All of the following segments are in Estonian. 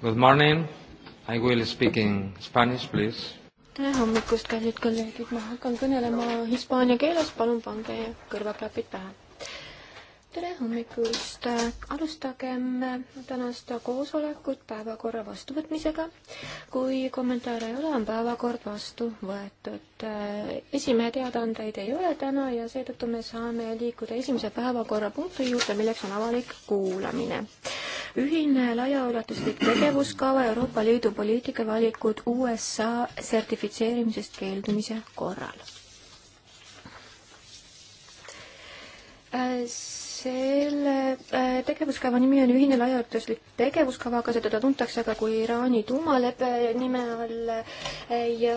Good morning. I will speak in Spanish, please. tere hommikust, kallid kolleegid, ma hakkan kõnelema hispaania keeles, palun pange kõrvaklapid pähe. tere hommikust, alustagem tänast koosolekut päevakorra vastuvõtmisega. kui kommentaare ei ole, on päevakord vastu võetud. esimehe teadaandeid ei ole täna ja seetõttu me saame liikuda esimese päevakorrapunkti juurde, milleks on avalik kuulamine ühine laiaulatuslik tegevuskava Euroopa Liidu poliitikavalikud USA sertifitseerimisest keeldumise korral. Äh, selle äh, tegevuskava nimi on ühine laiaulatuslik tegevuskava, aga seda tuntakse ka kui Iraani tuumalepe nime all äh, ja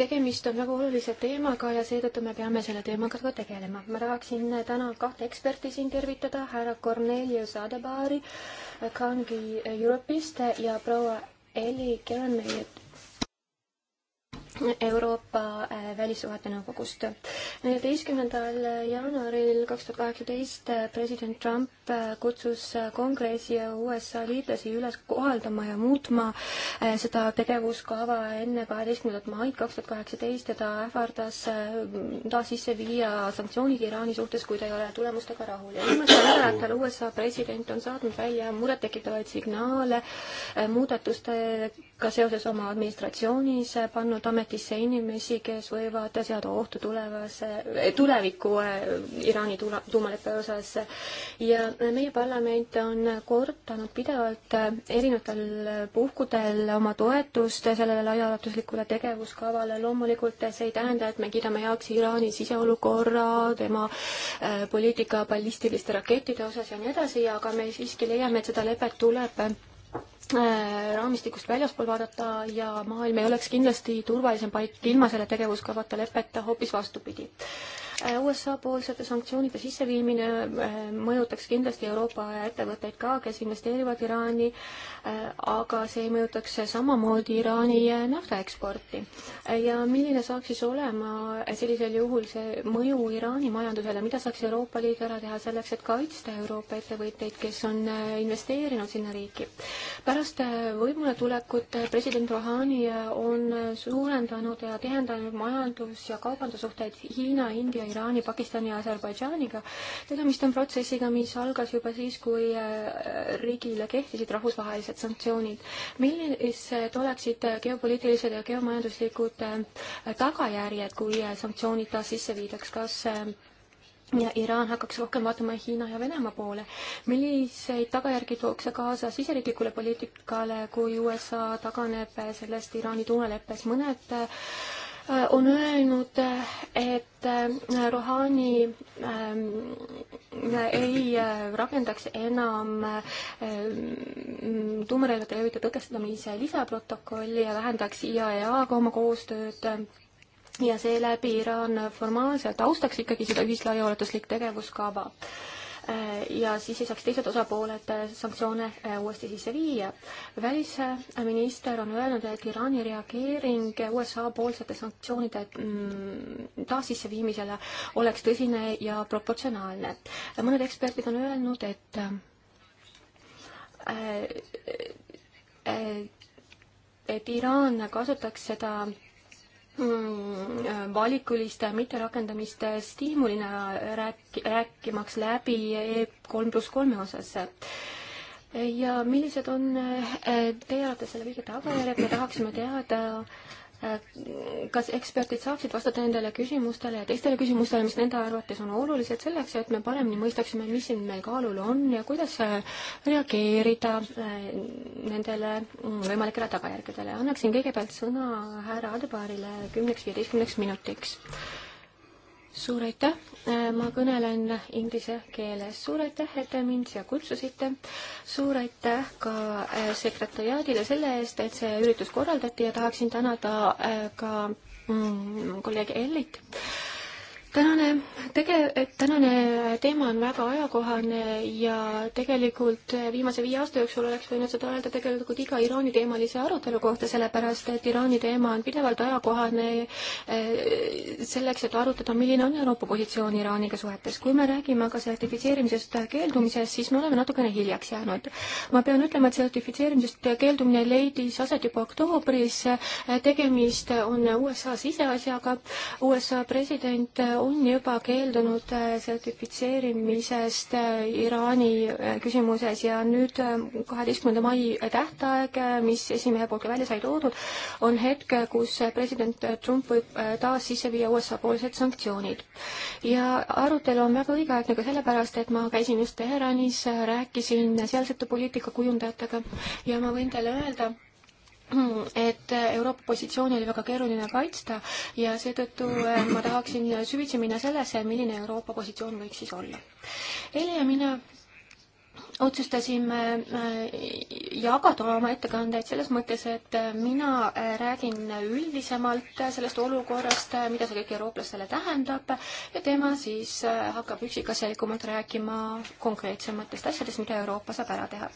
tegemist on väga olulise teemaga ja seetõttu me peame selle teemaga ka tegelema. ma tahaksin täna kahte eksperti siin tervitada, härra Cornelius Adebaari Kangi Euroopist ja proua Eli Keranmeiet Euroopa äh, Välissuhete Nõukogust. neljateistkümnendal jaanuaril kaks tuhat kaheksateist president Trump äh, kutsus äh, Kongressi ja USA liitlasi üles kohaldama ja muutma seda tegevuskava enne kaheteistkümnendat maid kaks tuhat kaheksateist ja ta ähvardas taas sisse viia sanktsioonid Iraani suhtes, kui ta ei ole tulemustega rahul. ja viimastel nädalatel USA president on saatnud välja murettekitavaid signaale muudatuste ka seoses oma administratsioonis pannud ametisse inimesi, kes võivad seada ohtu tulevase, tuleviku eh, Iraani tuumaleppe osas. ja meie parlament on kordanud pidevalt eh, erinevatel puhkudel oma toetust sellele laiaulatuslikule tegevuskavale. loomulikult see ei tähenda, et me kiidame heaks Iraani siseolukorra, tema eh, poliitika ballistiliste rakettide osas ja nii edasi, aga me siiski leiame, et seda lepet tuleb Äh, raamistikust väljaspool vaadata ja maailm ei oleks kindlasti turvalisem paik ilma selle tegevuskavata leppeta, hoopis vastupidi. Äh, USA-poolsete sanktsioonide sisseviimine äh, mõjutaks kindlasti Euroopa ettevõtteid ka, kes investeerivad Iraani, äh, aga see mõjutaks samamoodi Iraani naftaeksporti. ja milline saaks siis olema sellisel juhul see mõju Iraani majandusele, mida saaks Euroopa Liit ära teha selleks, et kaitsta Euroopa ettevõtteid, kes on investeerinud sinna riiki? pärast võimule tulekut president Rouhani on suurendanud ja tihendanud majandus- ja kaubandussuhteid Hiina, India Iraani, Pakistani ja Aserbaidžaaniga. tegemist on protsessiga, mis algas juba siis, kui äh, riigile kehtisid rahvusvahelised sanktsioonid. millised oleksid geopoliitilised ja geomajanduslikud äh, tagajärjed, kui äh, sanktsioonid taas sisse viidaks, kas ja Iraan hakkaks rohkem vaatama Hiina ja Venemaa poole. milliseid tagajärgi tooks see kaasa siseriiklikule poliitikale, kui USA taganeb sellest Iraani tuumaleppes? mõned äh, Äh, on öelnud, et äh, Rohani ähm, ei äh, rakendaks enam ähm, tuumarelvade levite tõkestamise lisaprotokolli ja vähendaks IAEA-ga oma koostööd ja seeläbi Iraan formaalselt austaks ikkagi seda ühislaiaulatuslik tegevuskava Äh, ja siis ei saaks teised osapooled äh, sanktsioone äh, uuesti sisse viia. välisminister on öelnud, et Iraani reageering USA poolsete sanktsioonide mm, taassisseviimisele oleks tõsine ja proportsionaalne. mõned eksperdid on öelnud, et et Iraan kasutaks seda Mm, äh, valikuliste mitterakendamiste stiimulina rääk-, rääkimaks läbi E kolm pluss kolme osas ja millised on äh, teie arvates selle kõige tagajärjed, me tahaksime teada äh, kas eksperdid saaksid vastata nendele küsimustele ja teistele küsimustele, mis nende arvates on olulised selleks, et me paremini mõistaksime, mis siin meil kaalul on ja kuidas äh, reageerida äh, nendele mm, võimalikele tagajärgedele. annaksin kõigepealt sõna härra Adebarile kümneks-viieteistkümneks minutiks suur aitäh, äh, ma kõnelen inglise keeles, suur aitäh, et te mind siia kutsusite, suur aitäh ka äh, sekretariaadile selle eest, et see üritus korraldati ja tahaksin tänada äh, ka mm, kolleeg Ellit tänane tege-, tänane teema on väga ajakohane ja tegelikult viimase viie aasta jooksul oleks võinud seda öelda tegelikult iga Iraani teemalise arutelu kohta, sellepärast et Iraani teema on pidevalt ajakohane eh, selleks, et arutada, milline on Euroopa positsioon Iraaniga suhetes. kui me räägime aga sertifitseerimisest keeldumisest, siis me oleme natukene hiljaks jäänud. ma pean ütlema, et sertifitseerimisest keeldumine leidis aset juba oktoobris, tegemist on USA siseasjaga, USA president on juba keeldunud äh, sertifitseerimisest äh, Iraani äh, küsimuses ja nüüd kaheteistkümnenda mai tähtaeg, mis esimehe poolt ka välja sai toodud, on hetk, kus president Trump võib taas sisse viia USA-poolsed sanktsioonid. ja arutelu on väga õigeaegne ka sellepärast, et ma käisin just Teheranis, rääkisin sealsete poliitikakujundajatega ja ma võin teile öelda, et Euroopa positsiooni oli väga keeruline kaitsta ja seetõttu äh, ma tahaksin süvitsi minna sellesse, milline Euroopa positsioon võiks siis olla. eile ja mina otsustasime äh, jagada oma ettekandeid selles mõttes, et mina äh, räägin üldisemalt sellest olukorrast, äh, mida see kõik eurooplastele tähendab ja tema siis hakkab üksikasjalikumalt rääkima konkreetsematest asjadest, mida Euroopa saab ära teha.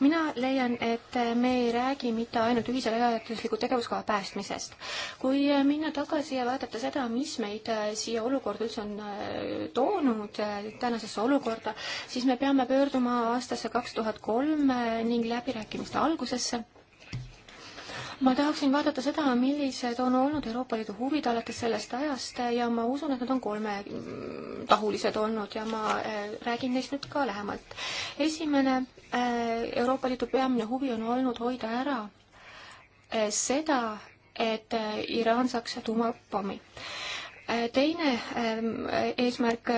mina leian, et me ei räägi mitte ainult ühise laiaulatusliku tegevuskava päästmisest. kui minna tagasi ja vaadata seda, mis meid siia olukorda üldse on toonud, tänasesse olukorda, siis me peame pöörduma aastasse kaks tuhat kolm ning läbirääkimiste algusesse. ma tahaksin vaadata seda, millised on olnud Euroopa Liidu huvid alates sellest ajast ja ma usun, et nad on kolmetahulised olnud ja ma eh, räägin neist nüüd ka lähemalt. esimene eh, Euroopa Liidu peamine huvi on olnud hoida ära eh, seda, et Iraan saaks tuumapommi teine eesmärk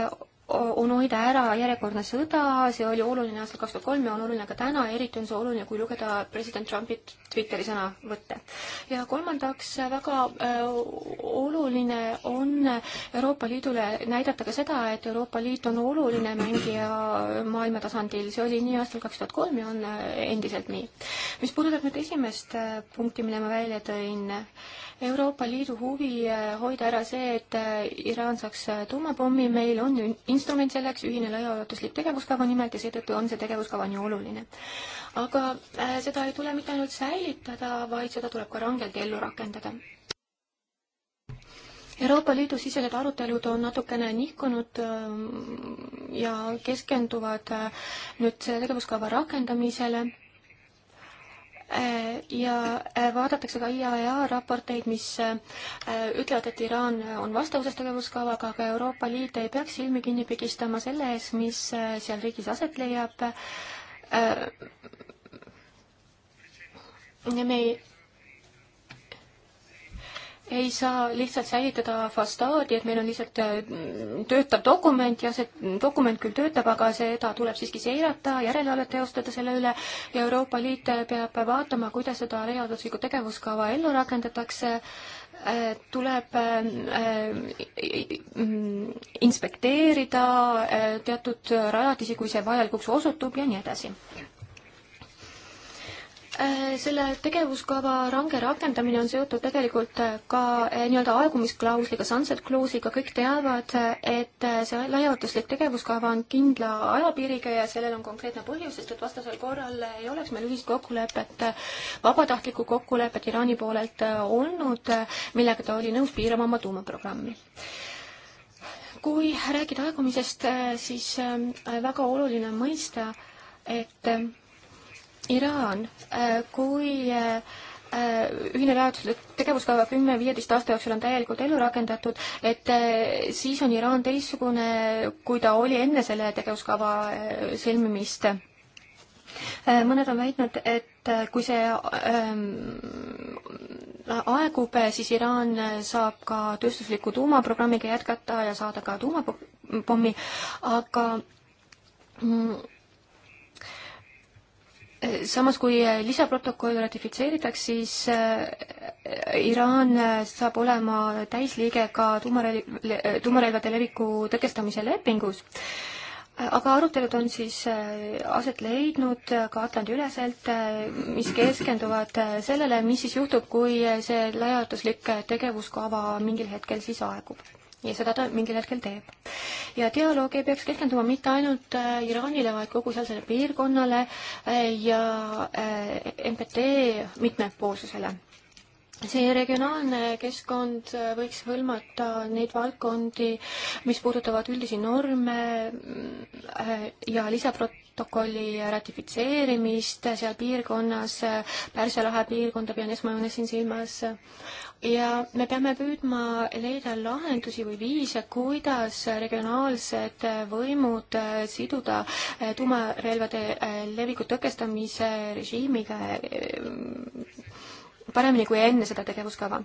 on hoida ära järjekordne sõda, see oli oluline aastal kaks tuhat kolm ja on oluline ka täna, eriti on see oluline, kui lugeda president Trumpi Twitteri sõnavõtte. ja kolmandaks, väga äh, oluline on Euroopa Liidule näidata ka seda, et Euroopa Liit on oluline mängija maailma tasandil, see oli nii aastal kaks tuhat kolm ja on äh, endiselt nii. mis puudutab nüüd esimest äh, punkti, mille ma välja tõin, Euroopa Liidu huvi eh, hoida ära see, et eh, Iraan saaks eh, tuumapommi, meil on instrument selleks, ühine laiaulatuslik tegevuskava nimelt ja seetõttu on see tegevuskava nii oluline. aga seda ei tule mitte ainult säilitada, vaid seda tuleb ka rangelt ellu rakendada Euroopa Liidu sisesed arutelud on natukene nihkunud ja keskenduvad nüüd selle tegevuskava rakendamisele Äh, ja äh, vaadatakse ka IAEA raporteid, mis äh, ütlevad, et Iraan on vastavuses tegevuskavaga, aga Euroopa Liit ei peaks silmi kinni pigistama selle ees, mis seal riigis aset leiab. me ei ei saa lihtsalt säilitada fastaadi, et meil on lihtsalt äh, töötav dokument ja see dokument küll töötab, aga seda tuleb siiski seirata, järelevalvet teostada selle üle ja Euroopa Liit äh, peab vaatama, kuidas seda laialduslikku tegevuskava ellu rakendatakse, äh, tuleb inspekteerida teatud rajatisi, kui see vajalikuks osutub ja nii edasi Äh, selle tegevuskava range rakendamine on seotud tegelikult äh, ka äh, nii-öelda aegumisklausliga, sunset clause'iga, kõik teavad, et see laiaulatuslik tegevuskava on kindla ajapiiriga ja sellel on konkreetne põhjus, sest et vastasel korral ei oleks meil ühist kokkulepet, vabatahtlikku kokkulepet Iraani poolelt olnud, millega ta oli nõus piirama oma tuumaprogrammi kui rääkida aegumisest, siis väga oluline on mõista, et Iraan, äh, kui äh, äh, ühine väärtuslik tegevuskava kümme-viieteist aasta jooksul on täielikult ellu rakendatud, et siis on Iraan teistsugune, kui ta oli enne selle tegevuskava sõlmimist. mõned on väitnud, et kui see ähm, aegub, siis Iraan saab ka tööstusliku tuumaprogrammiga jätkata ja saada ka tuumapommi, aga mm, samas, kui lisaprotokoll ratifitseeritakse, siis äh, Iraan äh, saab olema täisliige ka tuumarelv, äh, tuumarelvade leviku tõkestamise lepingus. aga arutelud on siis aset leidnud ka Atlandi-üleselt, mis keskenduvad sellele, mis siis juhtub, kui see laiatuslik tegevuskava mingil hetkel siis aegub ja seda ta mingil hetkel teeb. ja dialoog ei peaks keskenduma mitte ainult äh, Iraanile, vaid kogu sealsele piirkonnale äh, ja äh, MPT mitmepoolsusele see regionaalne keskkond võiks hõlmata neid valdkondi, mis puudutavad üldisi norme ja lisaprot-, protokolli ratifitseerimist seal piirkonnas, Pärsia lahe piirkonda pean esmajoones siin silmas, ja me peame püüdma leida lahendusi või viise, kuidas regionaalsed võimud siduda tuumarelvade leviku tõkestamise režiimiga paremini kui enne seda tegevuskava.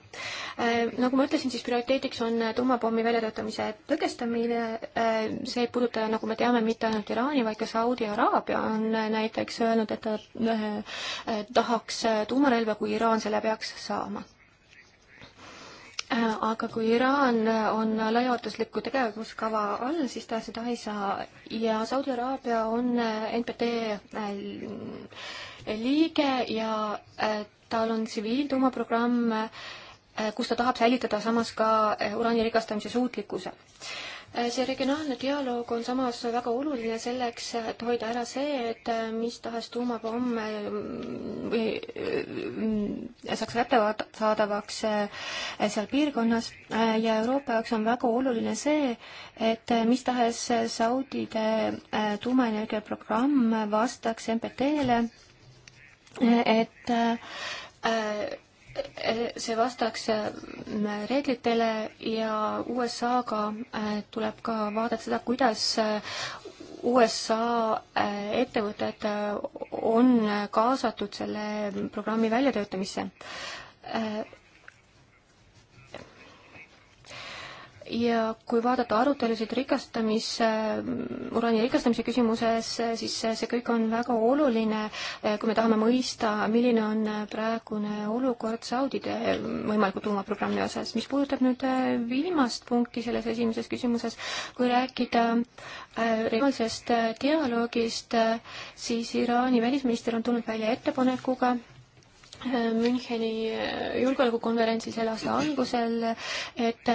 Äh, nagu ma ütlesin, siis prioriteediks on tuumapommi väljatöötamise tõkestamine, äh, see ei puuduta, nagu me teame, mitte ainult Iraani, vaid ka Saudi Araabia on näiteks öelnud, et ta äh, tahaks tuumarelva, kui Iraan selle peaks saama aga kui Iraan on laiaulatusliku tegevuskava all, siis ta seda ei saa ja Saudi Araabia on NPT liige ja tal on tsiviiltuumaprogramm, eh, kus ta tahab säilitada samas ka eh, uraani rikastamise suutlikkuse eh, see regionaalne dialoog on samas väga oluline selleks, et hoida ära see, et mis tahes tuumapomm või mm, saaks kättesaadavaks seal piirkonnas ja Euroopa jaoks on väga oluline see, et mis tahes Saudi-de tuumaenergiaprogramm vastaks MPT-le et äh, äh, see vastaks äh, reeglitele ja USA-ga tuleb ka vaadata seda, kuidas USA ettevõtted on kaasatud selle programmi väljatöötamisse ja kui vaadata arutelusid rikastamise, uraani rikastamise küsimuses, siis see kõik on väga oluline, kui me tahame mõista, milline on praegune olukord Saudi-de võimaliku tuumaprogrammi osas. mis puudutab nüüd viimast punkti selles esimeses küsimuses, kui rääkida äh, reaalsest äh, dialoogist, äh, siis Iraani välisminister on tulnud välja ettepanekuga, Müncheni julgeolekukonverentsi selle aasta algusel, et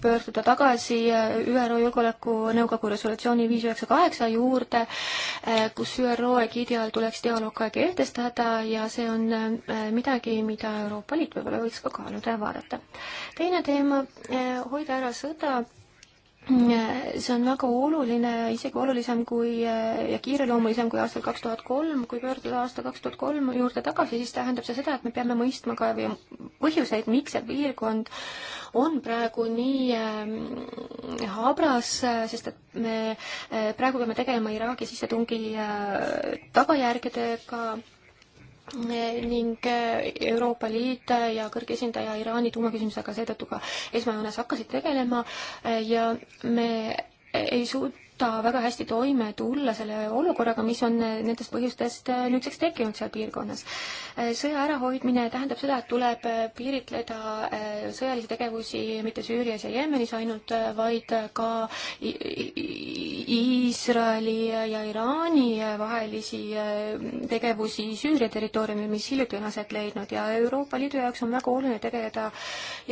pöörduda tagasi eh, ÜRO Julgeolekunõukogu resolutsiooni viis üheksa kaheksa juurde, eh, kus ÜRO egiidi all tuleks dialoog ka kehtestada ja see on eh, midagi, mida Euroopa Liit võib-olla võiks ka kaaluda ja vaadata. teine teema, hoida ära sõda Mm, see on väga oluline, isegi olulisem kui äh, ja kiireloomulisem kui aastal kaks tuhat kolm, kui pöörduda aasta kaks tuhat kolm juurde tagasi, siis tähendab see seda, et me peame mõistma ka põhjuseid, miks see piirkond on praegu nii äh, habras, äh, sest et me praegu peame tegelema Iraagi sissetungi tagajärgedega ning eh, Euroopa Liit ja kõrge esindaja Iraani tuumaküsimusega seetõttu ka esmajoones hakkasid tegelema eh, ja me eh, ei suut-, ta väga hästi toime tulla selle olukorraga, mis on nendest põhjustest nüüdseks tekkinud seal piirkonnas. Äh, sõja ärahoidmine tähendab seda, et tuleb äh, piiritleda äh, sõjalisi tegevusi mitte Süürias ja Jeemenis ainult, vaid ka Iisraeli ja Iraani vahelisi tegevusi Süüria territooriumil, mis hiljuti on aset leidnud ja Euroopa Liidu jaoks on väga oluline tegeleda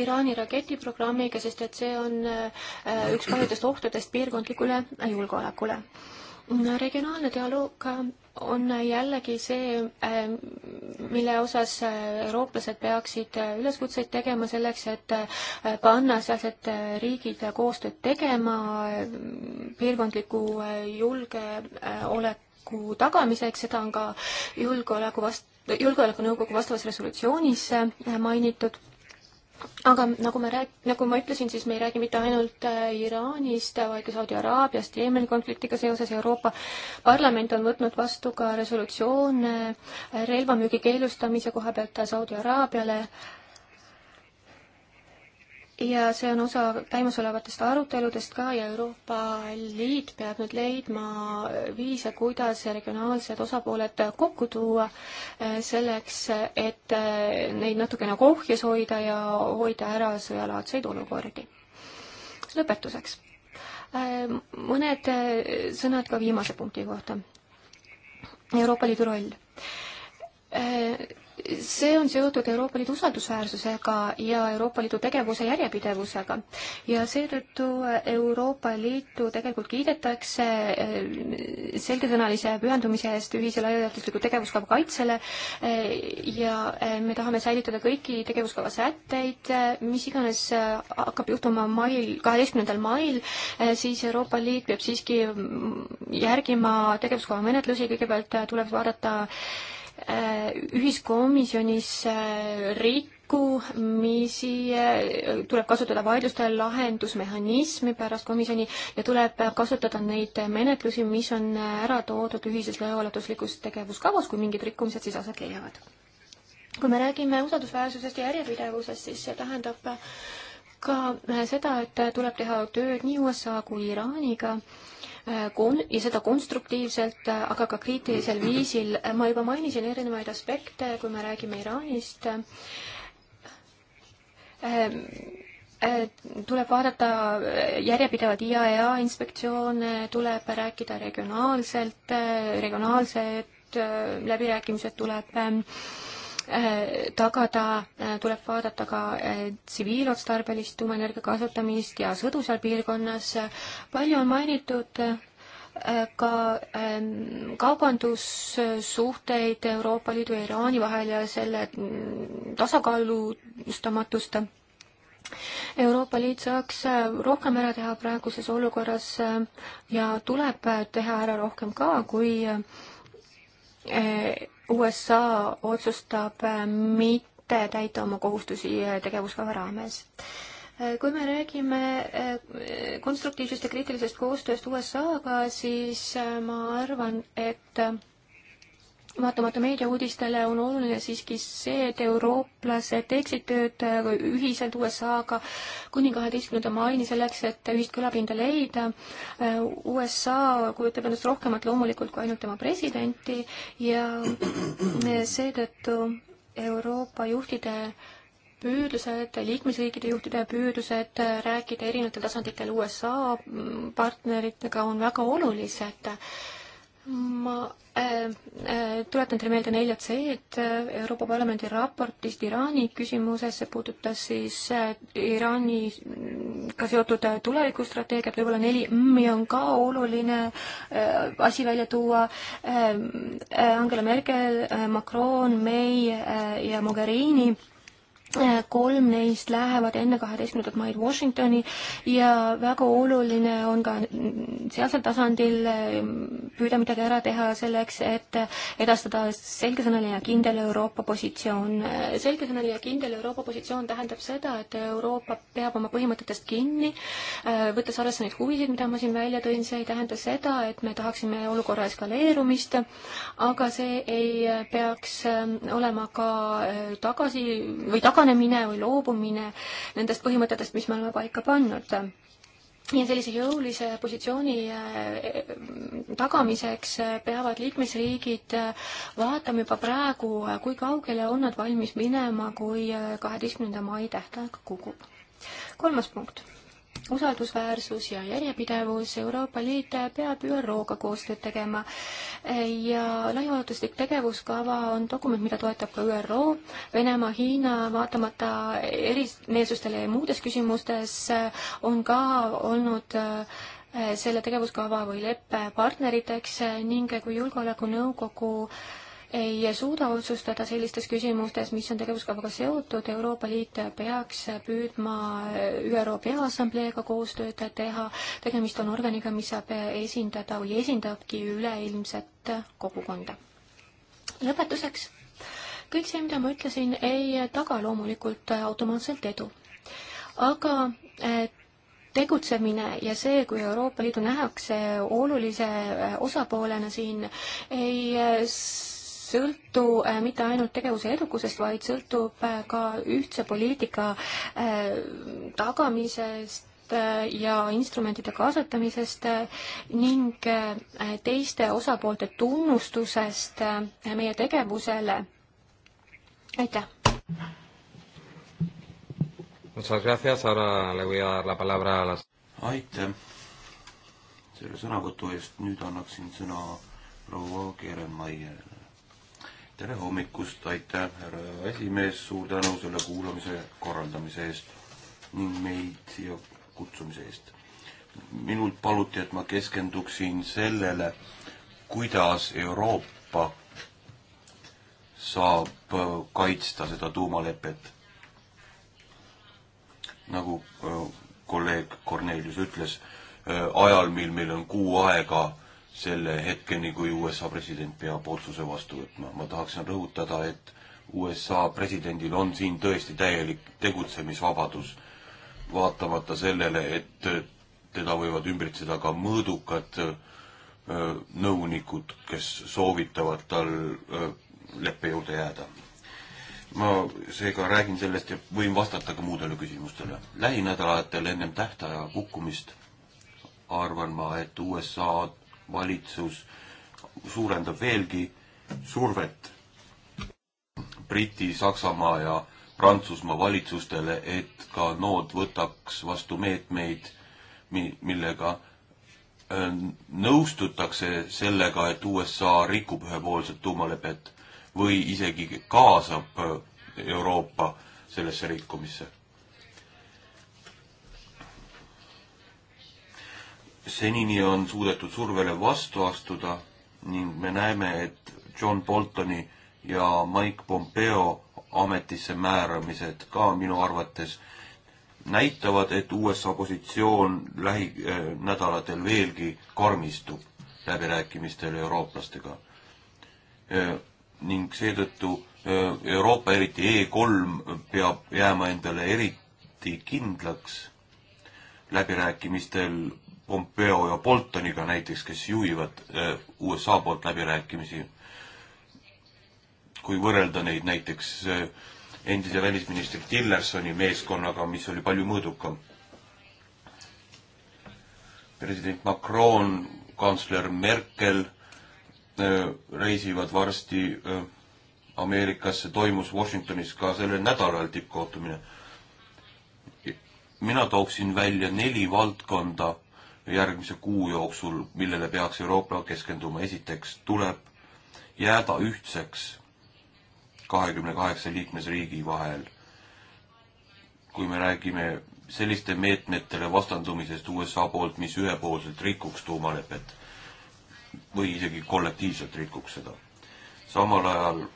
Iraani raketiprogrammiga, sest et see on üks paljudest ohtudest piirkondlikule julgeolekule. regionaalne dialoog on jällegi see, mille osas eurooplased peaksid üleskutseid tegema selleks, et panna sealsed riigid koostööd tegema piirkondliku julgeoleku tagamiseks, seda on ka julgeoleku vast-, julgeolekunõukogu vastavas resolutsioonis mainitud aga nagu me rääk-, nagu ma ütlesin, siis me ei räägi mitte ainult äh, Iraanist, vaid ka Saudi Araabiast, Jeemeni konfliktiga seoses Euroopa Parlament on võtnud vastu ka resolutsioone relvamüügi keelustamise koha pealt Saudi Araabiale äh, ja see on osa käimasolevatest aruteludest ka ja Euroopa Liit peab nüüd leidma viise, kuidas regionaalsed osapooled kokku tuua eh, selleks, et eh, neid natukene kohjes hoida ja hoida ära sõjalaadseid olukordi. lõpetuseks eh, mõned sõnad ka viimase punkti kohta. Euroopa Liidu roll see on seotud Euroopa Liidu usaldusväärsusega ja Euroopa Liidu tegevuse järjepidevusega. ja seetõttu Euroopa Liitu tegelikult kiidetakse eh, selgesõnalise pühendumise eest ühise laiaulatusliku tegevuskava kaitsele eh, ja eh, me tahame säilitada kõiki tegevuskava sätteid, mis iganes hakkab juhtuma mail, kaheteistkümnendal mail, siis Euroopa Liit peab siiski mm, järgima tegevuskava menetlusi, kõigepealt tuleb vaadata Äh, ühiskomisjonis äh, rikkumisi, äh, tuleb kasutada vaidluste lahendusmehhanismi pärast komisjoni ja tuleb kasutada neid menetlusi, mis on ära toodud ühises laiaulatuslikus tegevuskavas, kui mingid rikkumised siis aset leiavad. kui me räägime usaldusväärsusest ja järjepidevusest, siis see tähendab ka seda, et tuleb teha tööd nii USA kui Iraaniga Äh, kon-, ja seda konstruktiivselt, äh, aga ka kriitilisel viisil. ma juba mainisin erinevaid aspekte, kui me räägime Iraanist. Äh, tuleb vaadata järjepidevad IAEA e inspektsioone, tuleb rääkida regionaalselt, regionaalsed läbirääkimised tuleb Äh, tagada, äh, tuleb vaadata ka äh, tsiviilotstarbelist tuumaenergia kasutamist ja sõdu seal piirkonnas. palju on mainitud ka ähm, kaubandussuhteid Euroopa Liidu ja Iraani vahel ja selle mm, tasakaalustamatust Euroopa Liit saaks rohkem ära teha praeguses olukorras ja tuleb teha ära rohkem ka, kui USA otsustab äh, mitte täita oma kohustusi äh, tegevuskava raames äh, kui me räägime konstruktiivsest ja kriitilisest koostööst USA-ga, siis ma arvan, et vaatamata meediauudistele on oluline siiski see, et eurooplased teeksid tööd äh, ühiselt USA-ga kuni kaheteistkümnenda maini selleks, et ühist kõlapinda leida. Äh, USA kujutab endast rohkemat loomulikult kui ainult tema presidenti ja seetõttu Euroopa juhtide püüdlused, liikmesriikide juhtide püüdlused rääkida erinevatel tasanditel USA partneritega on väga olulised. ma Äh, äh, tuletan teile meelde nelja C-d äh, Euroopa Parlamendi raportist Iraani küsimuses, see puudutas siis Iraaniga seotud tulevikustrateegiat, võib-olla neli M-i on ka oluline asi välja tuua. Angela Merkel, Macron, May ja Mogherini kolm neist lähevad enne kaheteistkümnendat maid Washingtoni ja väga oluline on ka sealsel tasandil eh, püüda midagi ära teha selleks, et edastada selgesõnaline ja kindel Euroopa positsioon. Eh, selgesõnaline ja kindel Euroopa positsioon tähendab seda, et Euroopa peab oma põhimõtetest kinni, eh, võttes arvesse neid huvisid, mida ma siin välja tõin, see ei tähenda seda, et me tahaksime olukorra eskaleerumist, aga see ei peaks olema ka tagasi või tagasi taganemine või loobumine nendest põhimõtetest, mis me oleme paika pannud ja sellise jõulise positsiooni eh, tagamiseks eh, peavad liikmesriigid eh, vaatama juba praegu, kui kaugele on nad valmis minema, kui kaheteistkümnenda mai tähtaeg kukub. kolmas punkt usaldusväärsus ja järjepidevus, Euroopa Liit peab ÜRO-ga koostööd tegema ja laiaulatuslik tegevuskava on dokument, mida toetab ka ÜRO, Venemaa, Hiina, vaatamata erimeelsustele ja muudes küsimustes, on ka olnud äh, selle tegevuskava või leppe partneriteks ning kui Julgeolekunõukogu äh, ei suuda otsustada sellistes küsimustes, mis on tegevuskavaga seotud, Euroopa Liit peaks püüdma ÜRO Peaassambleega koostööd teha, tegemist on organiga, mis saab esindada või esindabki üleilmset kogukonda. lõpetuseks, kõik see, mida ma ütlesin, ei taga loomulikult automaatselt edu. aga tegutsemine ja see, kui Euroopa Liidu nähakse olulise osapoolena siin, ei sõltu äh, mitte ainult tegevuse edukusest, vaid sõltub äh, ka ühtse poliitika äh, tagamisest ja instrumentide kaasatamisest ning teiste osapoolte tunnustusest meie tegevusele. aitäh! Muchas gracias, ahora le voy a dar la palabra a las... aitäh selle sõnavõtu eest, nüüd annaksin sõna proua Kerenmaierile tere hommikust, aitäh, härra esimees, suur tänu selle kuulamise korraldamise eest ning meid siia kutsumise eest. minult paluti, et ma keskenduksin sellele, kuidas Euroopa saab äh, kaitsta seda tuumalepet. nagu äh, kolleeg Kornelius ütles, äh, ajal, mil meil on kuu aega selle hetkeni, kui USA president peab otsuse vastu võtma. ma tahaksin rõhutada, et USA presidendil on siin tõesti täielik tegutsemisvabadus, vaatamata sellele, et teda võivad ümbritseda ka mõõdukad äh, nõunikud, kes soovitavad tal äh, leppe juurde jääda. ma seega räägin sellest ja võin vastata ka muudele küsimustele. lähinädalatel ennem tähtaja kukkumist arvan ma, et USA valitsus suurendab veelgi survet Briti, Saksamaa ja Prantsusmaa valitsustele, et ka nood võtaks vastu meetmeid, mi-, millega nõustutakse sellega, et USA rikub ühepoolset tuumalepet või isegi kaasab Euroopa sellesse rikkumisse senini on suudetud survele vastu astuda ning me näeme, et John Boltoni ja Mike Pompeo ametisse määramised ka minu arvates näitavad, et USA positsioon lähinädalatel eh, veelgi karmistub läbirääkimistel eurooplastega. Eh, ning seetõttu eh, Euroopa, eriti E3, peab jääma endale eriti kindlaks läbirääkimistel Pompeo ja Boltoniga näiteks, kes juhivad eh, USA poolt läbirääkimisi, kui võrrelda neid näiteks eh, endise välisministri Tillersoni meeskonnaga, mis oli palju mõõdukam. president Macron, kantsler Merkel eh, reisivad varsti Ameerikasse, toimus Washingtonis ka sellel nädalal tippkohtumine. mina tooksin välja neli valdkonda järgmise kuu jooksul, millele peaks Euroopa keskenduma. esiteks tuleb jääda ühtseks kahekümne kaheksa liikmesriigi vahel. kui me räägime selliste meetmetele vastandumisest USA poolt, mis ühepoolselt rikuks tuumalepet või isegi kollektiivselt rikuks seda. samal ajal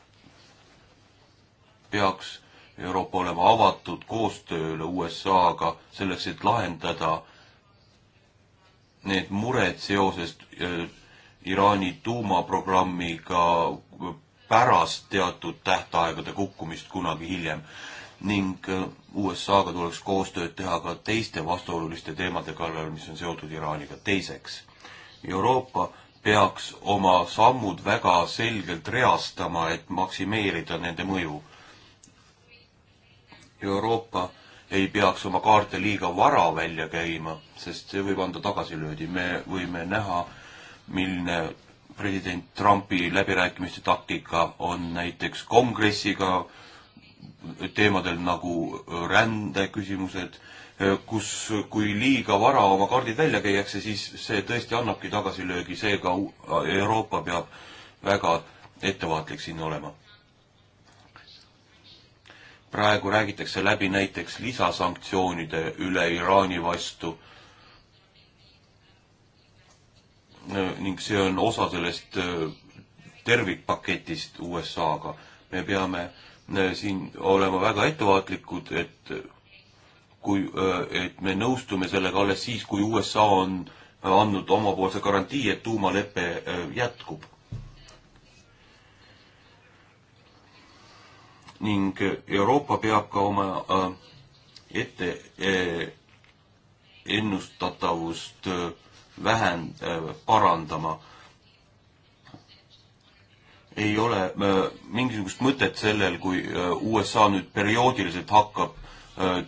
peaks Euroopa olema avatud koostööle USA-ga selleks, et lahendada need mured seoses äh, Iraani tuumaprogrammiga pärast teatud tähtaegade kukkumist kunagi hiljem ning äh, USA-ga tuleks koostööd teha ka teiste vastuoluliste teemade kallal, mis on seotud Iraaniga. teiseks, Euroopa peaks oma sammud väga selgelt reastama, et maksimeerida nende mõju. Euroopa äh, ei peaks oma kaarte liiga vara välja käima, sest see võib anda tagasilöödi. me võime näha, milline president Trumpi läbirääkimiste taktika on näiteks kongressiga teemadel nagu rändeküsimused, kus, kui liiga vara oma kaardid välja käiakse, siis see tõesti annabki tagasilöögi, seega Euroopa peab väga ettevaatlik siin olema praegu räägitakse läbi näiteks lisasanktsioonide üle Iraani vastu. ning see on osa sellest tervikpaketist USA-ga. me peame siin olema väga ettevaatlikud, et kui, et me nõustume sellega alles siis, kui USA on andnud omapoolse garantii, et tuumalepe jätkub ning Euroopa peab ka oma äh, ette äh, ennustatavust äh, vähend-, parandama. ei ole mingisugust mõtet sellel, kui USA nüüd perioodiliselt hakkab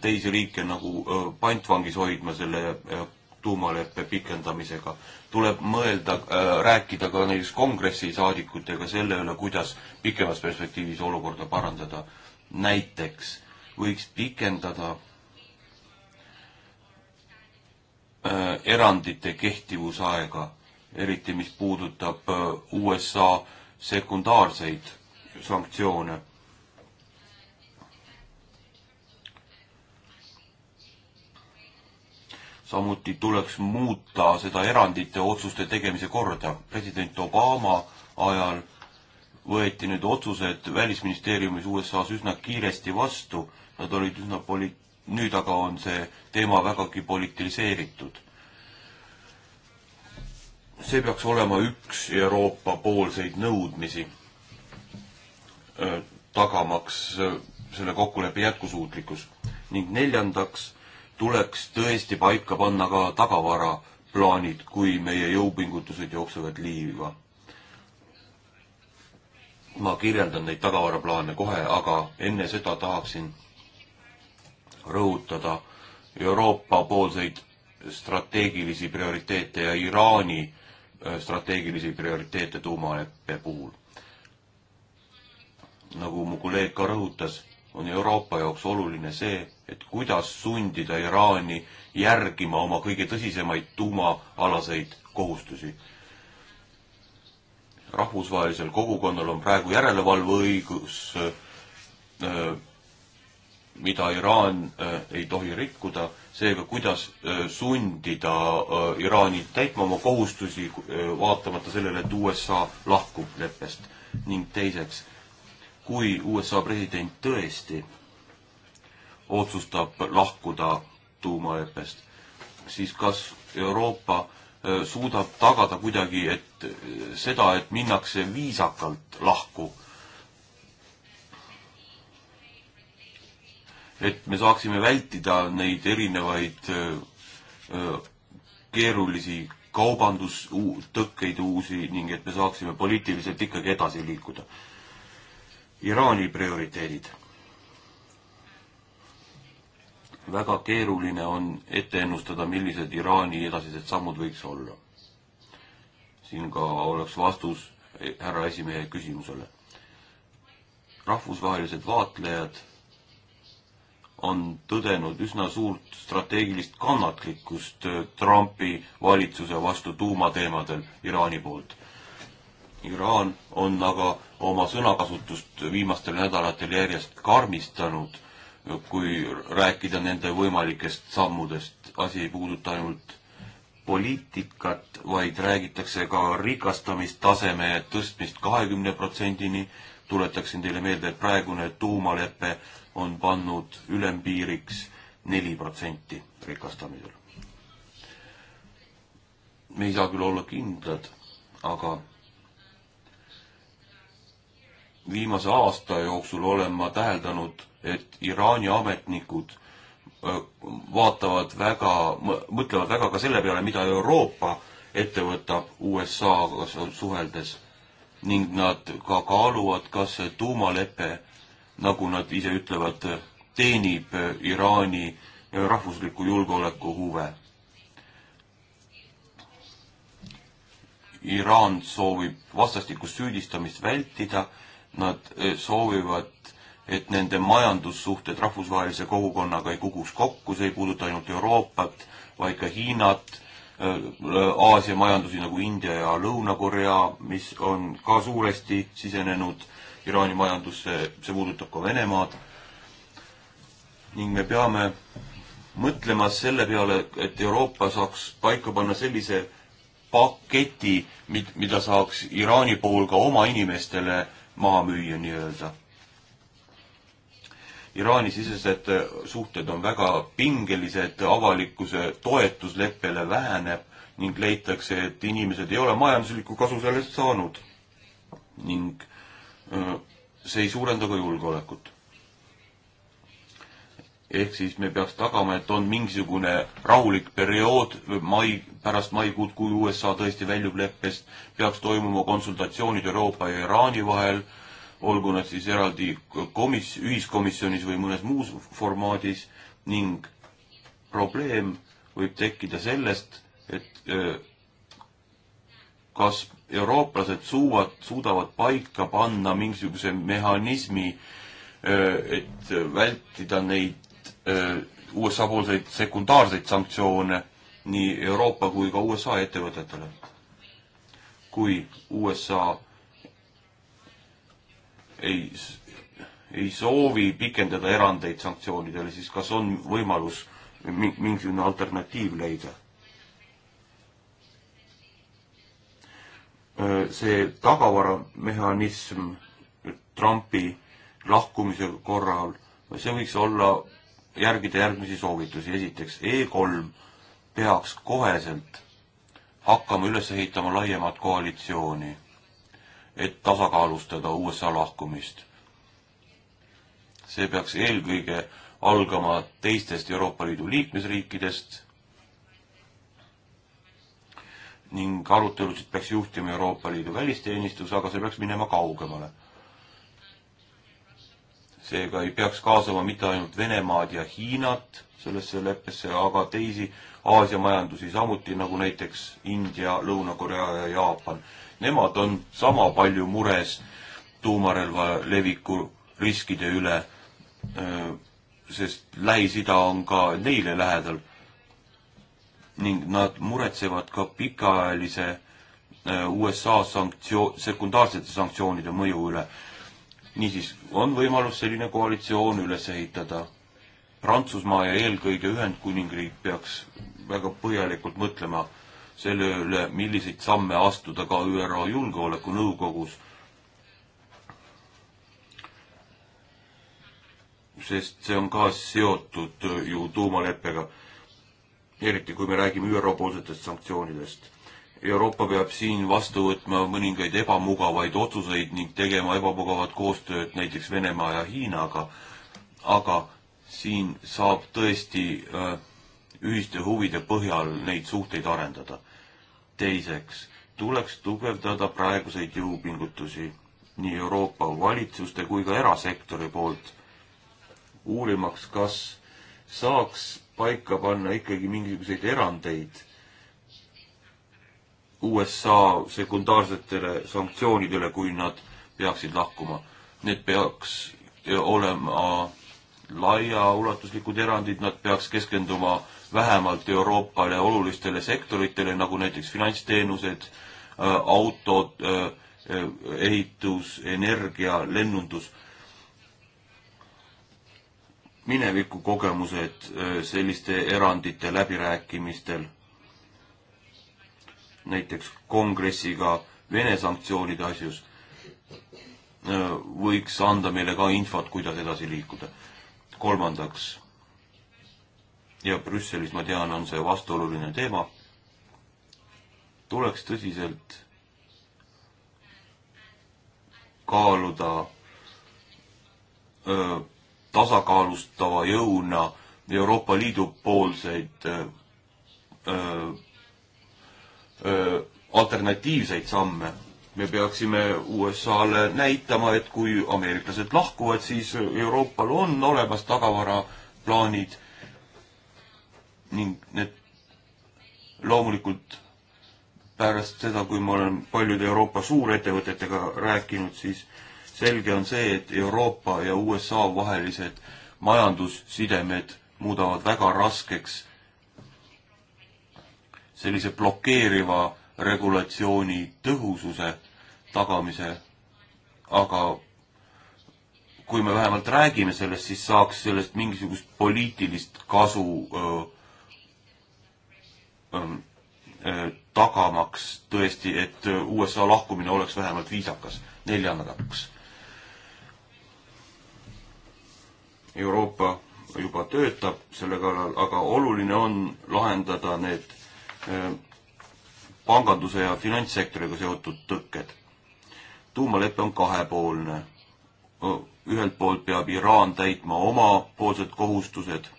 teisi riike nagu pantvangis hoidma selle tuumaleppe pikendamisega. tuleb mõelda äh,, rääkida ka näiteks kongressi saadikutega selle üle, kuidas pikemas perspektiivis olukorda parandada. näiteks võiks pikendada äh, erandite kehtivusaega, eriti mis puudutab äh, USA sekundaarseid sanktsioone samuti tuleks muuta seda erandite otsuste tegemise korda. president Obama ajal võeti need otsused Välisministeeriumis USA-s üsna kiiresti vastu, nad olid üsna poli-, nüüd aga on see teema vägagi politiliseeritud. see peaks olema üks Euroopa poolseid nõudmisi, äh, tagamaks äh, selle kokkuleppe jätkusuutlikkus. ning neljandaks tuleks tõesti paika panna ka tagavaraplaanid, kui meie jõupingutused jooksevad liiva. ma kirjeldan neid tagavaraplaane kohe, aga enne seda tahaksin rõhutada Euroopa-poolseid strateegilisi prioriteete ja Iraani äh, strateegilisi prioriteete tuumaleppe puhul. nagu mu kolleeg ka rõhutas on Euroopa jaoks oluline see, et kuidas sundida Iraani järgima oma kõige tõsisemaid tuumaalaseid kohustusi. rahvusvahelisel kogukonnal on praegu järelevalveõigus, äh, mida Iraan äh, ei tohi rikkuda, seega kuidas äh, sundida Iraani täitma oma kohustusi, vaatamata sellele, et USA lahkub leppest. ning teiseks kui USA president tõesti otsustab lahkuda tuumaleppest, siis kas Euroopa suudab tagada kuidagi, et seda, et minnakse viisakalt lahku. et me saaksime vältida neid erinevaid keerulisi kaubandustõkkeid uusi ning et me saaksime poliitiliselt ikkagi edasi liikuda Iraani prioriteedid. väga keeruline on ette ennustada, millised Iraani edasised sammud võiks olla. siin ka oleks vastus härra esimehe küsimusele. rahvusvahelised vaatlejad on tõdenud üsna suurt strateegilist kannatlikkust Trumpi valitsuse vastu tuumateemadel Iraani poolt Iraan on aga oma sõnakasutust viimastel nädalatel järjest karmistanud, kui rääkida nende võimalikest sammudest. asi ei puuduta ainult poliitikat, vaid räägitakse ka rikastamistaseme tõstmist kahekümne protsendini. tuletaksin teile meelde, et praegune tuumalepe on pannud ülempiiriks neli protsenti rikastamisel. me ei saa küll olla kindlad, aga viimase aasta jooksul olen ma täheldanud, et Iraani ametnikud vaatavad väga, mõtlevad väga ka selle peale, mida Euroopa ette võtab USA-ga suheldes ning nad ka kaaluvad, kas see tuumalepe, nagu nad ise ütlevad, teenib Iraani rahvusliku julgeoleku huve. Iraan soovib vastastikust süüdistamist vältida nad eh, soovivad, et nende majandussuhted rahvusvahelise kogukonnaga ei kukuks kokku, see ei puuduta ainult Euroopat, vaid ka Hiinat, eh, Aasia majandusi nagu India ja Lõuna-Korea, mis on ka suuresti sisenenud Iraani majandusse, see puudutab ka Venemaad. ning me peame mõtlema selle peale, et Euroopa saaks paika panna sellise paketi, mid-, mida saaks Iraani puhul ka oma inimestele äh, maha müüa nii-öelda. Iraani-sisesed suhted on väga pingelised, avalikkuse toetus leppele väheneb ning leitakse, et inimesed ei ole majanduslikku kasu sellest saanud. ning äh, see ei suurenda ka julgeolekut ehk siis me peaks tagama, et on mingisugune rahulik periood mai, pärast maikuud, kui USA tõesti väljub leppest, peaks toimuma konsultatsioonid Euroopa ja Iraani vahel, olgu nad siis eraldi komis-, ühiskomisjonis või mõnes muus formaadis ning probleem võib tekkida sellest, et äh, kas eurooplased suuvad, suudavad paika panna mingisuguse mehhanismi, äh, et vältida neid Äh, USA-poolseid sekundaarseid sanktsioone nii Euroopa kui ka USA ettevõtetele. kui USA ei, ei soovi pikendada erandeid sanktsioonidele, siis kas on võimalus mingisugune alternatiiv leida? Äh, see tagavaramehhanism Trumpi lahkumise korral, see võiks olla järgida järgmisi soovitusi. esiteks, E3 peaks koheselt hakkama üles ehitama laiemat koalitsiooni, et tasakaalustada USA lahkumist. see peaks eelkõige algama teistest Euroopa Liidu liikmesriikidest ning arutelusid peaks juhtima Euroopa Liidu välisteenistus, aga see peaks minema kaugemale seega ei peaks kaasama mitte ainult Venemaad ja Hiinat sellesse leppesse, aga teisi Aasia majandusi samuti, nagu näiteks India, Lõuna-Korea ja Jaapan. Nemad on sama palju mures tuumarelva leviku riskide üle, sest Lähis-Ida on ka neile lähedal. ning nad muretsevad ka pikaajalise USA sanktsioon, sekundaarsete sanktsioonide mõju üle niisiis, on võimalus selline koalitsioon üles ehitada. Prantsusmaa ja eelkõige Ühendkuningriik peaks väga põhjalikult mõtlema selle üle, milliseid samme astuda ka ÜRO Julgeolekunõukogus. sest see on ka seotud ju tuumaleppega. eriti kui me räägime ÜRO-poolsetest sanktsioonidest Euroopa peab siin vastu võtma mõningaid ebamugavaid otsuseid ning tegema ebamugavat koostööd näiteks Venemaa ja Hiinaga, aga siin saab tõesti öö, äh, ühiste huvide põhjal neid suhteid arendada. teiseks, tuleks tugevdada praeguseid jõupingutusi nii Euroopa valitsuste kui ka erasektori poolt, uurimaks, kas saaks paika panna ikkagi mingisuguseid erandeid USA sekundaarsetele sanktsioonidele, kui nad peaksid lahkuma. Need peaks olema laiaulatuslikud erandid, nad peaks keskenduma vähemalt Euroopale olulistele sektoritele, nagu näiteks finantsteenused, äh, autod, äh, äh, ehitus, energia, lennundus. minevikukogemused selliste erandite läbirääkimistel näiteks kongressiga Vene sanktsioonide asjus, äh, võiks anda meile ka infot, kuidas edasi liikuda. kolmandaks, ja Brüsselis, ma tean, on see vastuoluline teema, tuleks tõsiselt kaaluda öö, äh, tasakaalustava jõuna Euroopa Liidu poolseid öö, äh, alternatiivseid samme. me peaksime USA-le näitama, et kui ameeriklased lahkuvad, siis Euroopal on olemas tagavaraplaanid ning need loomulikult pärast seda, kui ma olen paljude Euroopa suurettevõtetega rääkinud, siis selge on see, et Euroopa ja USA vahelised majandussidemed muudavad väga raskeks sellise blokeeriva regulatsiooni tõhususe tagamise, aga kui me vähemalt räägime sellest, siis saaks sellest mingisugust poliitilist kasu öö, öö, tagamaks tõesti, et USA lahkumine oleks vähemalt viisakas. neljandaks. Euroopa juba töötab selle kallal, aga oluline on lahendada need panganduse ja finantssektoriga seotud tõkked. tuumalepe on kahepoolne. ühelt poolt peab Iraan täitma omapoolsed kohustused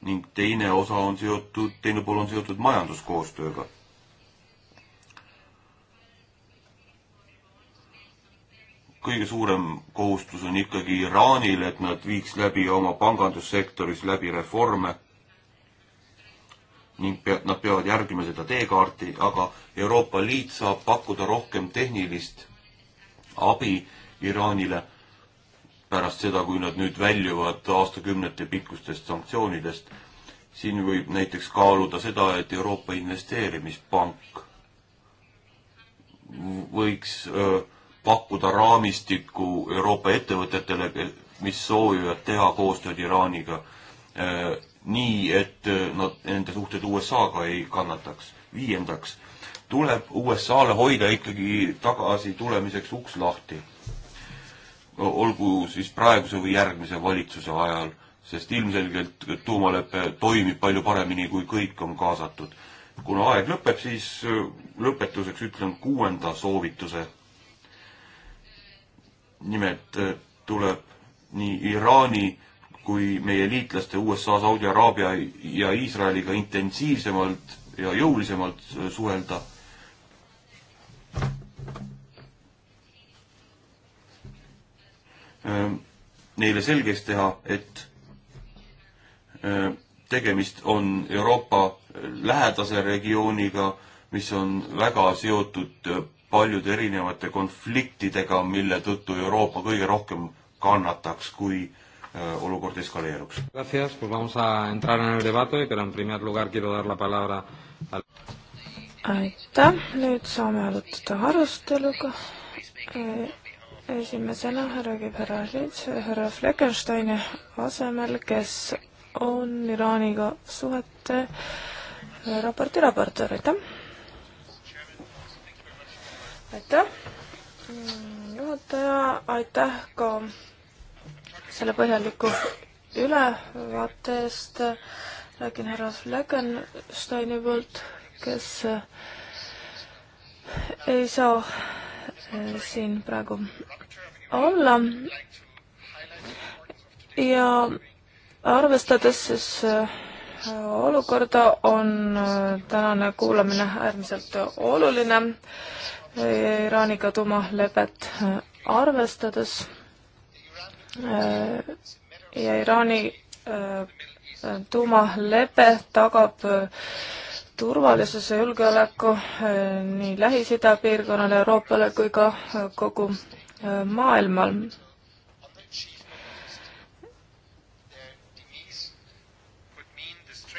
ning teine osa on seotud, teine pool on seotud majanduskoostööga. kõige suurem kohustus on ikkagi Iraanil, et nad viiks läbi oma pangandussektoris läbi reforme ning pea, nad peavad järgima seda teekaarti, aga Euroopa Liit saab pakkuda rohkem tehnilist abi Iraanile pärast seda, kui nad nüüd väljuvad aastakümnete pikkustest sanktsioonidest. siin võib näiteks kaaluda seda, et Euroopa Investeerimispank võiks öö, pakkuda raamistikku Euroopa ettevõtetele, mis soovivad teha koostööd Iraaniga öö, nii, et äh, nad, nende suhted USA-ga ei kannataks. viiendaks, tuleb USA-le hoida ikkagi tagasi tulemiseks uks lahti. olgu siis praeguse või järgmise valitsuse ajal, sest ilmselgelt tuumalepe toimib palju paremini, kui kõik on kaasatud. kuna aeg lõpeb, siis äh, lõpetuseks ütlen kuuenda soovituse. nimelt äh, tuleb nii Iraani kui meie liitlaste USA, Saudi Araabia ja Iisraeliga intensiivsemalt ja jõulisemalt suhelda. Ehm, neile selgeks teha, et ehm, tegemist on Euroopa lähedase regiooniga, mis on väga seotud eh, paljude erinevate konfliktidega, mille tõttu Euroopa kõige rohkem kannataks, kui äh, Eh, olukord eskaleeruks. Gracias, pues vamos a entrar en el debate, pero en primer lugar quiero dar la palabra al aitäh, nüüd saame alustada aruteluga. Eh, esimesena härra Gebralits, härra Fleckensteini asemel, kes on Iraaniga suhete eh, raporti raportöör, aitäh. aitäh, mm, juhataja, aitäh ka selle põhjaliku ülevaate eest. räägin härra Fleckensteini poolt, kes ei saa eh, siin praegu olla. ja arvestades siis eh, olukorda, on eh, tänane kuulamine äärmiselt oluline Iraaniga tuumalepet arvestades Äh, ja Iraani äh, tuumalepe tagab äh, turvalisuse julgeoleku nii Lähis-Ida piirkonnale, Euroopale kui ka kogu maailmal.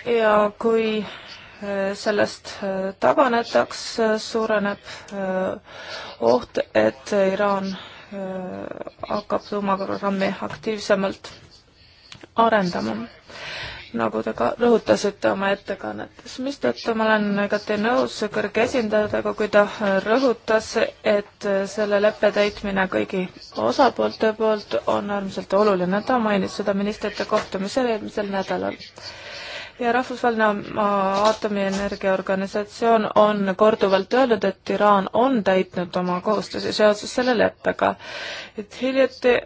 ja kui sellest taganetaks, suureneb oht, et Iraan Äh, hakkab tuumaprogrammi aktiivsemalt arendama, nagu te ka rõhutasite oma ettekannetes, mistõttu ma olen igati nõus kõrge esindajatega, kui ta rõhutas, et selle leppe täitmine kõigi osapoolte poolt on äärmiselt oluline, ta mainis seda ministrite kohtumisel eelmisel nädalal ja Rahvusvaheline äh, Aatomienergia Organisatsioon on korduvalt öelnud, et Iraan on täitnud oma kohustusi seoses selle leppega. et hiljuti äh,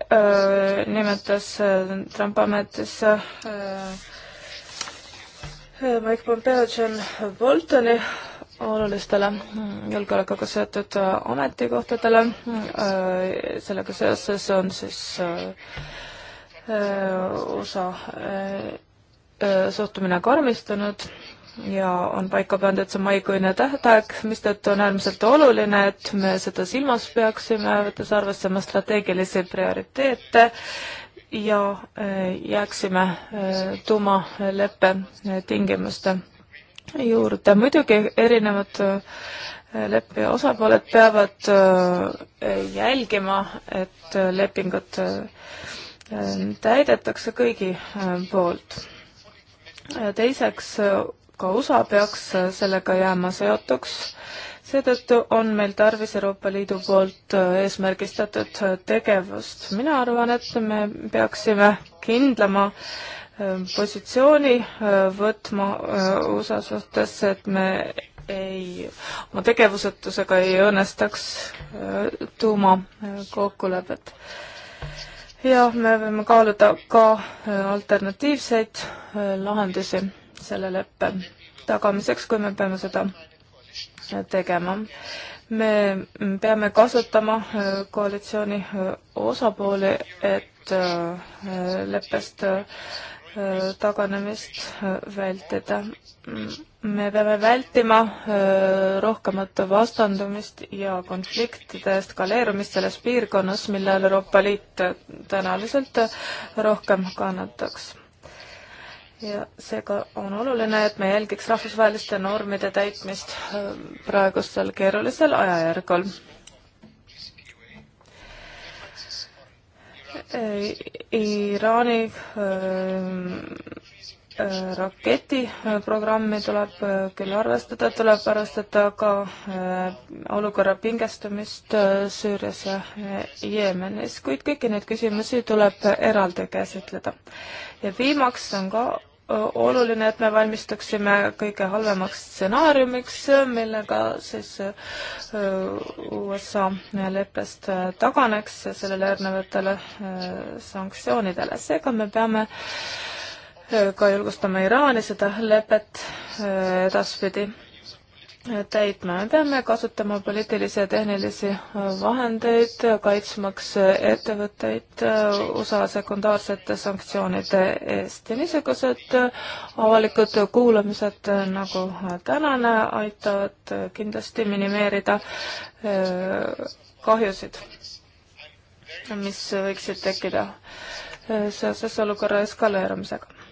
nimetas äh, Trump ametisse äh, äh, Mike Pompeo, John Boltoni olulistele julgeolekuga seotud äh, ametikohtadele. sellega seoses on siis USA Äh, suhtumine karmistunud ja on paika pandud see maikuine tähtaeg, mistõttu on äärmiselt oluline, et me seda silmas peaksime, võttes arvesse oma strateegilisi prioriteete ja äh, jääksime äh, tuumaleppe tingimuste juurde. muidugi erinevad leppe osapooled peavad jälgima, et lepingut täidetakse kõigi poolt teiseks, äh, ka USA peaks äh, sellega jääma seotuks. seetõttu on meil tarvis Euroopa Liidu poolt äh, eesmärgistatud tegevust. mina arvan, et me peaksime kindlama positsiooni võtma USA suhtes, et me ei, oma tegevusetusega ei õõnestaks tuumakokkulepet ja me võime kaaluda ka äh, alternatiivseid äh, lahendusi selle leppe tagamiseks, kui me peame seda äh, tegema. me mm, peame kasutama koalitsiooni osapooli, et leppest Äh, taganemist äh, vältida. me peame vältima äh, rohkemat vastandumist ja konfliktide eskaleerumist selles piirkonnas, mille all Euroopa Liit tõenäoliselt rohkem kannataks. ja seega on oluline, et me jälgiks rahvusvaheliste normide täitmist praegusel keerulisel ajajärgul Äh, Iraani äh, äh, raketiprogrammi tuleb küll arvestada, tuleb arvestada ka olukorra pingestumist Süürias ja Jeemenis, kuid kõiki neid küsimusi tuleb eraldi käsitleda. ja viimaks on ka oluline, et me valmistuksime kõige halvemaks stsenaariumiks, millega siis USA leppest taganeks ja sellele järgnevatele sanktsioonidele. seega me peame ka julgustama Iraani seda lepet edaspidi täitma. me peame kasutama poliitilisi ja tehnilisi äh, vahendeid, kaitsmaks äh, ettevõtteid äh, USA sekundaarsete sanktsioonide eest ja niisugused avalikud kuulamised nagu tänane aitavad kindlasti minimeerida kahjusid, mis võiksid tekkida seoses olukorra eskaleerumisega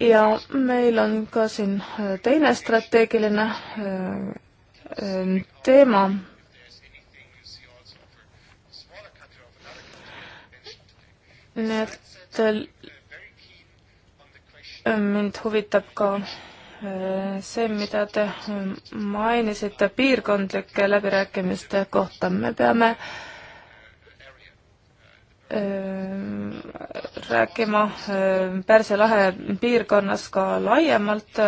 ja meil on ka siin äh, teine strateegiline äh, äh, teema. nii et mind huvitab ka see, mida te mainisite piirkondlike läbirääkimiste kohta. me peame äh, rääkima Pärsia lahe piirkonnas ka laiemalt,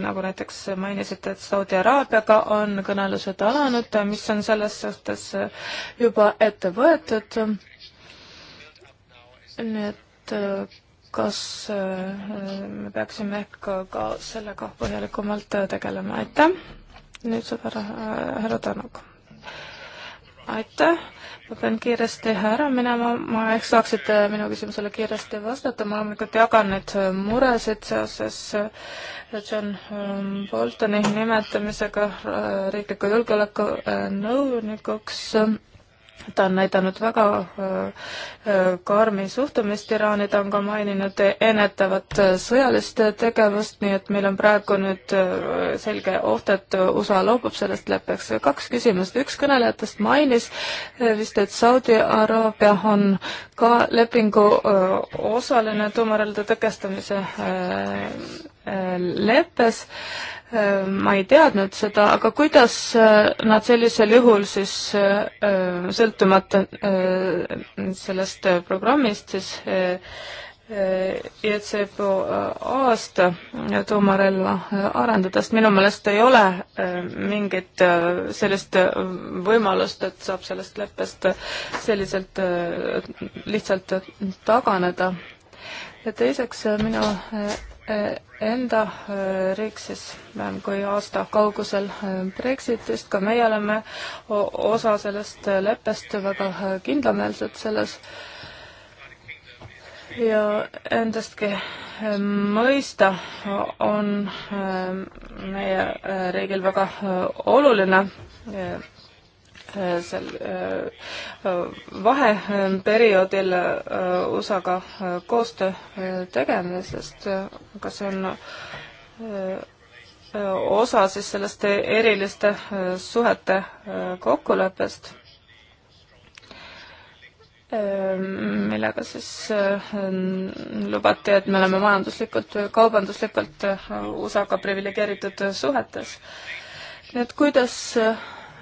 nagu näiteks mainisite, et Saudi Araabiaga on kõnelused alanud, mis on selles suhtes juba ette võetud. nii et kas me peaksime ehk ka, ka sellega põhjalikumalt tegelema, aitäh! nüüd saab härra, härra Tanuk. aitäh! ma pean kiiresti ära minema, ma ehk saaksite äh, minu küsimusele kiiresti vastata, ma loomulikult jagan neid äh, muresid seoses äh, John ähm, Boltoni nimetamisega riikliku julgeoleku nõunikuks ta on näidanud väga äh, äh, karmi suhtumist Iraani, ta on ka maininud ennetavat äh, sõjalist tegevust, nii et meil on praegu nüüd selge oht, et USA loobub sellest leppeks. kaks küsimust, üks kõnelejatest mainis vist, et Saudi Araabia on ka lepingu osaline tuumarelva tõkestamise leppes, ma ei teadnud seda, aga kuidas äh, nad sellisel juhul siis äh, äh, sõltumata sellest programmist siis IECB aasta tuumarelva arendada, sest minu meelest ei ole mingit sellist võimalust, et saab sellest leppest selliselt lihtsalt taganeda. ja teiseks minu Eh, enda eh, riik siis vähem kui aasta kaugusel eh, Brexitist, ka meie oleme osa sellest leppest väga kindlameelsed selles ja endastki mõista on meie riigil väga oluline sel äh, vaheperioodil äh, USA-ga äh, koostöö tegemisest, kas see on osa siis sellest eriliste suhete kokkuleppest, ähm, millega siis lubati, et me oleme majanduslikult, kaubanduslikult USA-ga priviligeeritud suhetes. nii et kuidas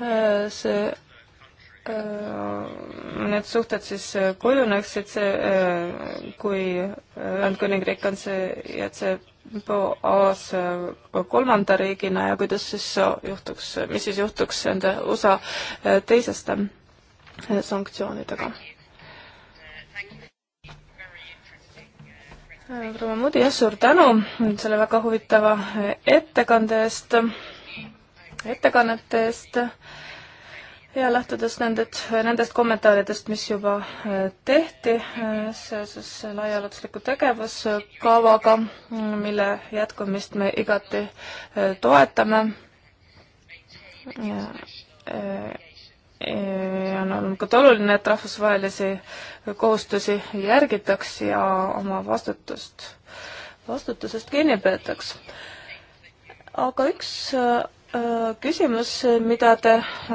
Äh, see äh, need suhted siis äh, kujuneksid, see, kui Ühendkuningriik on see JCPOA-s kolmanda riigina ja kuidas siis juhtuks, mis siis juhtuks nende USA teiseste sanktsioonidega? proua Mudi, jah, suur tänu selle väga huvitava ettekande eest ettekannete eest ja lähtudes nendest, nendest kommentaaridest, mis juba äh, tehti äh, seoses laiaulatusliku tegevuskavaga, mille jätkumist me igati äh, toetame. on olnud ka oluline, et rahvusvahelisi kohustusi järgitaks ja oma vastutust, vastutusest kinni peetaks. aga üks Äh, küsimus, mida te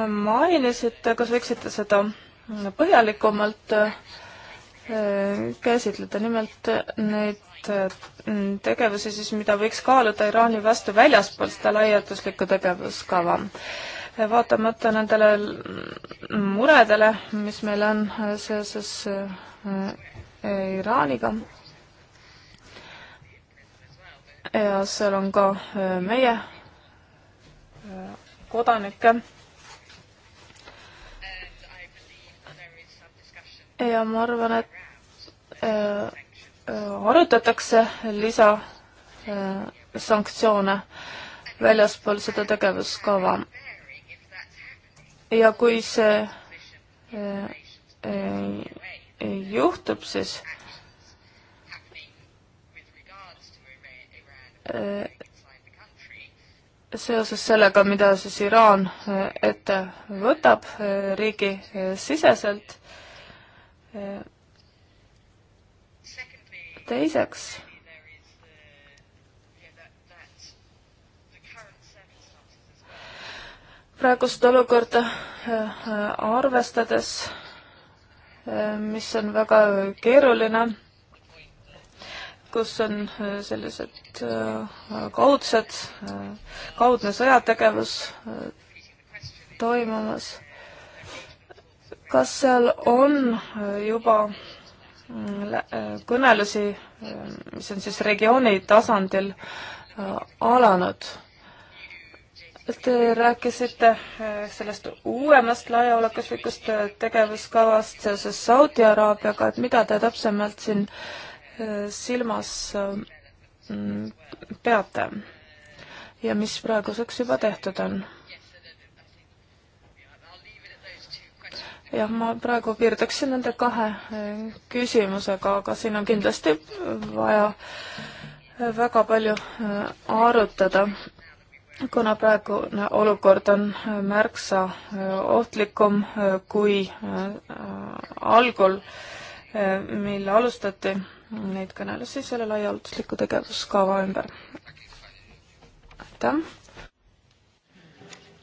mainisite, kas võiksite seda põhjalikumalt äh, käsitleda, nimelt neid äh, tegevusi siis, mida võiks kaaluda Iraani vastu väljaspool seda laiatuslikku tegevuskava. vaatamata nendele muredele, mis meil on seoses Iraaniga, ja seal on ka meie kodanikke. ja ma arvan, et äh, äh, arutatakse lisasanktsioone äh, väljaspool seda tegevuskava. ja kui see juhtub, siis seoses sellega, mida siis Iraan eh, ette võtab eh, riigisiseselt. Eh, teiseks praegust olukorda arvestades, mis on väga keeruline kus on äh, sellised äh, kaudsed, äh, kaudne sõjategevus toimumas. kas seal on juba mm, kõnelusi, mis on siis regiooni tasandil alanud? Te rääkisite sellest uuemast laiaulatuslikust tegevuskavast seoses Saudi Araabiaga, et mida te täpsemalt siin äh, silmas mm, peate ja mis praeguseks juba tehtud on? jah, ma praegu piirduksin nende kahe eh, küsimusega, aga siin on kindlasti vaja eh, väga palju eh, arutada, kuna praegune olukord on märksa ohtlikum kui algul, mil alustati neid kõnelusi selle laiaulatusliku tegevuskava ümber. aitäh!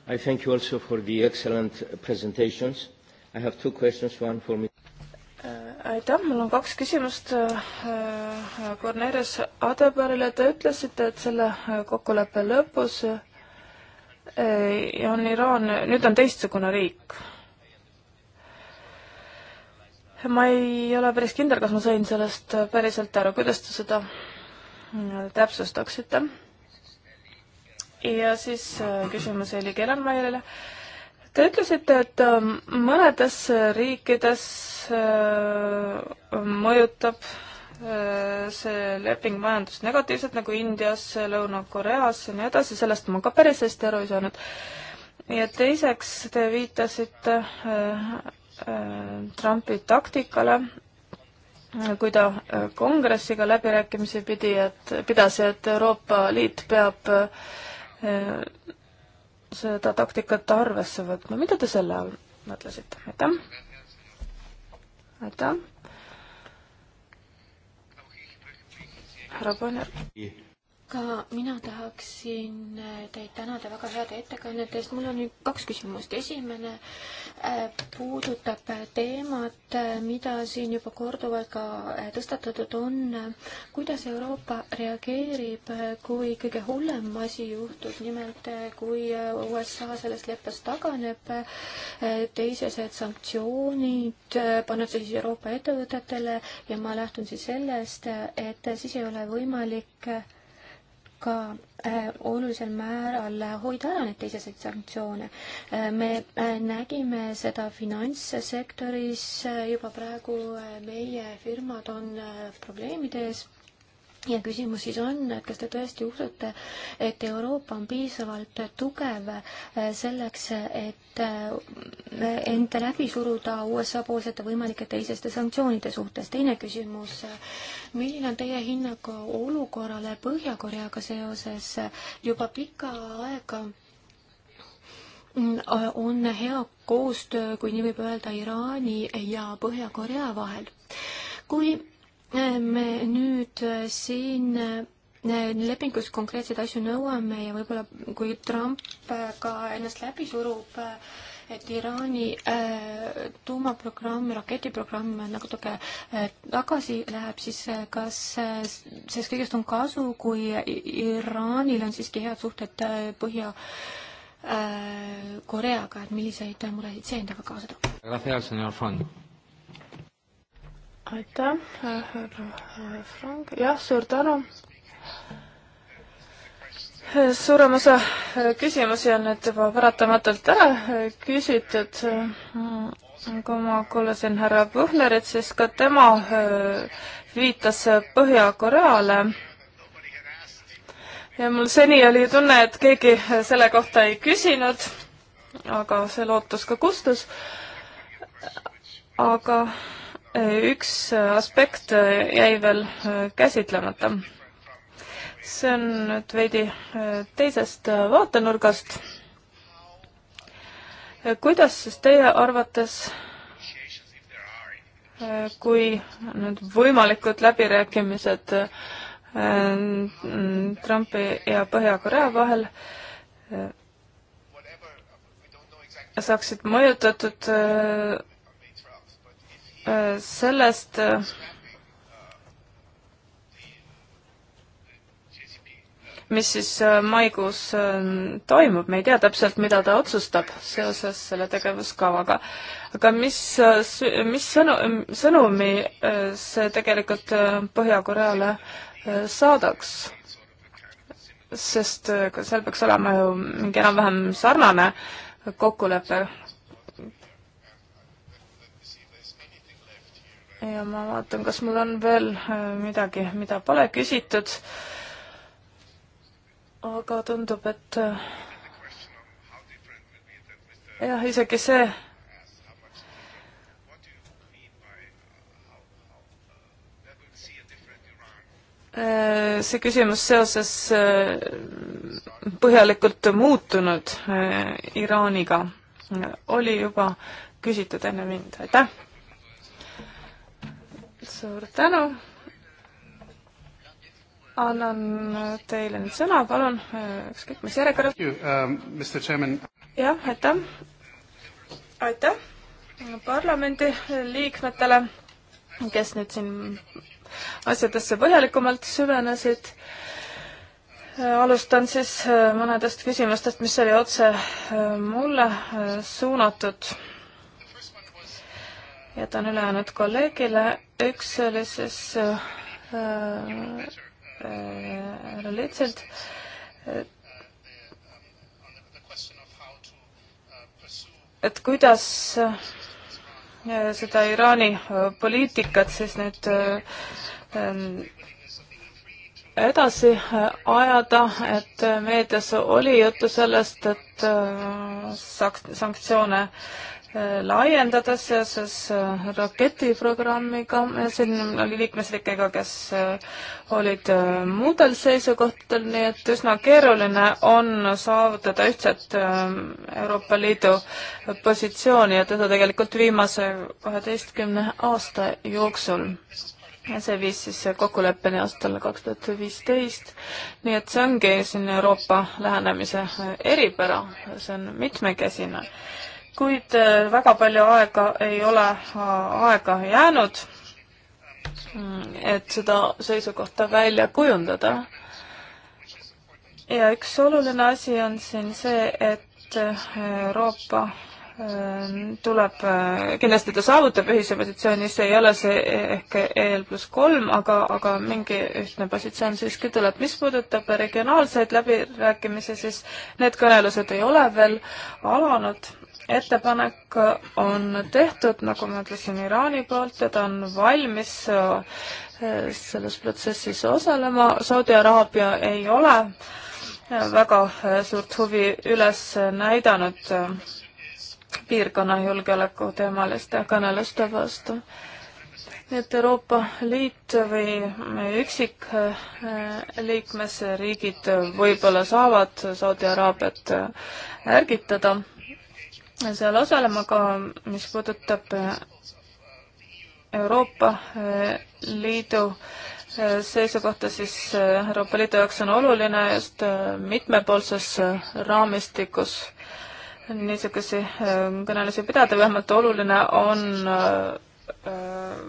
I thank you also for the excellent presentations. I have two questions, one for me. Äh, aitäh, mul on kaks küsimust äh, äh, Cornelius Adebarile. Te ütlesite, et selle kokkuleppe lõpus on Iraan, nüüd on teistsugune riik ma ei ole päris kindel, kas ma sain sellest päriselt aru, kuidas te seda mm, täpsustaksite? ja siis äh, küsimus Heli Kelenmäele. Te ütlesite, et ähm, mõnedes riikides äh, mõjutab äh, see leping majandust negatiivselt, nagu Indias, Lõuna-Koreas ja nii edasi, sellest ma ka päris hästi aru ei saanud. ja teiseks te viitasite Äh, Trumpi taktikale, kui ta äh, kongressiga läbirääkimisi pidi, et pidas, et Euroopa Liit peab äh, seda taktikat arvesse võtma. mida te selle all mõtlesite? aitäh! aitäh! härra Põner ka mina tahaksin teid tänada väga heade ettekannete eest. mul on nüüd kaks küsimust. esimene äh, puudutab teemat, äh, mida siin juba korduvalt ka äh, tõstatatud on. kuidas Euroopa reageerib, kui kõige hullem asi juhtub, nimelt kui USA sellest leppest taganeb, teised sanktsioonid pannakse siis Euroopa ettevõtetele ja ma lähtun siis sellest, et siis ei ole võimalik ka äh, olulisel määral hoida ära neid teiseseid sanktsioone. Äh, me äh, nägime seda finantssektoris juba praegu, meie firmad on probleemide ees ja küsimus siis on, et kas te tõesti usute, et Euroopa on piisavalt tugev äh, selleks, et äh, end läbi suruda USA poolsete võimalike teiseste sanktsioonide suhtes. teine küsimus, milline on teie hinnang olukorrale Põhja-Koreaga seoses juba pikka aega äh, on hea koostöö, kui nii võib öelda, Iraani ja Põhja-Korea vahel. kui me nüüd äh, siin äh, lepingus konkreetseid asju nõuame ja võib-olla kui Trump äh, ka ennast läbi surub, et Iraani äh, tuumaprogramm, raketiprogramm natuke äh, tagasi läheb, siis kas äh, sellest kõigest on kasu, kui Iraanil on siiski head suhted äh, Põhja äh, Koreaga, et milliseid äh, muresid see endaga kaasa toob? aitäh, härra Frank, jah, suur tänu. suurem osa küsimusi on nüüd juba paratamatult ära küsitud. kui ma kuulasin härra Puhlerit, siis ka tema äh, viitas Põhja-Koreale. ja mul seni oli tunne, et keegi selle kohta ei küsinud, aga see lootus ka kustus. aga üks aspekt jäi veel äh, käsitlemata. see on nüüd veidi äh, teisest äh, vaatenurgast. kuidas siis teie arvates kui nüüd võimalikud läbirääkimised Trumpi ja Põhja-Korea vahel saaksid mõjutatud Äh, sellest, äh, mis siis äh, maikuus toimub, me ei tea täpselt, mida ta otsustab seoses selle tegevuskavaga. aga mis, mis sõnu, sõnumi see tegelikult Põhja-Koreale saadaks? sest ka seal peaks olema ju mingi enam-vähem sarnane kokkulepe ja ma vaatan, kas mul on veel äh, midagi, mida pole küsitud. aga tundub, et äh, jah, isegi see äh, see küsimus seoses põhjalikult muutunud Iraaniga oli juba küsitud enne mind, aitäh! suur tänu. annan teile nüüd sõna, palun, ükskõik mis järjekorras. Um, jah, aitäh. aitäh parlamendi liikmetele, kes nüüd siin asjadesse põhjalikumalt süvenesid alustan siis äh, mõnedest küsimustest, mis oli otse äh, mulle äh, suunatud jätan ülejäänud kolleegile, üks oli siis äh, äh, härra äh, Litselt äh,, et kuidas äh, seda Iraani äh, poliitikat siis nüüd ähm, edasi ajada, et meedias oli juttu sellest, et sanktsioone äh, laiendada seoses äh, raketiprogrammiga, siin oli liikmesriikidega, kes äh, olid äh, muudel seisukohtadel, nii et üsna keeruline on saavutada ühtset Euroopa Liidu positsiooni ja seda tegelikult viimase kaheteistkümne aasta jooksul ja see viis siis kokkuleppeni aastal kaks tuhat viisteist. nii et see ongi siin Euroopa lähenemise eripära, see on mitmekesine kuid äh, väga palju aega ei ole äh, aega jäänud, mm, et seda seisukohta välja kujundada. ja üks oluline asi on siin see, et äh, Euroopa tuleb, kindlasti ta saavutab ühise positsiooni, see ei ole see ehk EL pluss kolm, aga, aga mingi ühtne positsioon siiski tuleb. mis puudutab regionaalseid läbirääkimisi, siis need kõnelused ei ole veel alanud ettepanek on tehtud, nagu ma ütlesin, Iraani poolt ja ta on valmis äh, selles protsessis osalema, Saudi Araabia ei ole äh, väga äh, suurt huvi üles näidanud piirkonna julgeoleku teemaliste kõneluste vastu. nii et Euroopa Liit või üksik liikmesriigid võib-olla saavad Saudi Araabiat ärgitada seal osalema ka, mis puudutab äh, Euroopa äh, Liidu äh, seisukohta, siis Euroopa Liidu jaoks on oluline just mitmepoolses raamistikus niisugusi kõnelusi pidada, vähemalt oluline on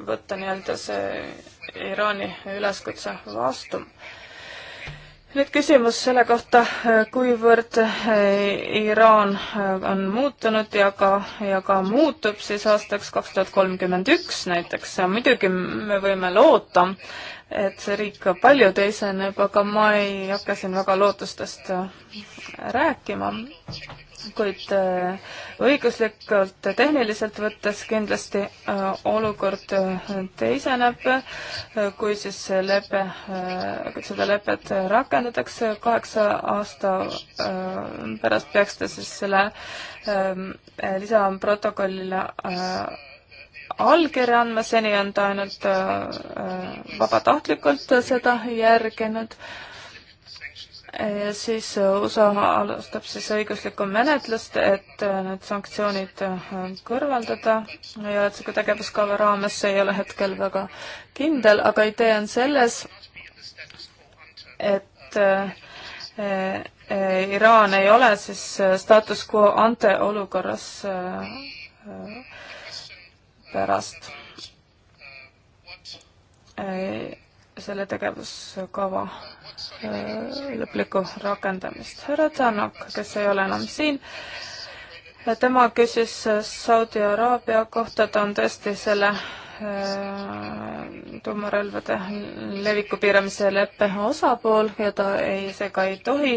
võtta nii-öelda see Iraani üleskutse vastu nüüd küsimus selle kohta, kuivõrd eh, Iraan eh, on muutunud ja ka, ja ka muutub siis aastaks kaks tuhat kolmkümmend üks näiteks. muidugi me võime loota, et see riik ka palju teiseneb, aga ma ei hakka siin väga lootustest rääkima, kuid äh, õiguslikult, tehniliselt võttes kindlasti äh, olukord äh, teiseneb, kui siis see lepe, seda lepet rakendatakse kaheksa aasta pärast, peaks ta siis selle lisaprotokollile allkirja andma, seni on ta ainult äh, äh, vabatahtlikult seda järginud. ja siis USA alustab siis õiguslikku menetlust, et äh, need sanktsioonid kõrvaldada ja et see tegevuskava raames ei ole hetkel väga kindel, aga idee on selles, et Iraan ei ole siis status quo ante olukorras pärast äh, selle tegevuskava äh, lõplikku rakendamist. härra Tšanok, kes ei ole enam siin, äh, tema küsis Saudi Araabia kohta, ta on tõesti selle tuumarelvade leviku piiramise leppe osapool ja ta ei, seega ei tohi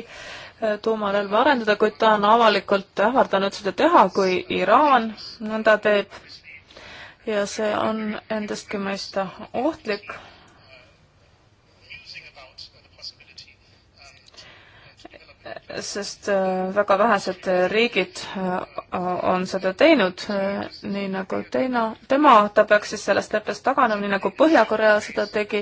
tuumarelva arendada, kuid ta on avalikult ähvardanud seda teha, kui Iraan nõnda teeb ja see on endastki mõista ohtlik. sest äh, väga vähesed riigid äh, on seda teinud, äh, nii nagu teina, tema, ta peaks siis sellest leppest taganema, nii nagu Põhja-Korea seda tegi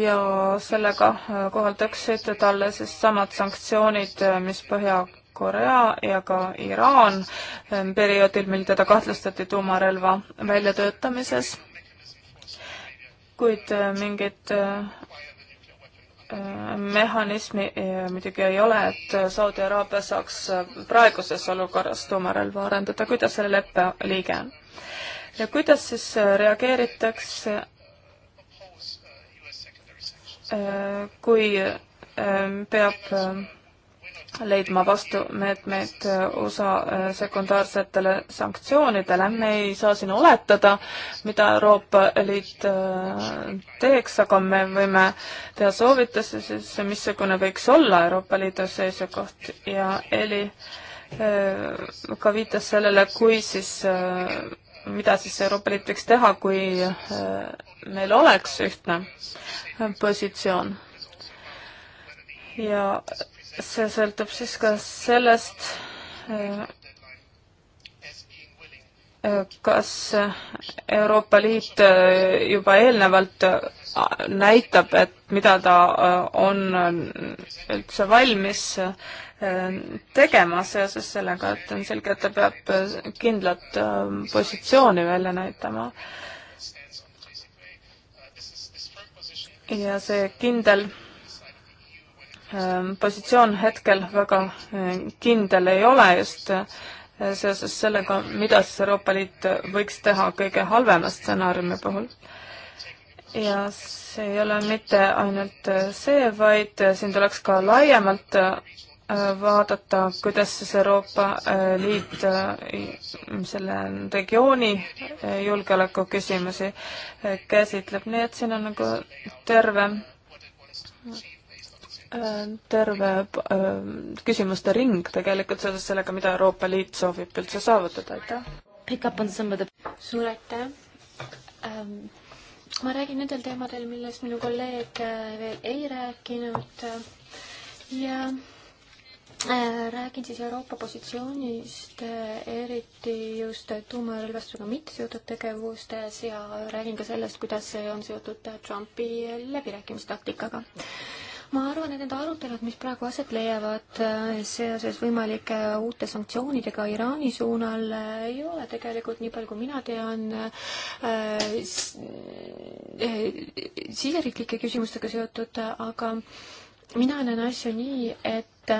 ja sellega kohaldaksid talle siis samad sanktsioonid, mis Põhja-Korea Korea ja ka Iraan ähm, perioodil, mil teda kahtlustati tuumarelva väljatöötamises. kuid äh, mingit äh, äh, mehhanismi muidugi ei ole, et Saudi Araabia saaks praeguses olukorras tuumarelva arendada, kui ta selle leppe liige on. ja kuidas siis reageeritakse, kui peab leidma vastumeetmeid USA äh, äh, sekundaarsetele sanktsioonidele. me ei saa siin oletada, mida Euroopa Liit äh, teeks, aga me võime teha soovitusi siis, missugune võiks olla Euroopa Liidu seisukoht ja Heli ka viitas sellele, kui siis, mida siis Euroopa Liit võiks teha, kui meil oleks ühtne positsioon. ja see sõltub siis ka sellest, kas Euroopa Liit juba eelnevalt näitab, et mida ta on üldse valmis tegema seoses sellega, et on selge, et ta peab kindlat positsiooni välja näitama. ja see kindel Ehm, positsioon hetkel väga ehm, kindel ei ole just eh, seoses sellega, mida siis Euroopa Liit võiks teha kõige halvema stsenaariumi puhul. ja see ei ole mitte ainult eh, see, vaid eh, siin tuleks ka laiemalt vaadata, kuidas siis Euroopa Liit selle regiooni julgeoleku küsimusi käsitleb, nii et siin on nagu terve terve äh, küsimuste ring tegelikult seoses sellega, mida Euroopa Liit soovib üldse saavutada, aitäh! Pick up on some of the suur aitäh ähm,! ma räägin nendel teemadel, millest minu kolleeg äh, veel ei rääkinud ja äh, räägin siis Euroopa positsioonist, eriti just tuumarelvastusega mitte seotud tegevustes ja räägin ka sellest, kuidas see on seotud Trumpi läbirääkimistaktikaga mm ma arvan, et need arutelud, mis praegu aset leiavad äh, seoses võimalike äh, uute sanktsioonidega Iraani suunal, äh, ei ole tegelikult, nii palju kui mina tean, siseriiklike küsimustega seotud, aga mina näen asju nii, et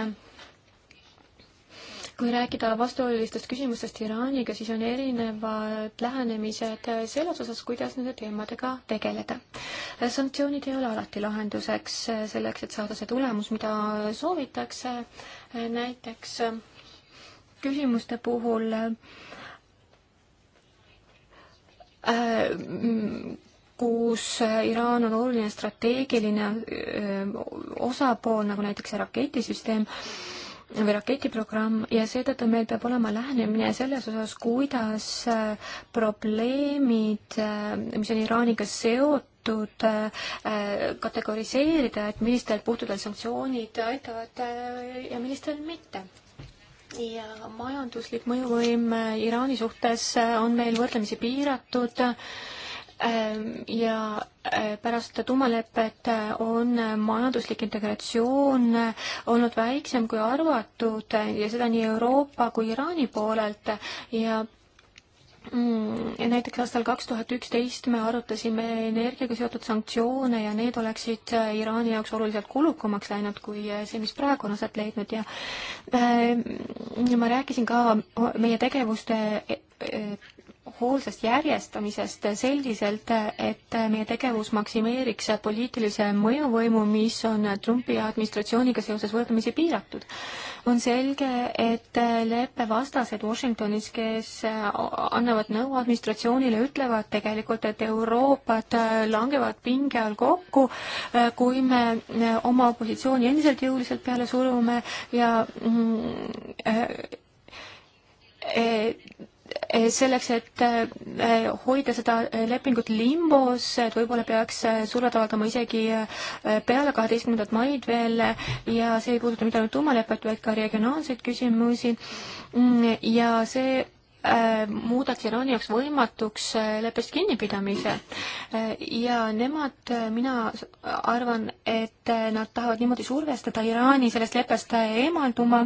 kui rääkida vastuolulistest küsimustest Iraaniga, siis on erinevad lähenemised selles osas, kuidas nende teemadega tegeleda. sanktsioonid ei ole alati lahenduseks selleks, et saada see tulemus, mida soovitakse, näiteks küsimuste puhul äh, kus Iraan on oluline strateegiline äh, osapool, nagu näiteks raketisüsteem, või raketiprogramm ja seetõttu meil peab olema lähenemine selles osas, kuidas äh, probleemid, äh, mis on Iraaniga seotud, äh, kategoriseerida, et millistel puhtudel sanktsioonid aitavad ja millistel mitte ja majanduslik mõjuvõim Iraani suhtes on meil võrdlemisi piiratud Ähm, ja äh, pärast tuumalepet äh, on äh, majanduslik integratsioon olnud väiksem kui arvatud ja seda nii Euroopa kui Iraani poolelt ja Ja mm, näiteks aastal kaks tuhat üksteist me arutasime energiaga seotud sanktsioone ja need oleksid Iraani jaoks oluliselt kulukamaks läinud kui see, mis praegu on aset leidnud ja ja ma rääkisin ka meie tegevuste e, e, hoolsast järjestamisest selliselt, et meie tegevus maksimeeriks poliitilise mõjuvõimu, mis on Trumpi administratsiooniga seoses võrdlemisi piiratud. on selge, et leppevastased Washingtonis, kes annavad nõu administratsioonile, ütlevad tegelikult, et Euroopad langevad pinge all kokku, kui me oma positsiooni endiselt jõuliselt peale surume ja mm, äh, Eh, selleks, et eh, hoida seda eh, lepingut limbos, et võib-olla peaks survet avaldama isegi peale kaheteistkümnendat maid veel ja see ei puuduta mitte ainult tuumalepet, vaid ka regionaalseid küsimusi mm, ja see muudaks Iraani jaoks võimatuks leppest kinnipidamise. ja nemad, mina arvan, et nad tahavad niimoodi survestada Iraani sellest leppest eemalduma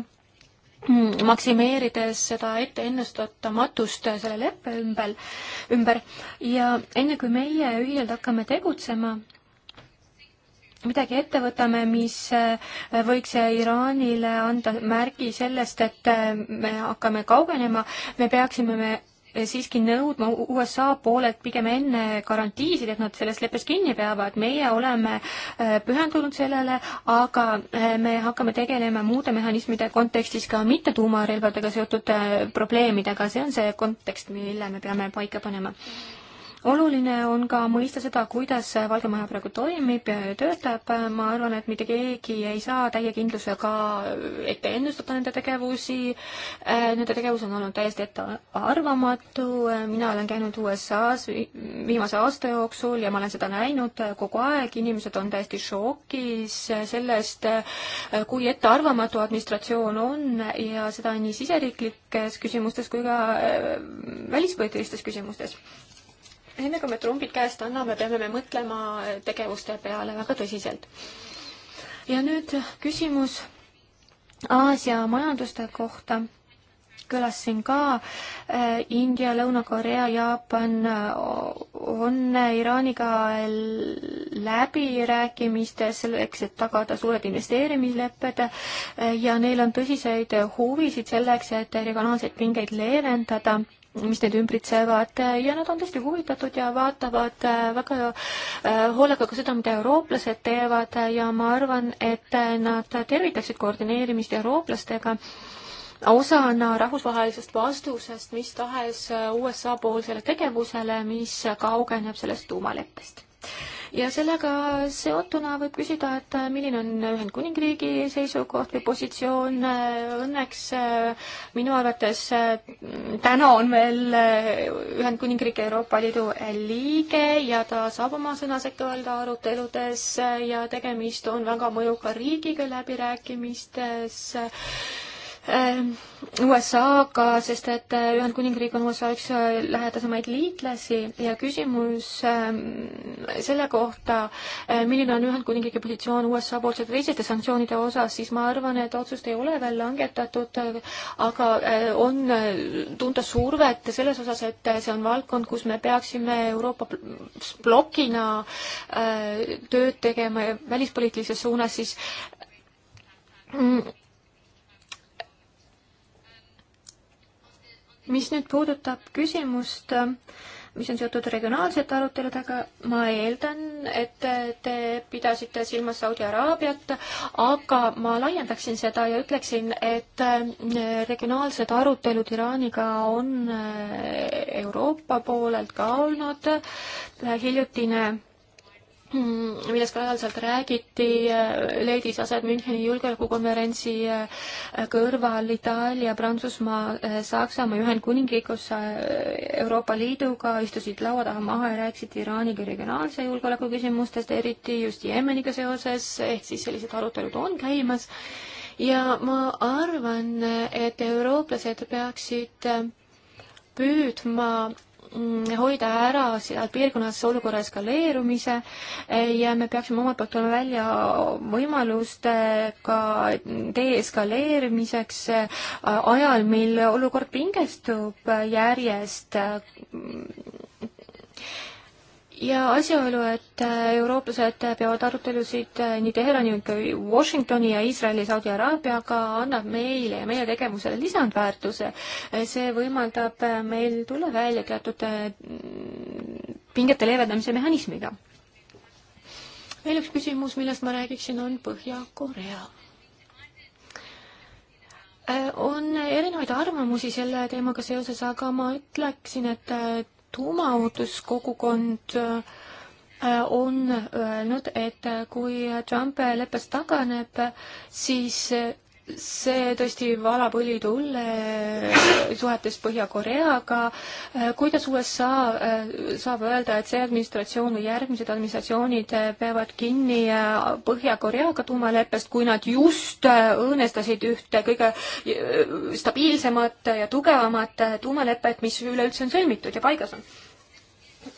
maksimeerides seda etteennustamatust selle leppe ümber, ümber ja enne kui meie ühiselt hakkame tegutsema, midagi ette võtame, mis äh, võiks Iraanile anda märgi sellest, et äh, me hakkame kaugenema, me peaksime me siiski nõudma USA poolelt pigem enne garantiisid, et nad sellest leppest kinni peavad, meie oleme äh, pühendunud sellele, aga äh, me hakkame tegelema muude mehhanismide kontekstis ka mitte tuumarelvadega seotud äh, probleemidega, see on see kontekst, mille me peame paika panema oluline on ka mõista seda, kuidas Valge Maja praegu toimib ja töötab. ma arvan, et mitte keegi ei saa täie kindlusega ette ennustada nende tegevusi. Äh, nende tegevus on olnud täiesti ettearvamatu. mina olen käinud USA-s viimase aasta jooksul ja ma olen seda näinud kogu aeg. inimesed on täiesti šokis sellest, kui ettearvamatu administratsioon on ja seda nii siseriiklikes küsimustes kui ka äh, välispoliitilistes küsimustes enne kui me trumbid käest anname, peame me mõtlema tegevuste peale väga tõsiselt. ja nüüd küsimus Aasia majanduste kohta kõlas siin ka äh, India, Lõuna-Korea, Jaapan äh, on äh, Iraaniga läbirääkimistes selleks, et tagada suured investeerimislepped ja neil on tõsiseid huvisid selleks, et regionaalseid pingeid leevendada mis neid ümbritsevad äh, ja nad on tõesti huvitatud ja vaatavad äh, väga äh, hoolega ka seda, mida eurooplased teevad ja ma arvan, et nad tervitaksid koordineerimist eurooplastega osana rahvusvahelisest vastusest mis tahes USA poolsele tegevusele, mis kaugeneb sellest tuumaleppest ja sellega seotuna võib küsida, et milline on Ühendkuningriigi seisukoht või positsioon. Õnneks äh, minu arvates äh, täna on veel äh, Ühendkuningriik Euroopa Liidu liige ja ta saab oma sõna sekka öelda aruteludes ja tegemist on väga mõjuka riigiga läbirääkimistes Äh, USA-ga, sest et äh, Ühendkuningriik on USA üks äh, lähedasemaid liitlasi ja küsimus ähm, selle kohta, milline on Ühendkuningriigi positsioon USA poolsete teisete sanktsioonide osas, siis ma arvan, et otsust ei ole veel langetatud, aga on tunda survet selles osas, et see on valdkond, kus me peaksime Euroopa plokina tööd tegema ja välispoliitilises suunas siis mm, mis nüüd puudutab küsimust, äh, mis on seotud regionaalsete aruteludega, ma eeldan, et te pidasite silmas Saudi Araabiat, aga ma laiendaksin seda ja ütleksin, et äh, regionaalsed arutelud Iraaniga on äh, Euroopa poolelt ka olnud hiljutine Mm, millest ka laialdaselt räägiti, äh, leidis aset Müncheni julgeolekukonverentsi äh, kõrval Itaalia, Prantsusmaa, äh, Saksamaa, Ühendkuningriik, kus Euroopa Liiduga istusid laua taha maha ja rääkisid Iraaniga regionaalse julgeoleku küsimustest, eriti just Jeemeniga seoses, ehk siis sellised arutelud on käimas. ja ma arvan, et eurooplased peaksid püüdma Mm, hoida ära seal piirkonnas olukorra eskaleerumise eh, ja me peaksime omalt poolt tulema välja võimalustega deeskaleerimiseks eh, ajal, mil olukord pingestub eh, järjest ja asjaolu, et äh, eurooplased peavad arutelusid äh, nii Teherani kui Washingtoni ja Iisraeli, Saudi Araabiaga, annab meile ja meie tegevusele lisandväärtuse. Äh, see võimaldab meil tulla välja teatud pingete leevendamise mehhanismiga. veel üks küsimus, millest ma räägiksin, on Põhja-Korea on erinevaid arvamusi selle teemaga seoses, aga ma ütleksin, et tuumaohutuskogukond äh, on öelnud, et kui Trump leppest taganeb, siis see tõesti valab õli tulle suhetes Põhja-Koreaga. kuidas USA äh, saab öelda, et see administratsioon või järgmised administratsioonid äh, peavad kinni äh, Põhja-Koreaga tuumaleppest, kui nad just õõnestasid ühte kõige stabiilsemat ja tugevamat tuumalepet, mis üleüldse on sõlmitud ja paigas on?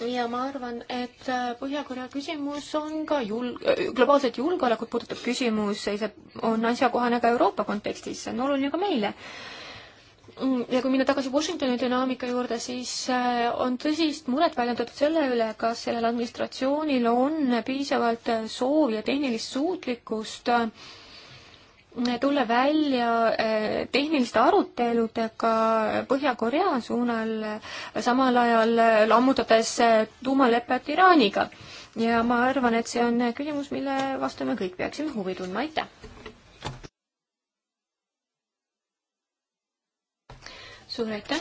ja ma arvan, et äh, Põhja-Korea küsimus on ka jul-, äh, globaalset julgeolekut puudutav küsimus, seisab, on asjakohane ka Euroopa kontekstis, see on oluline ka meile mm, ja kui minna tagasi Washingtoni dünaamika juurde, siis äh, on tõsist muret väljendatud selle üle, kas sellel administratsioonil on piisavalt soovi ja tehnilist suutlikkust äh, tulla välja eh, tehniliste aruteludega Põhja-Korea suunal, samal ajal lammutades eh, tuumalepet Iraaniga. ja ma arvan, et see on küsimus, mille vastu me kõik peaksime huvi tundma, aitäh! suur aitäh!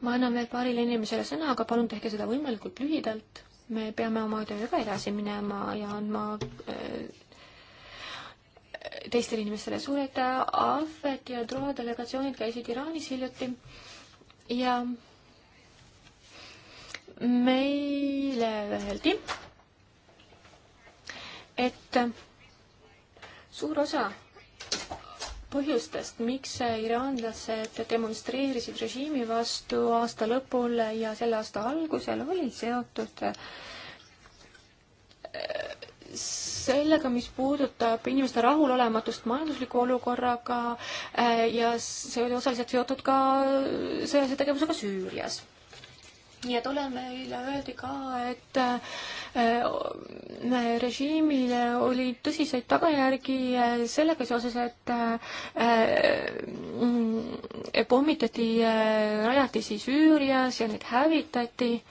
ma annan veel paarile inimesele sõna, aga palun tehke seda võimalikult lühidalt. me peame oma tööga edasi minema ja andma äh, teistele inimestele. suur aitäh, Ahvet ja Droa delegatsioonid käisid Iraanis hiljuti ja meile öeldi, et suur osa põhjustest, miks iraanlased demonstreerisid režiimi vastu aasta lõpul ja selle aasta algusel, olid seotud sellega, mis puudutab inimeste rahulolematust majandusliku olukorraga äh, ja see oli osaliselt seotud ka sõjalise tegevusega Süürias ja tollal meile öeldi ka, et äh, režiimil oli tõsiseid tagajärgi äh, sellega seoses, et äh, mm, pommitati äh, rajatisi Süürias ja neid hävitati äh,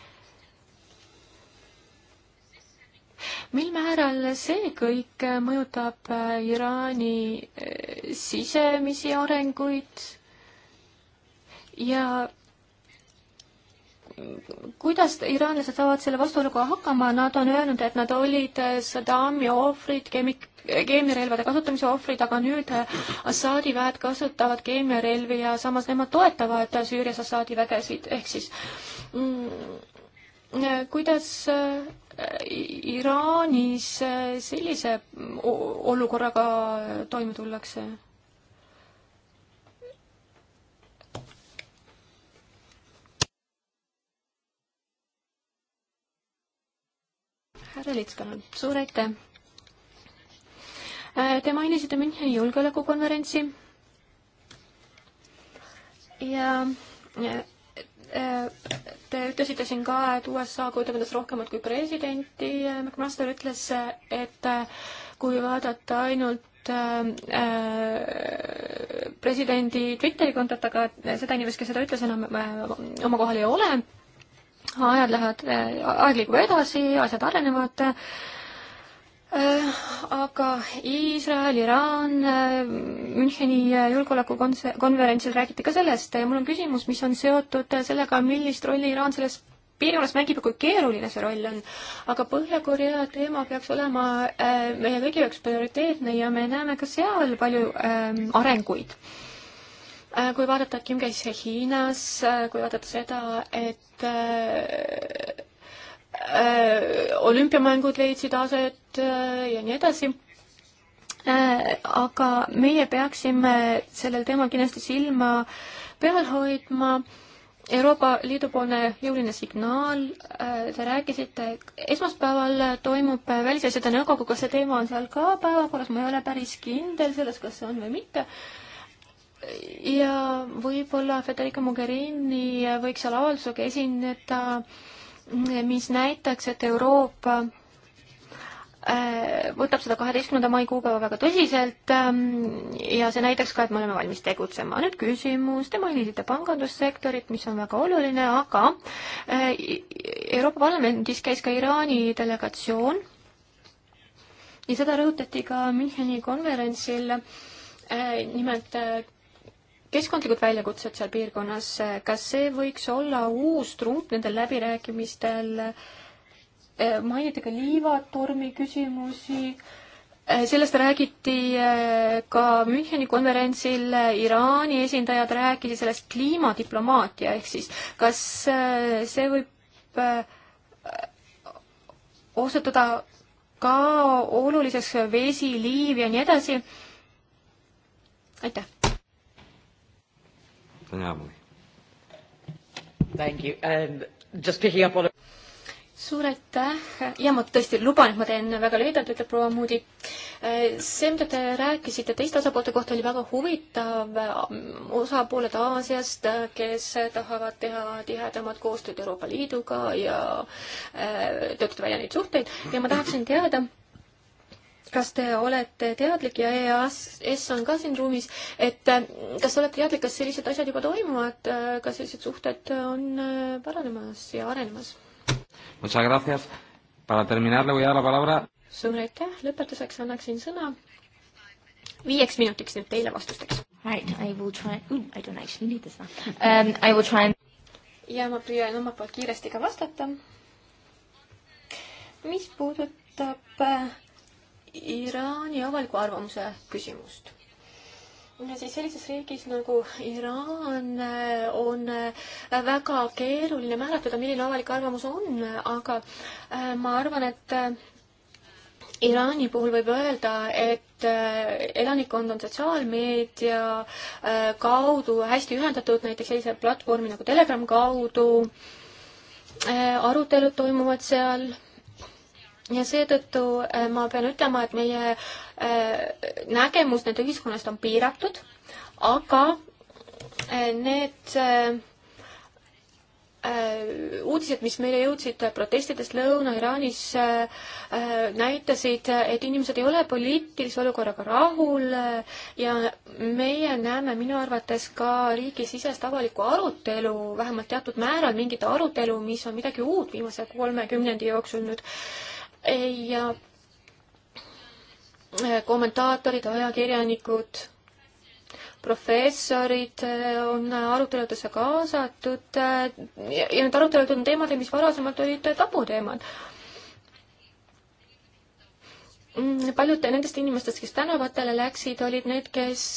mil määral see kõik mõjutab äh, Iraani äh, sisemisi arenguid ja kuidas iraanlased saavad selle vastuoluga hakkama, nad on öelnud, et nad olid äh, Saddami ohvrid, keemik-, keemiarelvade kasutamise ohvrid, aga nüüd Assaadi väed kasutavad keemiarelvi ja samas nemad toetavad Süürias Assaadi vägesid, ehk siis mm, kuidas Iraanis äh, sellise olukorraga toime tullakse? härra Litskanen, suur aitäh! Äh, te mainisite Müncheni julgeolekukonverentsi ja, ja äh, Te ütlesite siin ka, et USA kujutab endast rohkemat kui presidenti. McMaster ütles, et kui vaadata ainult äh, presidendi Twitteri kontot, aga seda inimest, kes seda ütles, enam äh, oma kohal ei ole. ajad lähevad, äh, aeg liigub edasi, asjad arenevad äh, Äh, aga Iisrael, Iraan, äh, Müncheni äh, julgeolekukonverentsil räägiti ka sellest ja mul on küsimus, mis on seotud sellega, millist rolli Iraan selles piirkonnas mängib ja kui keeruline see roll on. aga Põhja-Korea teema peaks olema meie kõigi jaoks prioriteetne ja me näeme ka seal palju ähm, arenguid kui vaadata, Kim käis Hiinas, kui vaadata seda, et Äh, olümpiamängud leidsid aset äh, ja nii edasi. Äh, aga meie peaksime sellel teemal kindlasti silma peal hoidma. Euroopa Liidu poolne jõuline signaal, te rääkisite, esmaspäeval toimub Välisasjade Nõukoguga, see teema on seal ka päevakorras, ma ei ole päris kindel selles, kas see on või mitte ja võib-olla Federica Mogherini võiks seal avaldusega esineda mis näitaks, et Euroopa äh, võtab seda kaheteistkümnenda mai kuupäeva väga tõsiselt ähm, ja see näitaks ka, et me oleme valmis tegutsema. nüüd küsimus, te mainisite pangandussektorit, mis on väga oluline, aga äh, Euroopa Parlamendis käis ka Iraani delegatsioon ja seda rõhutati ka Müncheni konverentsil. Äh, nimelt keskkondlikud väljakutsed seal piirkonnas, kas see võiks olla uus trump nendel läbirääkimistel? Eh, mainiti ka liivatormi küsimusi, eh, sellest räägiti eh, ka Müncheni konverentsil, Iraani esindajad rääkisid sellest kliimadiplomaatia, ehk siis kas see võib osutuda ka oluliseks vesi, liiv ja nii edasi. aitäh. Um, on... suur aitäh ja ma tõesti luban, et ma teen väga lühidalt, ütleb proua Moody. Eh, see, mida te rääkisite teiste osapoolte kohta, oli väga huvitav. osapooled Aasiast, kes tahavad teha tihedamat koostööd Euroopa Liiduga ja eh, töötada välja neid suhteid ja ma tahaksin teada kas te olete teadlik ja EAS e on ka siin ruumis, et äh, kas te olete teadlik, kas sellised asjad juba toimuvad, äh, kas sellised suhted äh, on paranemas ja arenemas? suur aitäh, lõpetuseks annaksin sõna viieks minutiks nüüd teile vastusteks. Right, I will try mm,, I don't actually need this now um,. I will try and ja ma püüan omalt poolt kiiresti ka vastata. mis puudutab äh, Iraani avaliku arvamuse küsimust ja siis sellises riigis nagu Iraan eh, on eh, väga keeruline määratleda, milline avalik arvamus on, aga eh, ma arvan, et Iraani puhul võib öelda, et elanikkond on sotsiaalmeedia kaudu hästi ühendatud, näiteks sellise platvormi nagu Telegram kaudu. arutelud toimuvad seal ja seetõttu äh, ma pean ütlema, et meie äh, nägemus nende ühiskonnast on piiratud, aga äh, need uudised, mis meile jõudsid protestidest Lõuna-Iraanis, näitasid, et inimesed ei ole poliitilise olukorraga rahul ja meie näeme minu arvates ka riigisisest avalikku arutelu, vähemalt teatud määral mingit arutelu, mis on midagi uut viimase kolme kümnendi jooksul nüüd ja äh, kommentaatorid, ajakirjanikud, professorid äh, on aruteludesse kaasatud äh, ja, ja need arutelud on teemadel, mis varasemalt olid tabuteemad. Mm, paljud nendest inimestest, kes tänavatele läksid, olid need, kes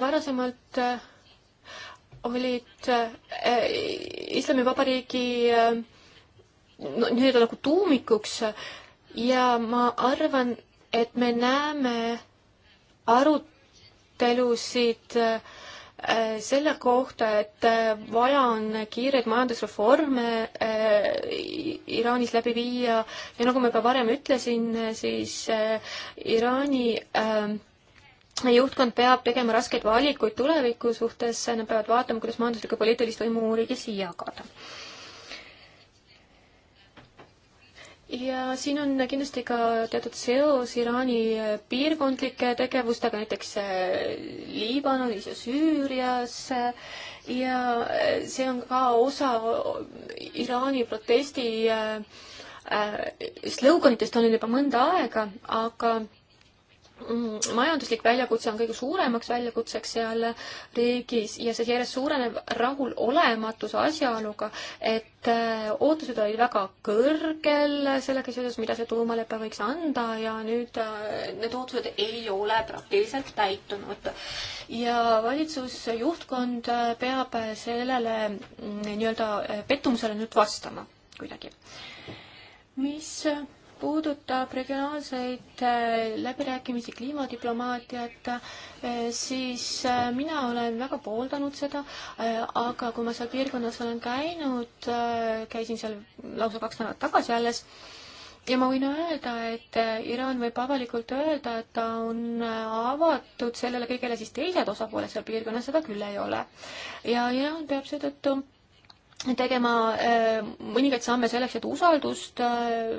varasemalt olid Islamivabariigi äh, no, nii-öelda nagu tuumikuks ja ma arvan, et me näeme arutelusid äh, selle kohta, et äh, vaja on kiireid majandusreforme äh, Iraanis läbi viia ja nagu ma ka varem ütlesin, siis Iraani juhtkond peab tegema raskeid valikuid tuleviku suhtes, nad peavad vaatama, kuidas majanduslikku ja poliitilist võimu riigis jagada ja ja siin on kindlasti ka teatud seos Iraani piirkondlike tegevustega, näiteks äh, Liibanonis ja Süürias ja äh, see on ka osa äh, Iraani protesti sloganitest olnud juba mõnda aega, aga Mm, majanduslik väljakutse on kõige suuremaks väljakutseks seal riigis ja see järjest suurenev rahulolematus asjaoluga, et äh, ootused olid väga kõrgel sellega seoses, mida see tuumalepe võiks anda ja nüüd äh, need ootused ei ole praktiliselt täitunud. ja valitsusjuhtkond äh, peab sellele mm, nii-öelda pettumusele nüüd vastama kuidagi. mis puudutab regionaalseid äh, läbirääkimisi, kliimadiplomaatiat, äh, siis äh, mina olen väga pooldanud seda, aga kui ma seal piirkonnas olen käinud, käisin seal lausa kaks nädalat tagasi alles, ja ma võin öelda, et Iraan võib avalikult öelda, et ta on avatud sellele kõigele, siis teised osapooled seal piirkonnas seda küll ei ole. ja Iraan peab seetõttu tegema äh, mõningaid samme selleks, et usaldust äh,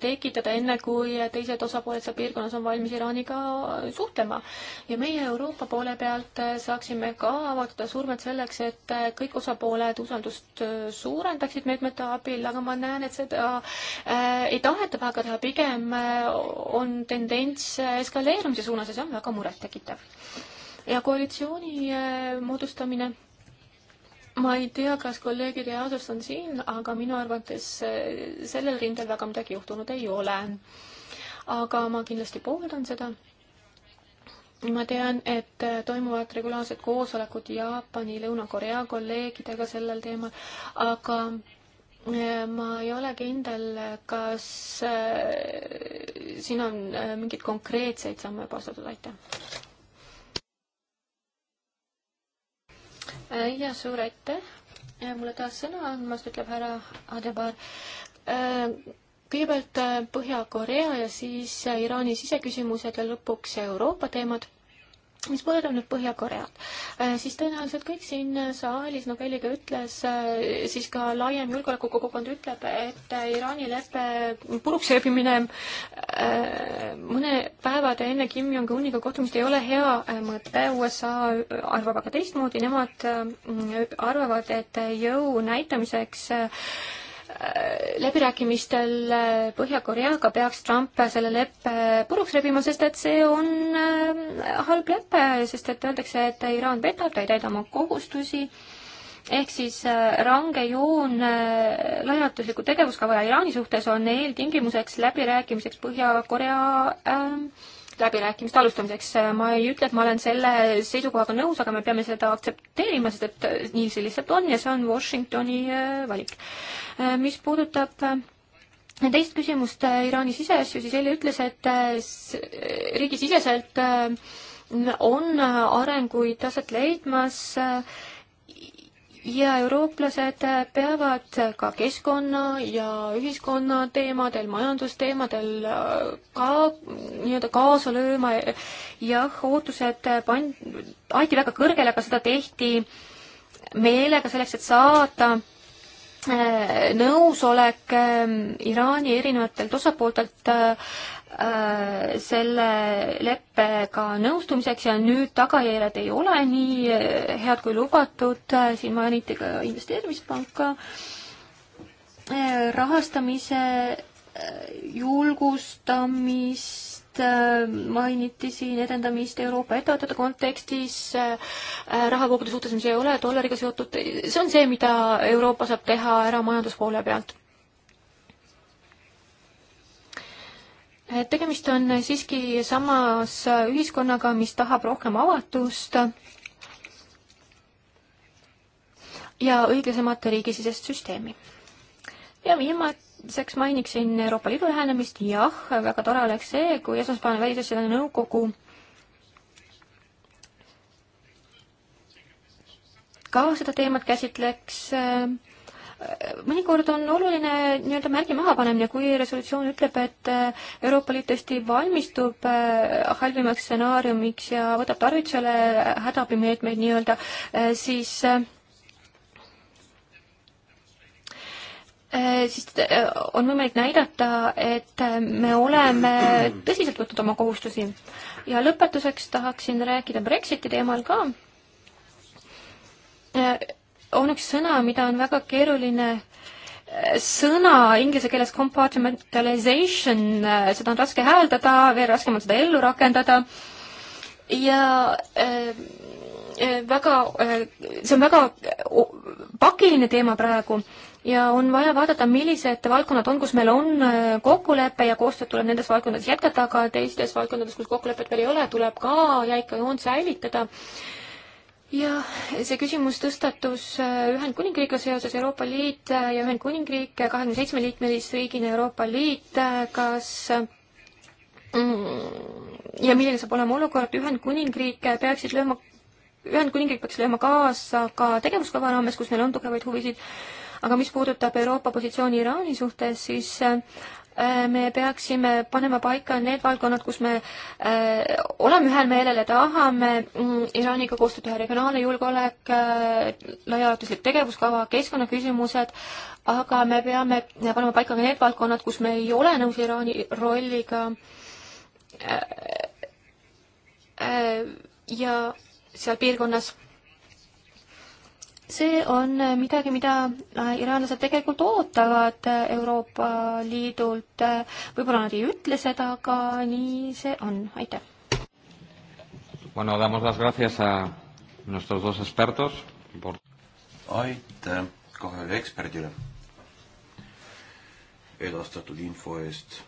tekitada, enne kui teised osapooled seal piirkonnas on valmis Iraaniga suhtlema. ja meie Euroopa poole pealt äh, saaksime ka avaldada survet selleks, et kõik osapooled usaldust suurendaksid meetmete abil, aga ma näen, et seda ei taheta väga teha, pigem on tendents eskaleerumise suunas ja see on väga murettekitav. ja koalitsiooni moodustamine ma ei tea, kas kolleegid EASO-st on siin, aga minu arvates eh, sellel rindel väga midagi juhtunud ei ole. aga ma kindlasti pooldan seda. ma tean, et eh, toimuvad regulaarsed koosolekud Jaapani, Lõuna-Korea kolleegidega sellel teemal, aga eh, ma ei ole kindel, kas siin on mingeid konkreetseid samme juba astutud, aitäh. Äh, ja suur aitäh mulle taas sõna andmast, ütleb härra Adebar. Äh, kõigepealt äh, Põhja-Korea ja siis Iraani siseküsimused ja lõpuks Euroopa teemad mis puudutab nüüd Põhja-Koread, äh, siis tõenäoliselt kõik siin saalis, nagu Helliga ütles, äh, siis ka laiem julgeolekukogukond ütleb, et äh, Iraani leppe puruks ööbimine mõne päevad enne Kim Jong-uniga kohtumist ei ole hea mõte, USA arvab aga teistmoodi, nemad arvavad, et jõu näitamiseks Äh, läbirääkimistel äh, Põhja-Koreaga peaks Trump selle leppe puruks rebima, sest et see on äh, halb lepe, sest et öeldakse, et Iraan petab, ta ei täida oma kohustusi, ehk siis range joon laiatusliku tegevuskava ja Iraani suhtes on eeltingimuseks läbirääkimiseks Põhja-Korea äh, läbirääkimiste alustamiseks. ma ei ütle, et ma olen selle seisukohaga nõus, aga me peame seda aktsepteerima, sest et äh, nii see lihtsalt on ja see on Washingtoni äh, valik. Äh, mis puudutab teist küsimust Iraani siseasju, siis Heli ütles, et riigisiseselt on arenguid aset leidmas äh, ja eurooplased peavad ka keskkonna ja ühiskonna teemadel, majandusteemadel äh, ka nii-öelda kaasa lööma. jah, ootused pand-, aeti väga kõrgele, aga seda tehti meelega selleks, et saada äh, nõusolek ähm, Iraani erinevatelt osapooltelt äh, Äh, selle leppega nõustumiseks ja nüüd tagajärjed ei ole nii äh, head kui lubatud, äh, siin mainiti ka investeerimispanka, rahastamise julgustamist mainiti siin, edendamist Euroopa ettevõtete kontekstis, rahavoogude suhtes, mis ei ole dollariga seotud, see on see, mida Euroopa saab teha ära majanduspoole pealt tegemist on siiski samas ühiskonnaga, mis tahab rohkem avatust ja õiglasemat riigisisest süsteemi. ja viimaseks mainiksin Euroopa Liidu lähenemist, jah, väga tore oleks see, kui esmaspäevane välisasjade nõukogu ka seda teemat käsitleks äh, mõnikord on oluline nii-öelda märgi mahapanemine, kui resolutsioon ütleb, et äh, Euroopa Liit tõesti valmistub äh, halvimaks stsenaariumiks ja võtab tarvitusele hädaabimeetmeid nii-öelda, äh, siis siis on võimalik näidata, et me oleme tõsiselt võtnud oma kohustusi. ja lõpetuseks tahaksin rääkida Brexiti teemal ka on üks sõna, mida on väga keeruline äh, sõna inglise keeles compartmentalization, äh, seda on raske hääldada, veel raskem on seda ellu rakendada ja äh, äh väga äh,, see on väga pakiline teema praegu ja on vaja vaadata, millised valdkonnad on, kus meil on kokkulepe ja koostööd tuleb nendes valdkondades jätkata, aga teistes valdkondades, kus kokkulepet veel ei ole, tuleb ka jäika joon säilitada äh, ja see küsimus tõstatus äh, Ühendkuningriigiga seoses Euroopa Liit äh, ja Ühendkuningriik äh, kahekümne seitsme liikmelisriigina Euroopa Liit, kas mm, ja milline saab olema olukord, Ühendkuningriik peaksid lööma, Ühendkuningriik peaks lööma kaasa ka tegevuskava raames, kus neil on tugevaid huvisid, aga mis puudutab Euroopa positsiooni Iraani suhtes, siis Äh, me peaksime panema paika need valdkonnad, kus me äh, oleme ühel meelel ja tahame mm, Iraaniga koostööd teha, regionaalne julgeolek, äh, laiaulatuslik tegevuskava, keskkonnaküsimused, aga me peame panema paika ka need valdkonnad, kus me ei ole nõus Iraani rolliga. ja seal piirkonnas see on midagi, mida äh, iraanlased tegelikult ootavad äh, Euroopa Liidult. Äh, võib-olla nad ei ütle seda, aga nii see on, aitäh. Bueno, damos las gracias a nuestros dos expertos por... aitäh kahele eksperdile edastatud info eest.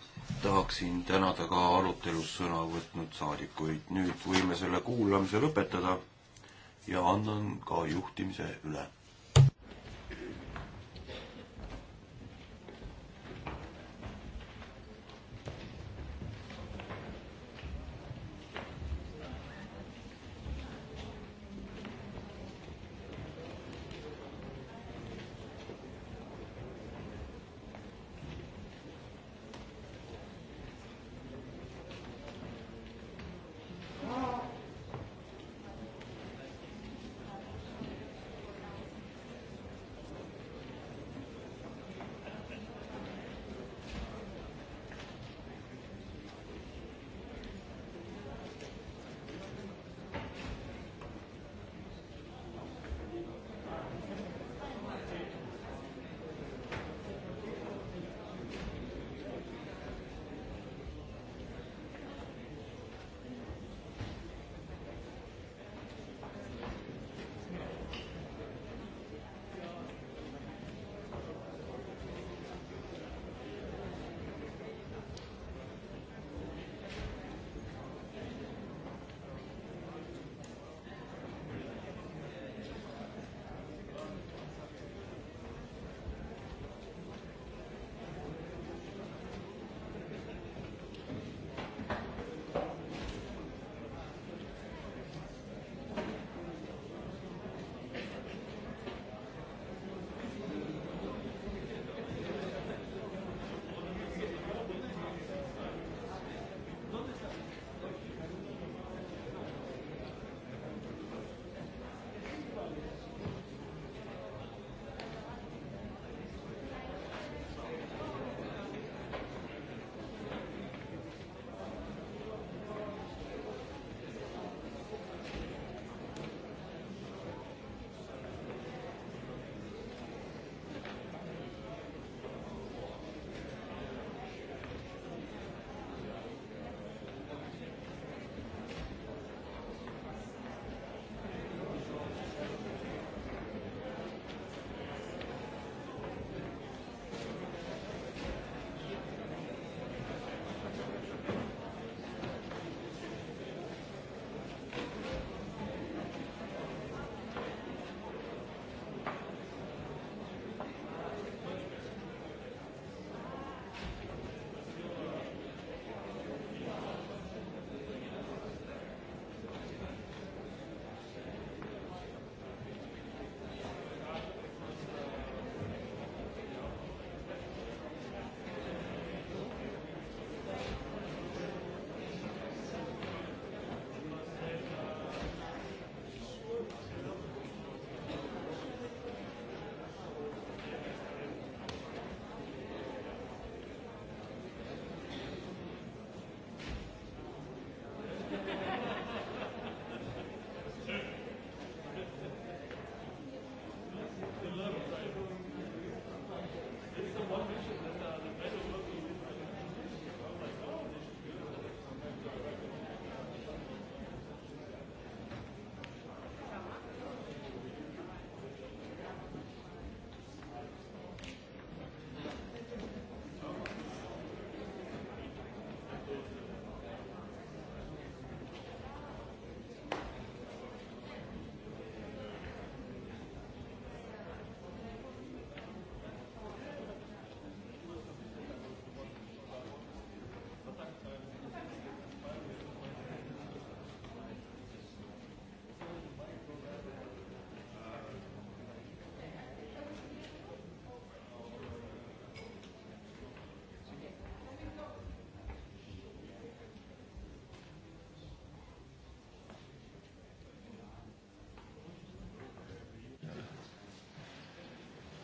tahaksin tänada ka arutelus sõna võtnud saadikuid. nüüd võime selle kuulamise lõpetada ja annan ka juhtimise üle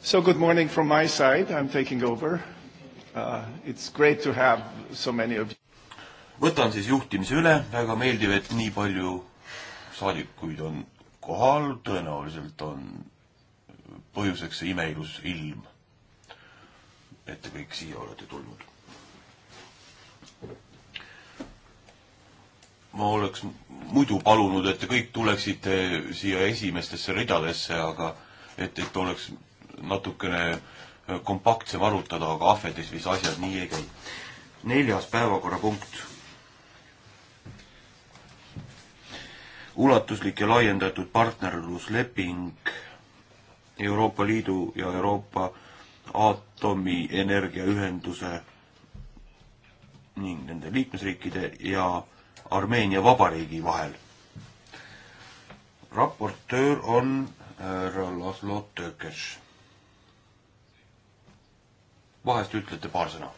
So good morning from my side. I'm taking over. Uh, it's great to have so many of you. võtan siis juhtimise üle, väga meeldiv, et nii palju saadikuid on kohal, tõenäoliselt on põhjuseks see imeilus ilm. et te kõik siia olete tulnud. ma oleks muidu palunud, et te kõik tuleksite siia esimestesse ridadesse, aga et, et oleks natukene äh, kompaktsem arutada, aga ahvetis vist asjad nii ei käi. neljas päevakorrapunkt. ulatuslik ja laiendatud partnerlusleping Euroopa Liidu ja Euroopa aatomienergiaühenduse ning nende liikmesriikide ja Armeenia Vabariigi vahel. raportöör on äh, härra Laslo Tökes vahest ütlete paar sõna?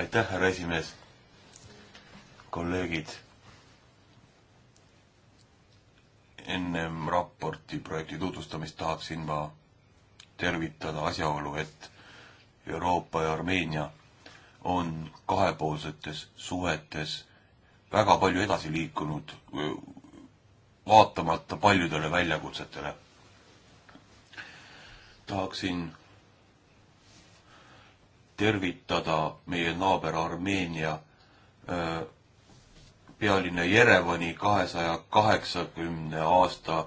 aitäh, härra esimees. kolleegid. ennem raporti projekti tutvustamist tahaksin ma tervitada asjaolu, et Euroopa ja Armeenia on kahepoolsetes suhetes väga palju edasi liikunud, vaatamata paljudele väljakutsetele. tahaksin tervitada meie naaber Armeenia pealinna Jerevani kahesaja kaheksakümne aasta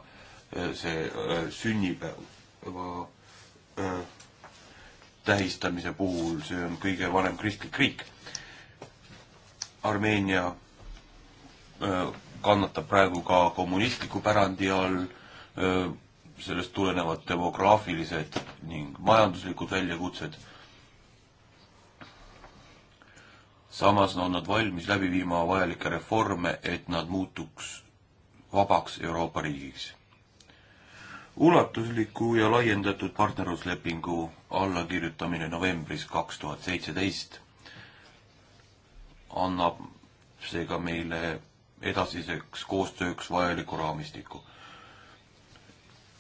see sünnipäev tähistamise puhul, see on kõige vanem kristlik riik. Armeenia kannatab praegu ka kommunistliku pärandi all, sellest tulenevad demograafilised ning majanduslikud väljakutsed. samas on nad valmis läbi viima vajalikke reforme, et nad muutuks vabaks Euroopa riigiks. ulatusliku ja laiendatud partnerluslepingu allakirjutamine novembris kaks tuhat seitseteist annab seega meile edasiseks koostööks vajaliku raamistiku.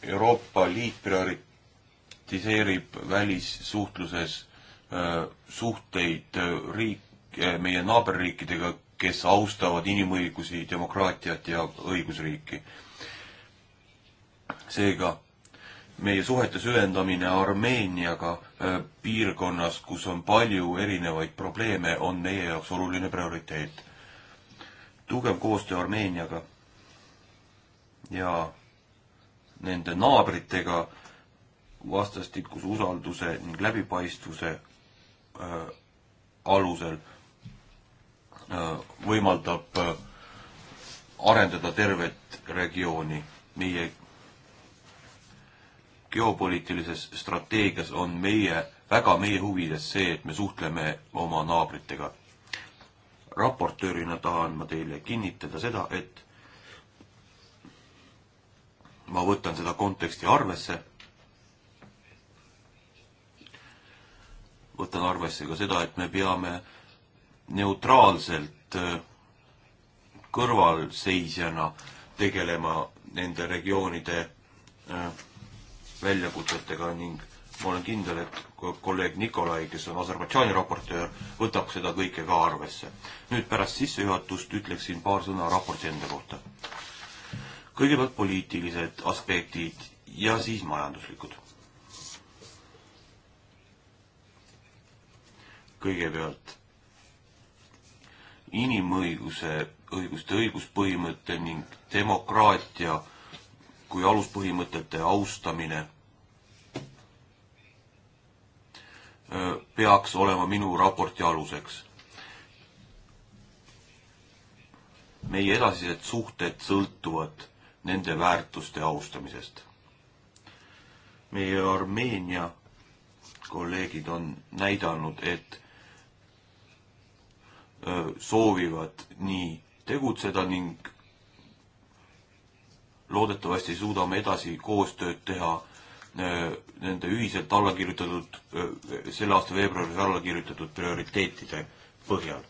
Euroopa Liit prioritiseerib välissuhtluses äh, suhteid äh, riik, äh, meie naaberriikidega, kes austavad inimõigusi, demokraatiat ja õigusriiki. seega meie suhete süvendamine Armeeniaga äh, piirkonnas, kus on palju erinevaid probleeme, on meie jaoks oluline prioriteet. tugev koostöö Armeeniaga ja nende naabritega vastastikuse usalduse ning läbipaistvuse äh, alusel äh, võimaldab äh, arendada tervet regiooni. meie geopoliitilises strateegias on meie, väga meie huvides see, et me suhtleme oma naabritega. raportöörina tahan ma teile kinnitada seda, et ma võtan seda konteksti arvesse, võtan arvesse ka seda, et me peame neutraalselt äh, kõrvalseisjana tegelema nende regioonide äh, väljakutsetega ning ma olen kindel, et kolleeg Nikolai, kes on Aserbaidžaani raportöör, võtab seda kõike ka arvesse. nüüd pärast sissejuhatust ütleksin paar sõna raporti enda kohta. kõigepealt poliitilised aspektid ja siis majanduslikud. kõigepealt inimõiguse, õiguste õiguspõhimõte ning demokraatia kui aluspõhimõtete austamine peaks olema minu raporti aluseks. meie edasised suhted sõltuvad nende väärtuste austamisest. meie Armeenia kolleegid on näidanud, et soovivad nii tegutseda ning loodetavasti suudame edasi koostööd teha Äh, nende ühiselt alla kirjutatud, äh, selle aasta veebruaris alla kirjutatud prioriteetide põhjal.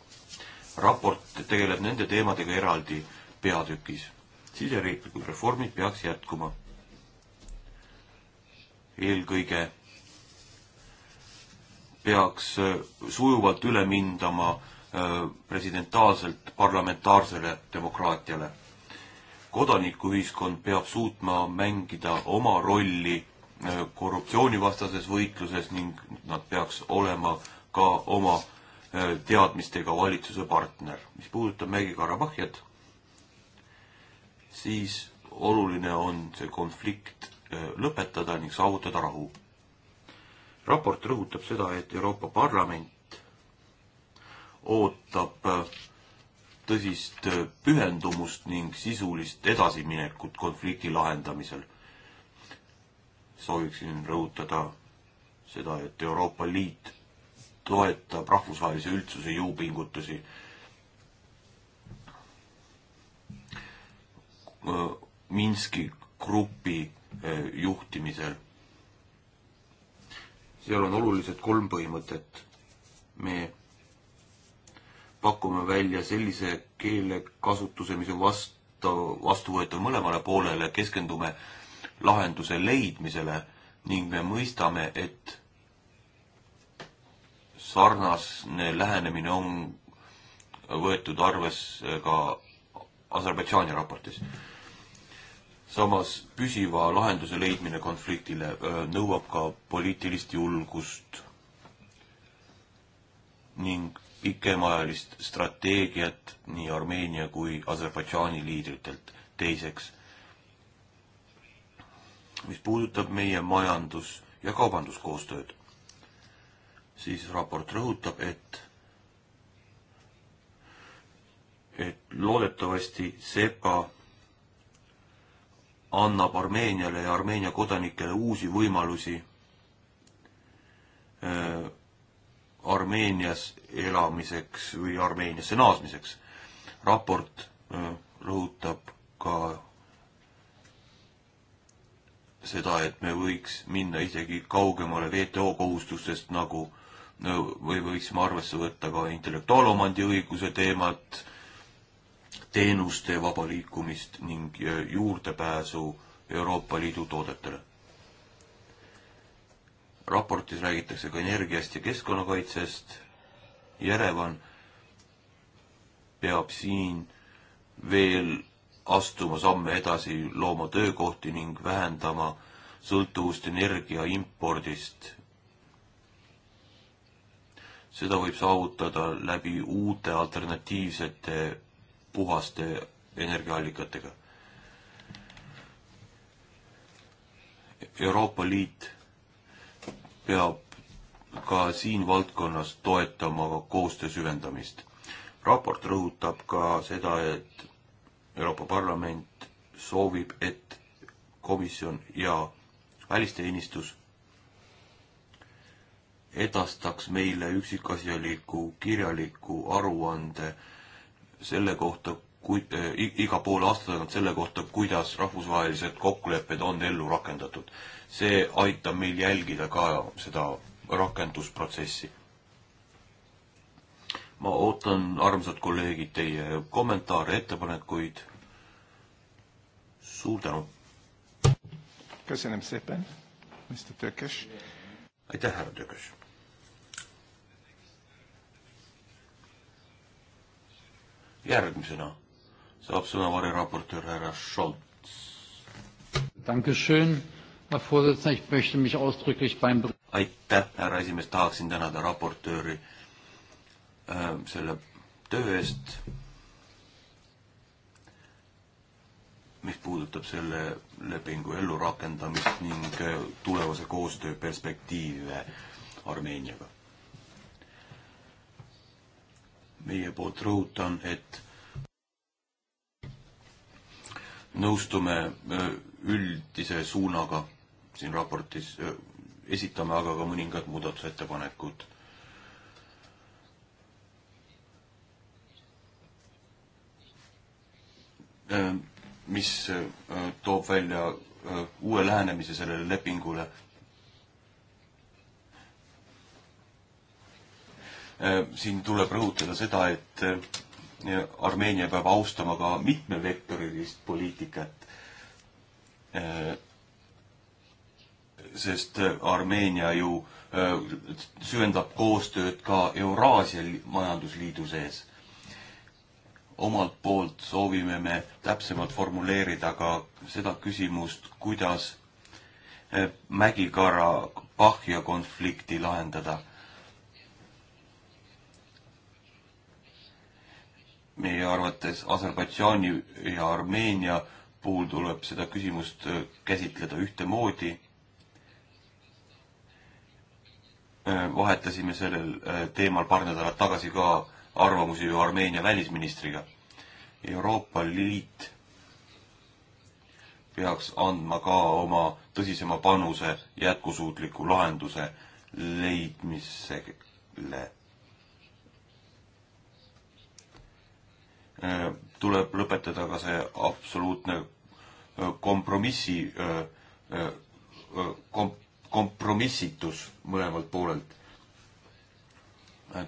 raport tegeleb nende teemadega eraldi peatükis. siseriiklikud reformid peaks jätkuma. eelkõige peaks äh, sujuvalt üle mindama presidentaalselt parlamentaarsele demokraatiale. kodanikuühiskond peab suutma mängida oma rolli Äh, korruptsioonivastases võitluses ning nad peaks olema ka oma äh, teadmistega valitsuse partner. mis puudutab Mägi-Karabahhiat, siis oluline on see konflikt äh, lõpetada ning saavutada rahu. raport rõhutab seda, et Euroopa Parlament ootab tõsist pühendumust ning sisulist edasiminekut konflikti lahendamisel sooviksin rõhutada seda, et Euroopa Liit toetab rahvusvahelise üldsuse jõupingutusi Minski grupi eh, juhtimisel. seal on olulised kolm põhimõtet. me pakume välja sellise keelekasutuse, mis on vastu, vastuvõetav mõlemale poolele, keskendume äh, lahenduse leidmisele ning me mõistame, et sarnasne lähenemine on võetud arvesse ka Aserbaidžaani raportis. samas püsiva lahenduse leidmine konfliktile nõuab ka poliitilist julgust ning pikemaajalist strateegiat nii Armeenia kui Aserbaidžaani liidritelt. teiseks mis puudutab meie majandus- ja kaubanduskoostööd, siis raport rõhutab, et et loodetavasti SEPA annab Armeeniale ja Armeenia kodanikele uusi võimalusi äh, Armeenias elamiseks või Armeeniasse naasmiseks. raport äh, rõhutab ka seda, et me võiks minna isegi kaugemale WTO kohustustest, nagu või võiksime arvesse võtta ka intellektuaalomandi õiguse teemat, teenuste vaba liikumist ning äh, juurdepääsu Euroopa Liidu toodetele. raportis räägitakse ka energiast ja keskkonnakaitsest, Järevan peab siin veel astuma samme edasi, looma töökohti ning vähendama sõltuvust energia impordist. seda võib saavutada läbi uute alternatiivsete puhaste energiaallikatega. Euroopa Liit peab ka siin valdkonnas toetama koostöö süvendamist. raport rõhutab ka seda, et Euroopa Parlament soovib, et komisjon ja välisteenistus edastaks meile üksikasjaliku kirjaliku aruande selle kohta, kui äh, iga poole aasta tagant selle kohta, kuidas rahvusvahelised kokkulepped on ellu rakendatud. see aitab meil jälgida ka seda rakendusprotsessi ma ootan, armsad kolleegid, teie kommentaare, ettepanekuid. suur tänu. aitäh, härra Tökes. järgmisena saab sõna variraportöör härra Scholz. aitäh, härra esimees, tahaksin tänada raportööri Ähm, selle töö eest, mis puudutab selle lepingu ellurakendamist ning äh, tulevase koostöö perspektiive Armeeniaga. meie poolt rõhutan, et nõustume äh, üldise suunaga siin raportis, äh, esitame aga ka mõningad muudatusettepanekud Äh, mis äh, toob välja äh, uue lähenemise sellele lepingule. siin tuleb rõhutada seda, et Armeenia peab austama ka mitmevektorilist poliitikat. sest Armeenia ju süvendab koostööd ka Euraasia majandusliidu sees omalt poolt soovime me täpsemalt formuleerida ka seda küsimust, kuidas eh, Mägikara Pahja konflikti lahendada. meie arvates Aserbaidžaani ja Armeenia puhul tuleb seda küsimust eh, käsitleda ühtemoodi. Eh, vahetasime sellel teemal paar nädalat tagasi ka arvamusi ju Armeenia välisministriga. Euroopa Liit peaks andma ka oma tõsisema panuse jätkusuutliku lahenduse leidmisele. Äh, tuleb lõpetada ka see absoluutne äh, kompromissi, äh, kompromissitus mõlemalt poolelt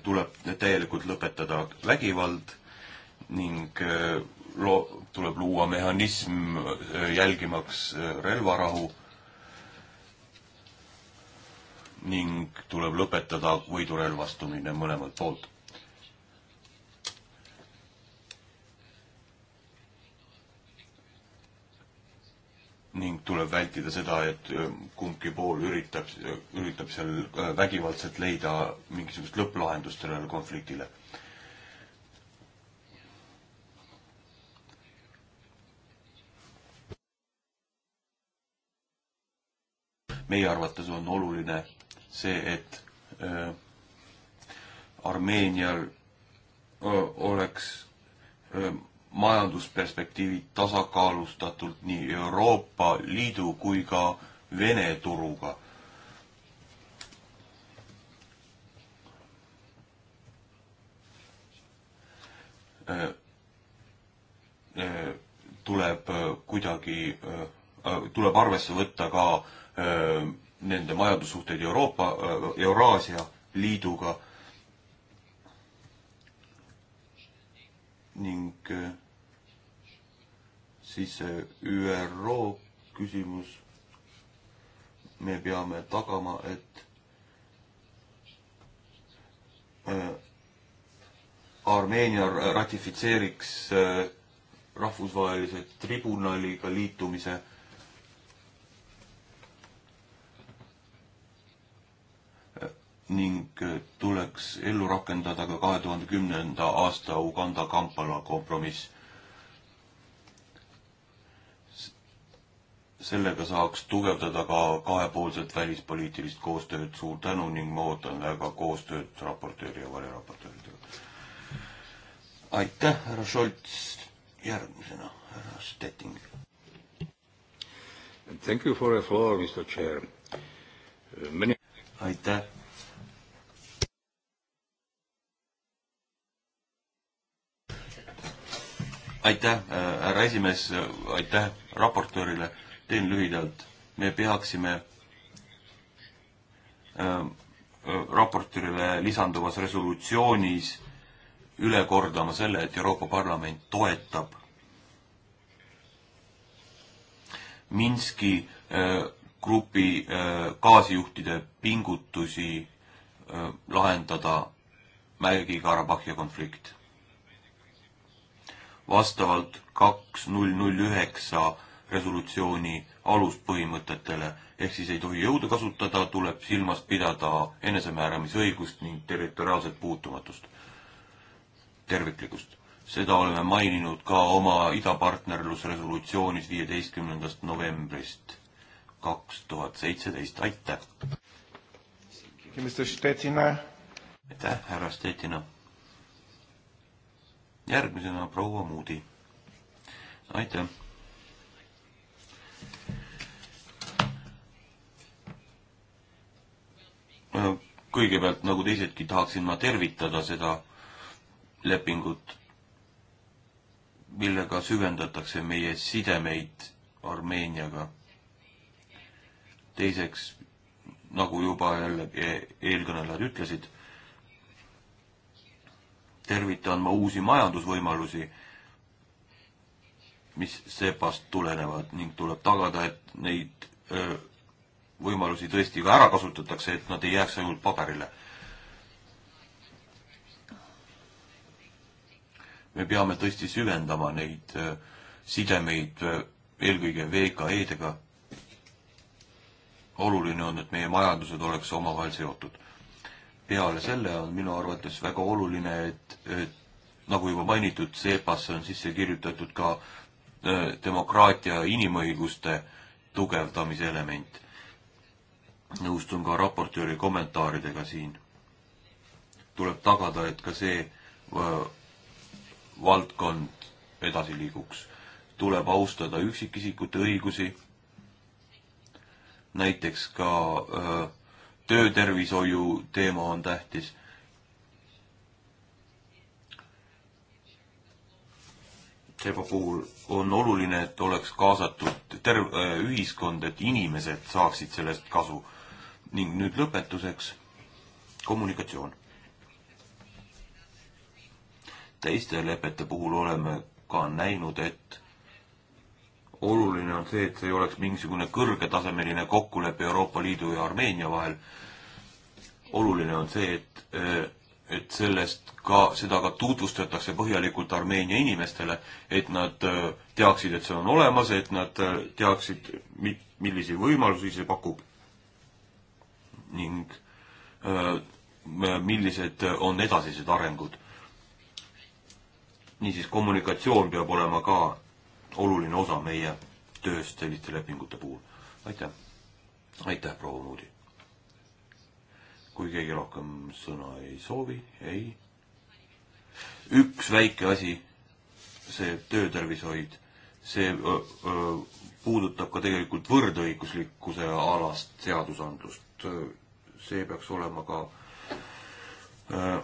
tuleb täielikult lõpetada vägivald ning äh, loo-, tuleb luua mehhanism äh, jälgimaks äh, relvarahu ning tuleb lõpetada võidurelvastumine mõlemalt poolt ning tuleb vältida seda, et äh, kumbki pool üritab, üritab seal äh, vägivaldselt leida mingisugust lõpplahendust sellele konfliktile. meie arvates on oluline see, et äh, Armeenial äh, oleks äh, majandusperspektiivid tasakaalustatult nii Euroopa Liidu kui ka Vene turuga. Äh, äh, tuleb äh, kuidagi, tuleb arvesse võtta ka nende majandussuhteid Euroopa, Euraasia liiduga ning siis see ÜRO küsimus, me peame tagama, et äh, Armeenia ratifitseeriks äh, rahvusvahelise tribunaliga liitumise. ning äh, tuleks ellu rakendada ka kahe tuhande kümnenda aasta Uganda Kampala kompromiss sellega saaks tugevdada ka kahepoolset välispoliitilist koostööd. suur tänu ning ma ootan väga koostööd raportööri ja variraportööridega. aitäh, härra Scholz. järgmisena härra Stetting. Thank you for the floor, Mr Chair Many.... aitäh aitäh, äh, härra esimees, aitäh raportöörile teen lühidalt, me peaksime ähm, äh, raportile lisanduvas resolutsioonis üle kordama selle, et Euroopa Parlament toetab Minski äh, grupi äh, gaasijuhtide pingutusi äh, lahendada Mägi-Karabahhi konflikt. vastavalt kaks null null üheksa resolutsiooni aluspõhimõtetele, ehk siis ei tohi jõudu kasutada, tuleb silmas pidada enesemääramisõigust ning territoriaalset puutumatust, terviklikkust. seda oleme maininud ka oma idapartnerlusresolutsioonis viieteistkümnendast novembrist kaks tuhat seitseteist, aitäh! aitäh, härra Stettina! järgmisena proua Moody. aitäh! Äh, kõigepealt, nagu teisedki, tahaksin ma tervitada seda lepingut, millega süvendatakse meie sidemeid Armeeniaga. teiseks, nagu juba jällegi e-, eelkõnelejad ütlesid, tervitan ma uusi majandusvõimalusi, mis sepast tulenevad ning tuleb tagada, et neid öö, äh, võimalusi tõesti ka ära kasutatakse, et nad ei jääks ainult paberile. me peame tõesti süvendama neid äh, sidemeid äh, eelkõige VKE-dega. oluline on, et meie majandused oleks omavahel seotud. peale selle on minu arvates väga oluline, et, et nagu juba mainitud, CEPA-sse on sisse kirjutatud ka äh, demokraatia ja inimõiguste tugevdamise element nõustun ka raportööri kommentaaridega siin. tuleb tagada, et ka see äh, valdkond edasi liiguks. tuleb austada üksikisikute õigusi, näiteks ka öö, äh, töötervishoiu teema on tähtis. selle puhul on oluline, et oleks kaasatud terv-, äh, ühiskond, et inimesed saaksid sellest kasu ning nüüd lõpetuseks kommunikatsioon. teiste lepete puhul oleme ka näinud, et oluline on see, et see ei oleks mingisugune kõrgetasemeline kokkulepe Euroopa Liidu ja Armeenia vahel. oluline on see, et, et sellest ka, seda ka tutvustatakse põhjalikult Armeenia inimestele, et nad teaksid, et see on olemas, et nad teaksid, millisi võimalusi see pakub ning millised on edasised arengud. niisiis, kommunikatsioon peab olema ka oluline osa meie tööst selliste lepingute puhul. aitäh. aitäh, proua Moodi. kui keegi rohkem sõna ei soovi, ei. üks väike asi, see töötervishoid, see öö, öö, puudutab ka tegelikult võrdõiguslikkuse alast seadusandlust see peaks olema ka öö, äh,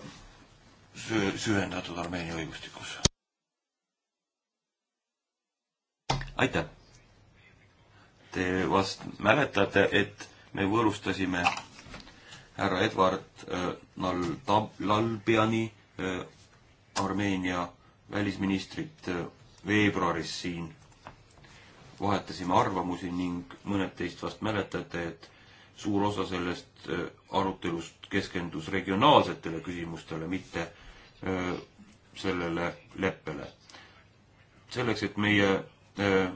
süvendatud Armeenia õigustikus. aitäh! Te vast mäletate, et me võõrustasime härra Edward äh, Nal-, Lalbiani, äh, Armeenia välisministrit veebruaris siin vahetasime arvamusi ning mõned teist vast mäletate, et suur osa sellest äh, arutelust keskendus regionaalsetele küsimustele, mitte äh, sellele leppele. selleks, et meie äh,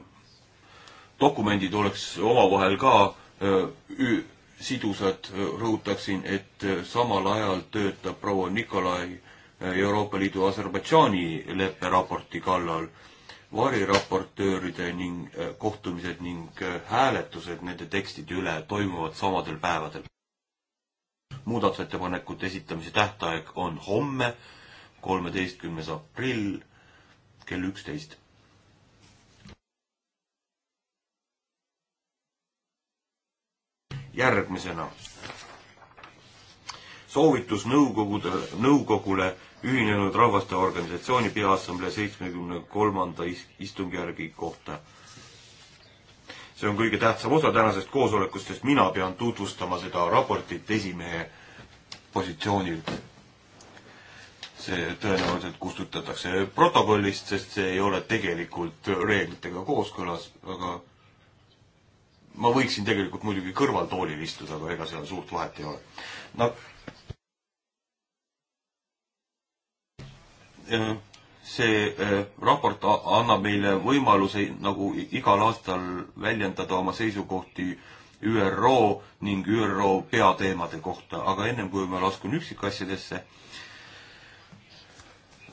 dokumendid oleks omavahel ka sidusad, rõhutaksin, et samal ajal töötab proua Nikolai Euroopa Liidu Aserbaidžaani leppe raporti kallal variraportööride ning äh, kohtumised ning äh, hääletused nende tekstide üle toimuvad samadel päevadel. muudatusettepanekute esitamise tähtaeg on homme, kolmeteistkümnes aprill kell üksteist järgmisena. soovitus nõukogude, nõukogule Ühinenud Rahvaste Organisatsiooni Peaassamblee seitsmekümne kolmanda istungjärgi kohta. see on kõige tähtsam osa tänasest koosolekust, sest mina pean tutvustama seda raportit esimehe positsioonil. see tõenäoliselt kustutatakse protokollist, sest see ei ole tegelikult reeglitega kooskõlas, aga ma võiksin tegelikult muidugi kõrvaltoolil istuda, aga ega seal suurt vahet ei ole. no see äh, raport annab meile võimaluse nagu igal aastal väljendada oma seisukohti ÜRO ning ÜRO peateemade kohta, aga ennem kui ma laskun üksikasjadesse,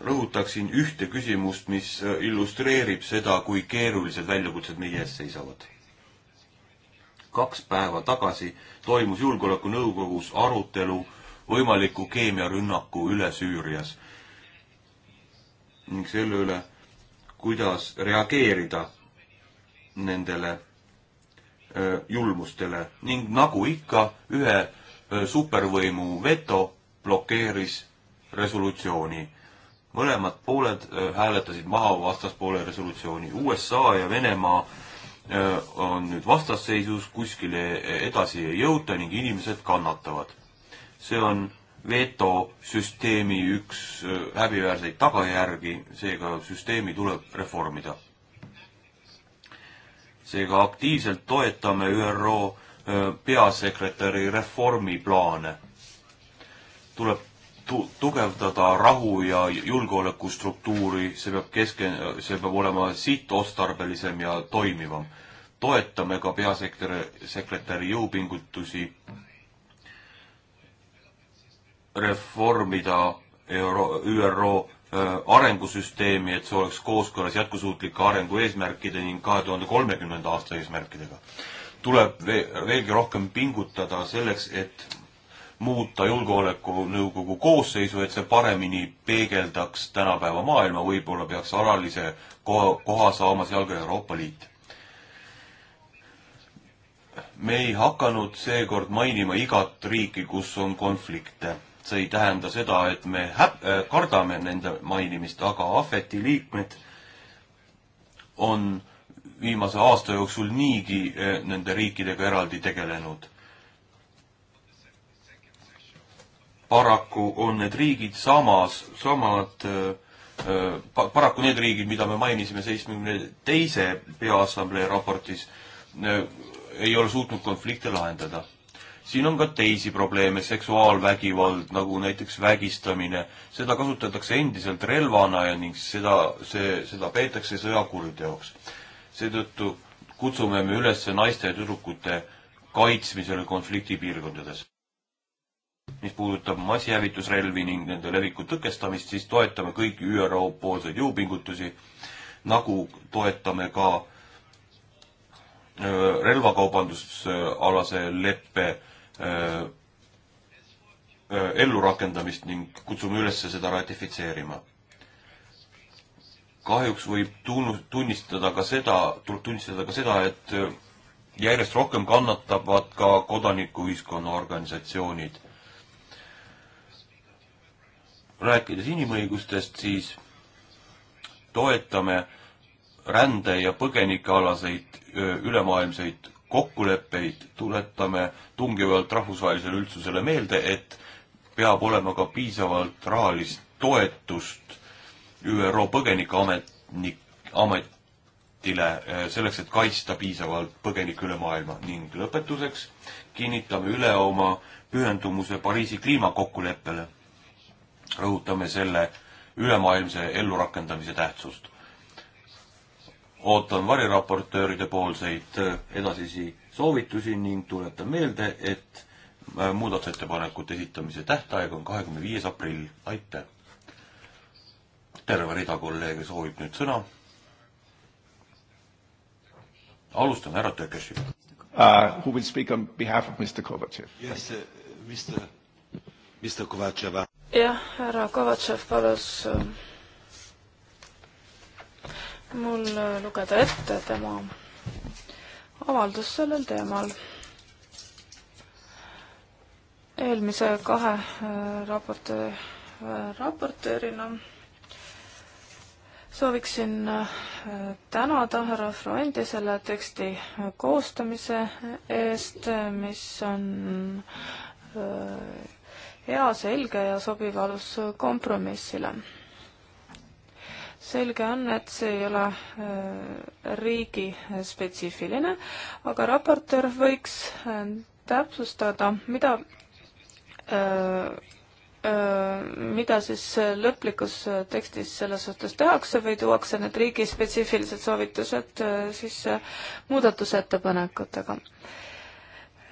rõhutaksin ühte küsimust, mis äh, illustreerib seda, kui keerulised väljakutsed meie ees seisavad. kaks päeva tagasi toimus Julgeolekunõukogus arutelu võimaliku keemiarünnaku üle Süürias ning selle üle, kuidas reageerida nendele julmustele ning nagu ikka, ühe supervõimu veto blokeeris resolutsiooni. mõlemad pooled hääletasid maha vastaspoole resolutsiooni. USA ja Venemaa on nüüd vastasseisus, kuskile edasi ei jõuta ning inimesed kannatavad. see on vetosüsteemi üks äh, häbiväärseid tagajärgi, seega süsteemi tuleb reformida. seega aktiivselt toetame ÜRO äh, peasekretäri reformiplaane. tuleb tu-, tugevdada rahu- ja julgeolekustruktuuri, see peab keske-, see peab olema sihtotstarbelisem ja toimivam. toetame ka peasekretäri, sekretäri jõupingutusi reformida Euro, ÜRO arengusüsteemi, et see oleks kooskõlas jätkusuutlike arengu eesmärkide ning kahe tuhande kolmekümnenda aasta eesmärkidega. tuleb veelgi rohkem pingutada selleks, et muuta Julgeolekunõukogu koosseisu, et see paremini peegeldaks tänapäeva maailma, võib-olla peaks alalise koha, koha saama seal ka Euroopa Liit. me ei hakanud seekord mainima igat riiki, kus on konflikte see ei tähenda seda, et me häb-, äh, kardame nende mainimist, aga Ahveti liikmed on viimase aasta jooksul niigi äh, nende riikidega eraldi tegelenud. paraku on need riigid samas, samad äh, paraku need riigid, mida me mainisime seitsmekümne teise Peaassamblee raportis, ei ole suutnud konflikte lahendada siin on ka teisi probleeme, seksuaalvägivald, nagu näiteks vägistamine, seda kasutatakse endiselt relvana ja ning seda, see, seda peetakse sõjakuriteoks. seetõttu kutsume me üles naiste ja tüdrukute kaitsmisele konfliktipiirkondades. mis puudutab massihävitusrelvi ning nende leviku tõkestamist, siis toetame kõiki ÜRO poolseid jõupingutusi, nagu toetame ka äh, relvakaubandusalase leppe Äh, äh, ellurakendamist ning kutsume üles seda ratifitseerima. kahjuks võib tunnu-, tunnistada ka seda, tuleb tunnistada ka seda, et äh, järjest rohkem kannatavad ka kodanikuühiskonna organisatsioonid. rääkides inimõigustest, siis toetame rände- ja põgenikealaseid ülemaailmseid kokkuleppeid, tuletame tungivalt rahvusvahelisele üldsusele meelde, et peab olema ka piisavalt rahalist toetust ÜRO põgenikeametnik, ametile eh, selleks, et kaitsta piisavalt põgenikke üle maailma ning lõpetuseks kinnitame üle oma pühendumuse Pariisi kliimakokkuleppele. rõhutame selle ülemaailmse ellurakendamise tähtsust ootan variraportööride poolseid äh, edasisi soovitusi ning tuletan meelde, et äh, muudatusettepanekute esitamise tähtaeg on kahekümne viies aprill, aitäh! terve rida kolleege soovib nüüd sõna. alustame härra Tökešiga uh,. Who will speak on behalf of Mr Kovatšev? Yes uh,, Mr, Mr Kovatšev. jah, härra Kovatšev palus uh, mul lugeda ette tema avaldus sellel teemal. eelmise kahe äh, raporti, äh, raportöörina sooviksin äh, tänada härra Freundi selle teksti koostamise eest, mis on hea, selge ja sobiv alus kompromissile selge on, et see ei ole äh, riigi spetsiifiline, aga raportöör võiks äh, täpsustada, mida, äh, mida siis lõplikus tekstis selles suhtes tehakse või tuuakse need riigispetsiifilised soovitused siis muudatusettepanekutega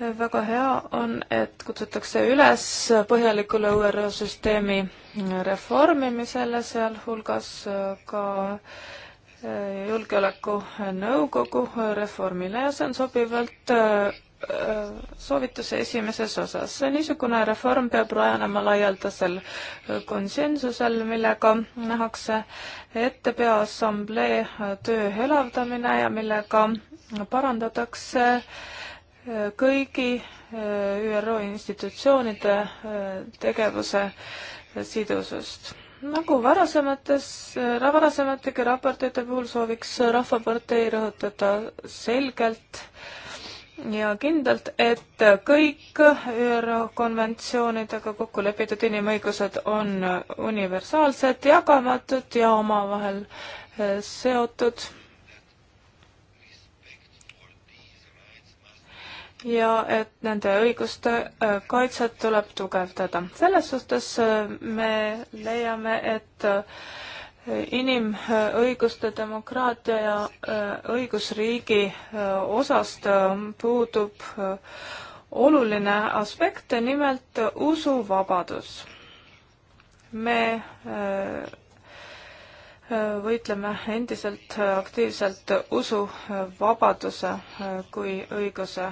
väga hea on, et kutsutakse üles põhjalikule ÜRO süsteemi reformimisele, sealhulgas ka äh, julgeolekunõukogu reformile ja see on sobivalt äh, soovituse esimeses osas. niisugune reform peab rajanema laialdasel konsensusel, millega nähakse ette Peaassamblee töö elavdamine ja millega parandatakse äh, kõigi äh, ÜRO institutsioonide äh, tegevuse äh, sidusust. nagu varasemates, varasemategi raportite puhul sooviks Rahvapartei rõhutada selgelt ja kindlalt, et kõik ÜRO konventsioonidega kokku lepitud inimõigused on universaalsed, jagamatud ja omavahel seotud ja et nende õiguste äh, kaitset tuleb tugevdada. selles suhtes äh, me leiame, et äh, inimõiguste, demokraatia ja õigusriigi osast puudub oluline aspekt, nimelt usuvabadus. me võitleme endiselt aktiivselt usuvabaduse kui õiguse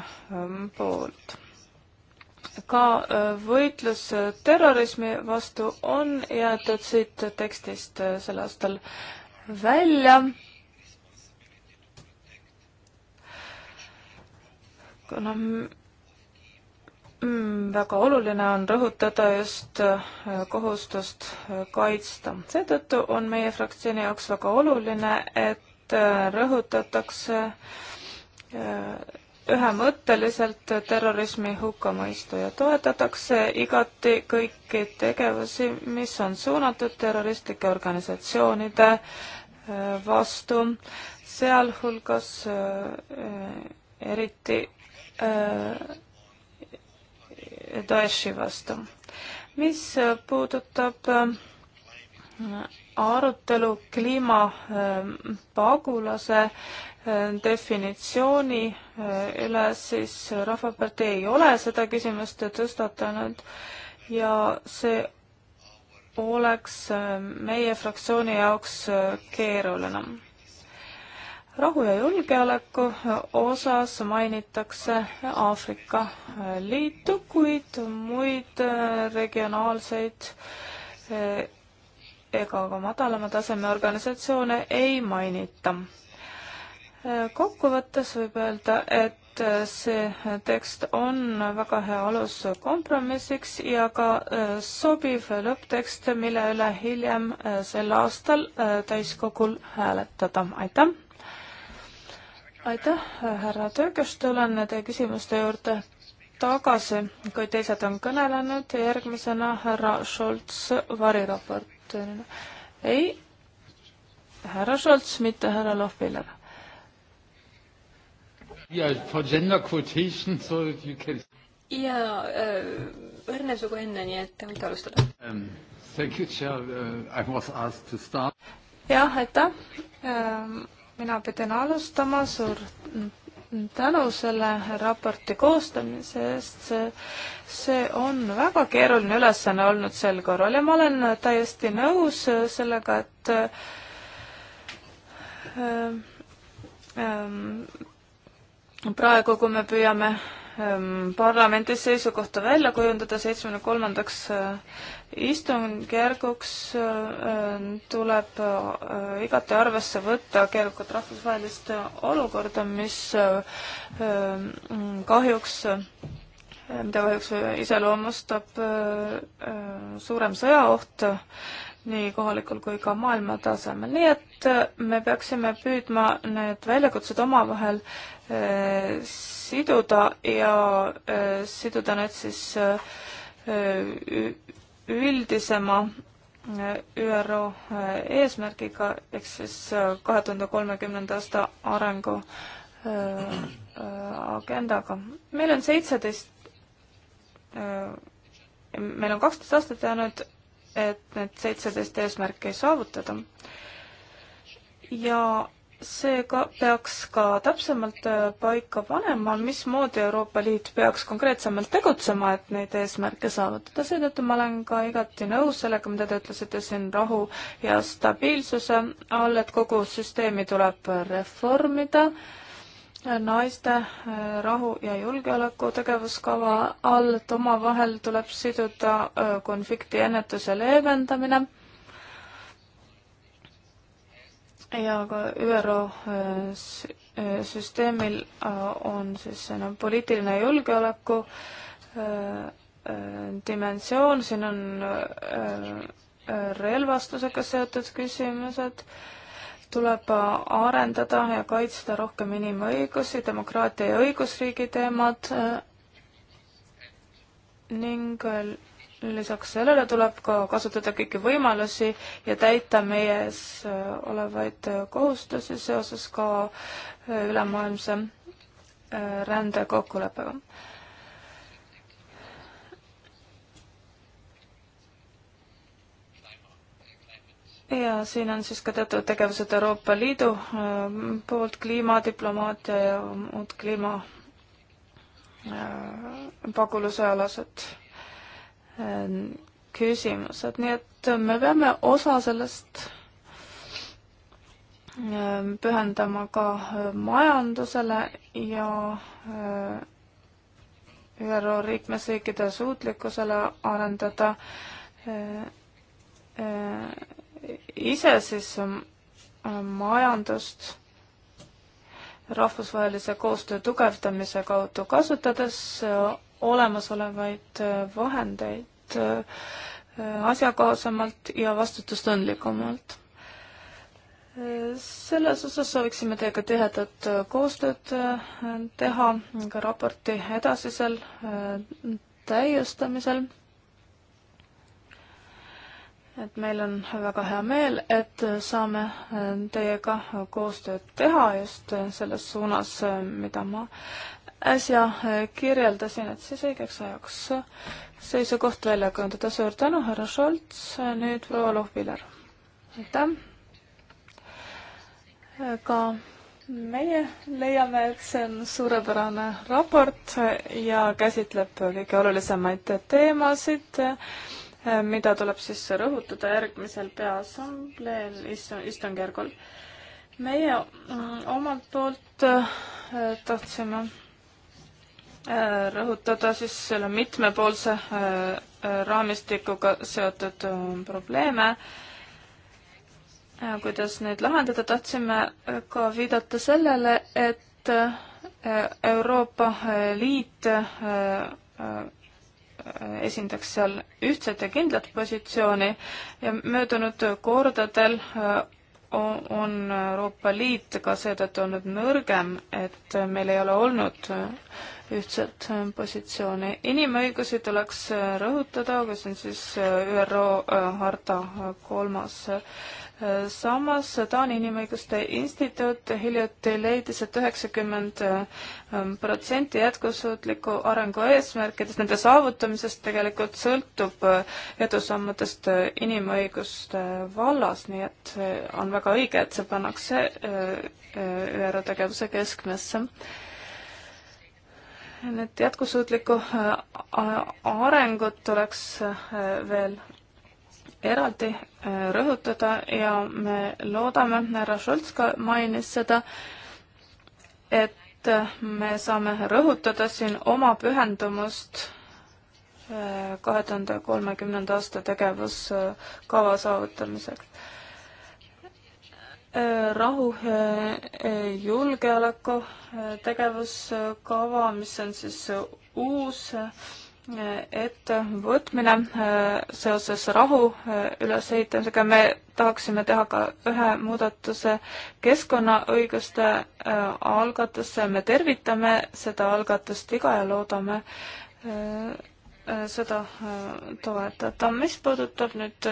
poolt. ka võitlus terrorismi vastu on jäetud siit tekstist sel aastal välja kuna Mm, väga oluline on rõhutada just äh, kohustust äh, kaitsta. seetõttu on meie fraktsiooni jaoks väga oluline, et äh, rõhutatakse ühemõtteliselt terrorismi hukkamõistu ja toetatakse igati kõiki tegevusi, mis on suunatud terroristlike organisatsioonide vastu, sealhulgas eriti Daeshi vastu. mis puudutab äh, arutelu kliimapagulase äh, äh, definitsiooni üle, siis Rahvapartei ei ole seda küsimust tõstatanud ja see oleks meie fraktsiooni jaoks keeruline rahu ja julgeoleku osas mainitakse Aafrika Liitu, kuid muid äh, regionaalseid äh, ega ka madalama taseme organisatsioone ei mainita. Äh, kokkuvõttes võib öelda, et see tekst on väga hea alus kompromissiks ja ka sobiv lõpptekst, mille üle hiljem sel aastal täiskogul hääletada. aitäh! aitäh, härra Töökes, tulen teie küsimuste juurde tagasi, kui teised on kõnelenud ja järgmisena härra Scholz variraportöörina. ei, härra Scholz, mitte härra Lohviller. ja, ja äh, õrne sugu enne, nii et võite alustada um,. Thank you, Chair uh,. I was asked to start. jah, aitäh um, mina pidin alustama, suur tänu selle raporti koostamise eest, see, see on väga keeruline ülesanne olnud sel korral ja ma olen täiesti nõus sellega, et äh, äh, praegu, kui me püüame Ehm, parlamendis seisukohta välja kujundada seitsmekümne kolmandaks äh, istungjärguks äh, äh, tuleb igati arvesse võtta keerukat rahvusvahelist olukorda, mis kahjuks, mida kahjuks iseloomustab suurem sõjaoht nii kohalikul kui ka maailma tasemel, nii et äh, me peaksime püüdma need väljakutsed omavahel äh, siduda ja äh, siduda need siis äh, üldisema äh, ÜRO äh, eesmärgiga ehk siis kahe tuhande kolmekümnenda aasta arengu agendaga. meil on seitseteist, meil on kaksteist aastat jäänud et need seitseteist eesmärki saavutada. ja seega peaks ka täpsemalt äh, paika panema, mismoodi Euroopa Liit peaks konkreetsemalt tegutsema, et neid eesmärke saavutada. seetõttu ma olen ka igati nõus sellega, mida te ütlesite siin rahu ja stabiilsuse all, et kogu süsteemi tuleb reformida äh, naiste äh, rahu ja julgeoleku tegevuskava all, et omavahel tuleb siduda äh, konflikti ennetuse leevendamine ja ka ÜRO äh, süsteemil on siis selline poliitiline julgeoleku dimensioon, siin on relvastusega seotud küsimused äh, tuleb arendada ja kaitsta rohkem inimõigusi, demokraatia ja õigusriigi teemad ning lisaks sellele tuleb ka kasutada kõiki võimalusi ja täita meie ees olevaid kohustusi seoses ka ülemaailmse rändekokkuleppega ja siin on siis ka teatud tegevused Euroopa Liidu äh, poolt, kliimadiplomaatia ja muud kliima äh, paguluse alased äh, küsimused, nii et me peame osa sellest pühendama ka majandusele ja ÜRO liikmesriikide suutlikkusele arendada ise siis majandust rahvusvahelise koostöö tugevdamise kaudu kasutades olemasolevaid vahendeid asjakohasemalt ja vastutustundlikumalt. selles osas sooviksime teiega tihedat koostööd teha ka raporti edasisel täiustamisel et meil on väga hea meel, et saame äh, teiega koostööd teha just äh, selles suunas, äh, mida ma äsja kirjeldasin, et siis õigeks ajaks seisukoht välja kujundada. suur tänu, härra Šolts, nüüd proua Lohviler. aitäh! ka meie leiame, et see on suurepärane raport ja käsitleb kõige olulisemaid teemasid Äh, mida tuleb siis rõhutada järgmisel peaassambleel istungjärgul. meie mm, omalt poolt äh, tahtsime äh, rõhutada siis selle mitmepoolse raamistikuga seotud probleeme, kuidas neid lahendada, tahtsime ka viidata sellele, et Euroopa Liit esindaks seal ühtset ja kindlat positsiooni ja möödunud kordadel äh, on Euroopa Liit ka seetõttu olnud nõrgem, et meil ei ole olnud äh, ühtset äh, positsiooni. inimõigusi tuleks rõhutada, kus on siis ÜRO harta kolmas samas Taani Inimõiguste Instituut hiljuti leidis et, et üheksakümmend ähm, protsenti jätkusuutliku arengu eesmärkidest, nende saavutamisest tegelikult sõltub äh, edusammudest äh, inimõiguste vallas, nii et äh, on väga õige, et see pannakse ÜRO tegevuse keskmesse Need jätkusuutlikku arengut tuleks veel eraldi äh, rõhutada ja me loodame, härra Šolts ka mainis seda, et äh, me saame rõhutada siin oma pühendumust äh, kahe tuhande kolmekümnenda aasta tegevuskava saavutamiseks. rahu julgeoleku tegevuskava, mis on siis uus ettevõtmine äh, seoses rahu äh, ülesehitamisega. me tahaksime teha ka ühe muudatuse keskkonnaõiguste äh, algatusse. me tervitame seda algatust viga ja loodame seda toetada. mis puudutab nüüd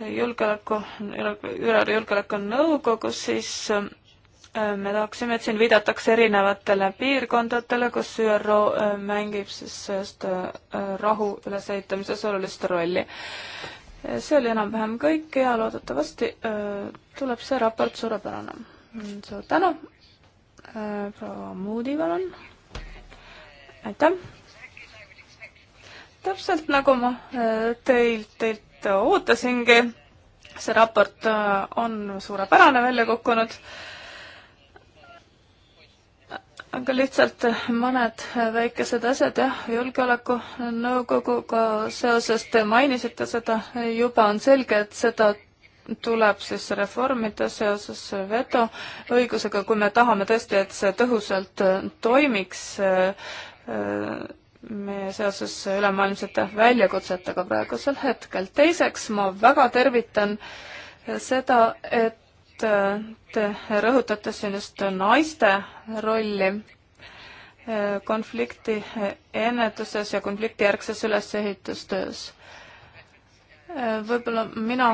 julgeoleku, ÜRO Julgeolekunõukogus, siis Äh, me tahaksime, et siin viidatakse erinevatele piirkondadele, kus ÜRO äh, mängib siis sellest äh, rahu ülesehitamises olulist rolli. see oli enam-vähem kõik ja loodetavasti tuleb see raport suurepärane. Mm, suur tänu, proua Moody, palun. aitäh. täpselt nagu ma teilt, teilt ootasingi, see raport on suurepärane välja kukkunud aga lihtsalt eh, mõned eh, väikesed asjad, jah, Julgeolekunõukoguga seoses te mainisite seda, juba on selge, et seda tuleb siis reformida seoses vetoõigusega, kui me tahame tõesti, et see tõhusalt eh, toimiks meie seoses ülemaailmsete väljakutsetega praegusel hetkel. teiseks ma väga tervitan seda, et te rõhutate siin just naiste rolli e, konflikti ennetuses ja konfliktijärgses ülesehitustöös e, võib-olla mina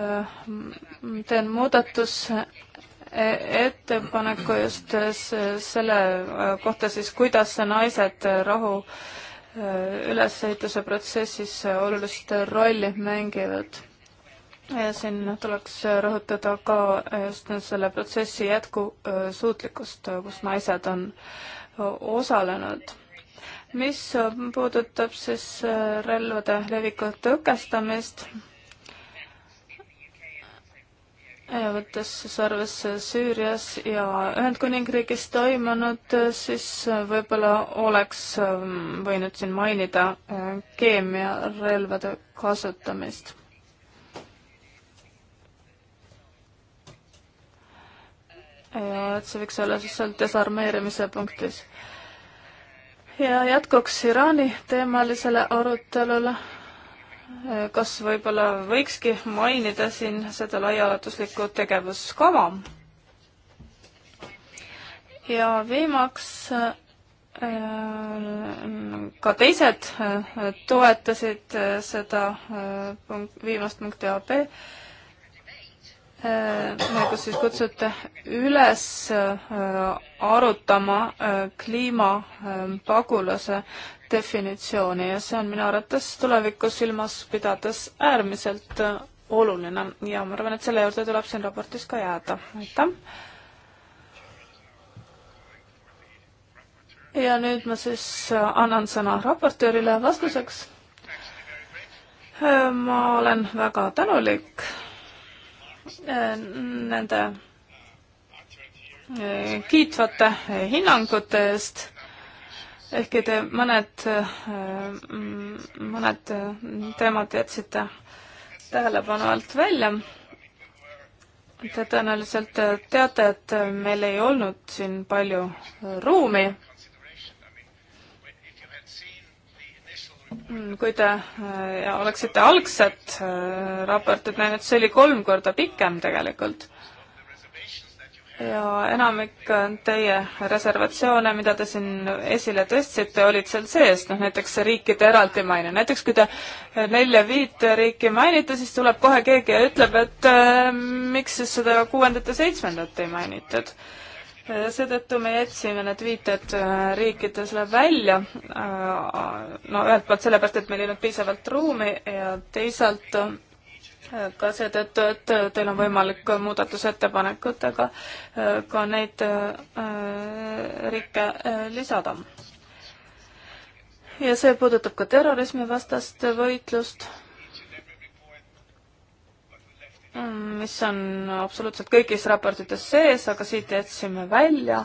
e, teen muudatusettepaneku just selle kohta siis, kuidas naised rahu ülesehituse protsessis olulist rolli mängivad siin tuleks rõhutada ka äh, just selle protsessi jätkusuutlikkust, äh, äh, kus naised on osalenud. mis puudutab siis relvade leviku tõkestamist, võttes siis arvesse Süürias ja Ühendkuningriigis toimunud, siis võib-olla oleks võinud siin mainida keemiarelvade kasutamist ja et see võiks olla siis seal desarmeerimise punktis. ja jätkuks Iraani teemalisele arutelule kas võib-olla võikski mainida siin seda laiaulatuslikku tegevuskava? ja viimaks äh, ka teised äh, toetasid äh, seda punkt, viimast punkti AB Äh, kus siis kutsute üles äh, arutama äh, kliimapagulase definitsiooni ja see on minu arvates tulevikku silmas pidades äärmiselt oluline ja ma arvan, et selle juurde tuleb siin raportis ka jääda. aitäh! ja nüüd ma siis annan sõna raportöörile vastuseks. ma olen väga tänulik nende eh, kiitvate hinnangute eest, ehkki te mõned, eh, mm, mõned eh, teemad jätsite tähelepanu alt välja. Te tõenäoliselt teate, et meil ei olnud siin palju ruumi kui te äh, oleksite algset äh, raportit näinud, see oli kolm korda pikem tegelikult. ja enamik äh, teie reservatsioone, mida te siin esile tõstsite, olid seal sees, noh näiteks riikide eraldi maine, näiteks kui te nelja-viit riiki mainite, siis tuleb kohe keegi ja ütleb, et äh, miks siis seda kuuendat ja seitsmendat ei mainitud seetõttu me jätsime need viited äh, riikidele välja. Äh, no ühelt poolt sellepärast, et meil ei olnud piisavalt ruumi ja teisalt äh, ka seetõttu, et teil on võimalik muudatusettepanekutega ka neid riike lisada. ja see puudutab ka terrorismivastast võitlust Mm, mis on absoluutselt kõigis raportites sees, aga siit jätsime välja.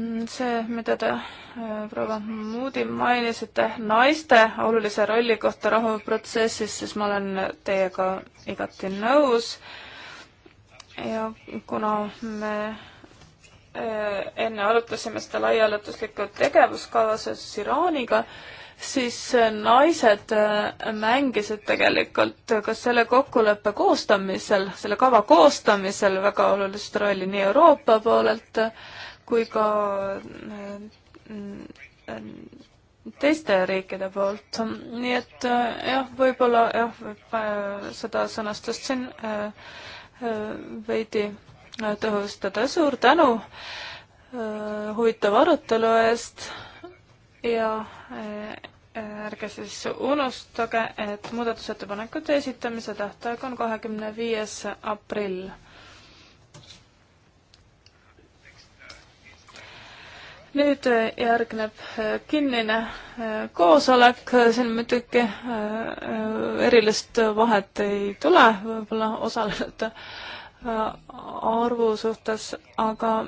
Mm, see, mida te äh, proua Moody mainisite naiste olulise rolli kohta rahuprotsessis, siis ma olen teiega igati nõus. ja kuna me Äh, enne arutasime seda laiaulatuslikku tegevuskava seoses Iraaniga, siis äh, naised äh, mängisid tegelikult ka selle kokkuleppe koostamisel, selle kava koostamisel väga olulist rolli nii Euroopa poolelt kui ka teiste riikide poolt. nii et jah, võib-olla jah, võib seda sõnastust siin veidi tõhustada. suur tänu äh, huvitava arutelu eest ja äh, ärge siis unustage, et muudatusettepanekute esitamise tähtaeg on kahekümne viies aprill. nüüd äh, järgneb kinnine koosolek, siin muidugi erilist vahet ei tule, võib-olla osalejate arvu suhtes, aga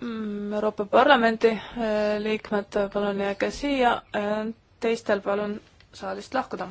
mm, Euroopa Parlamendi eh, liikmed, palun jääge siia, eh, teistel palun saalist lahkuda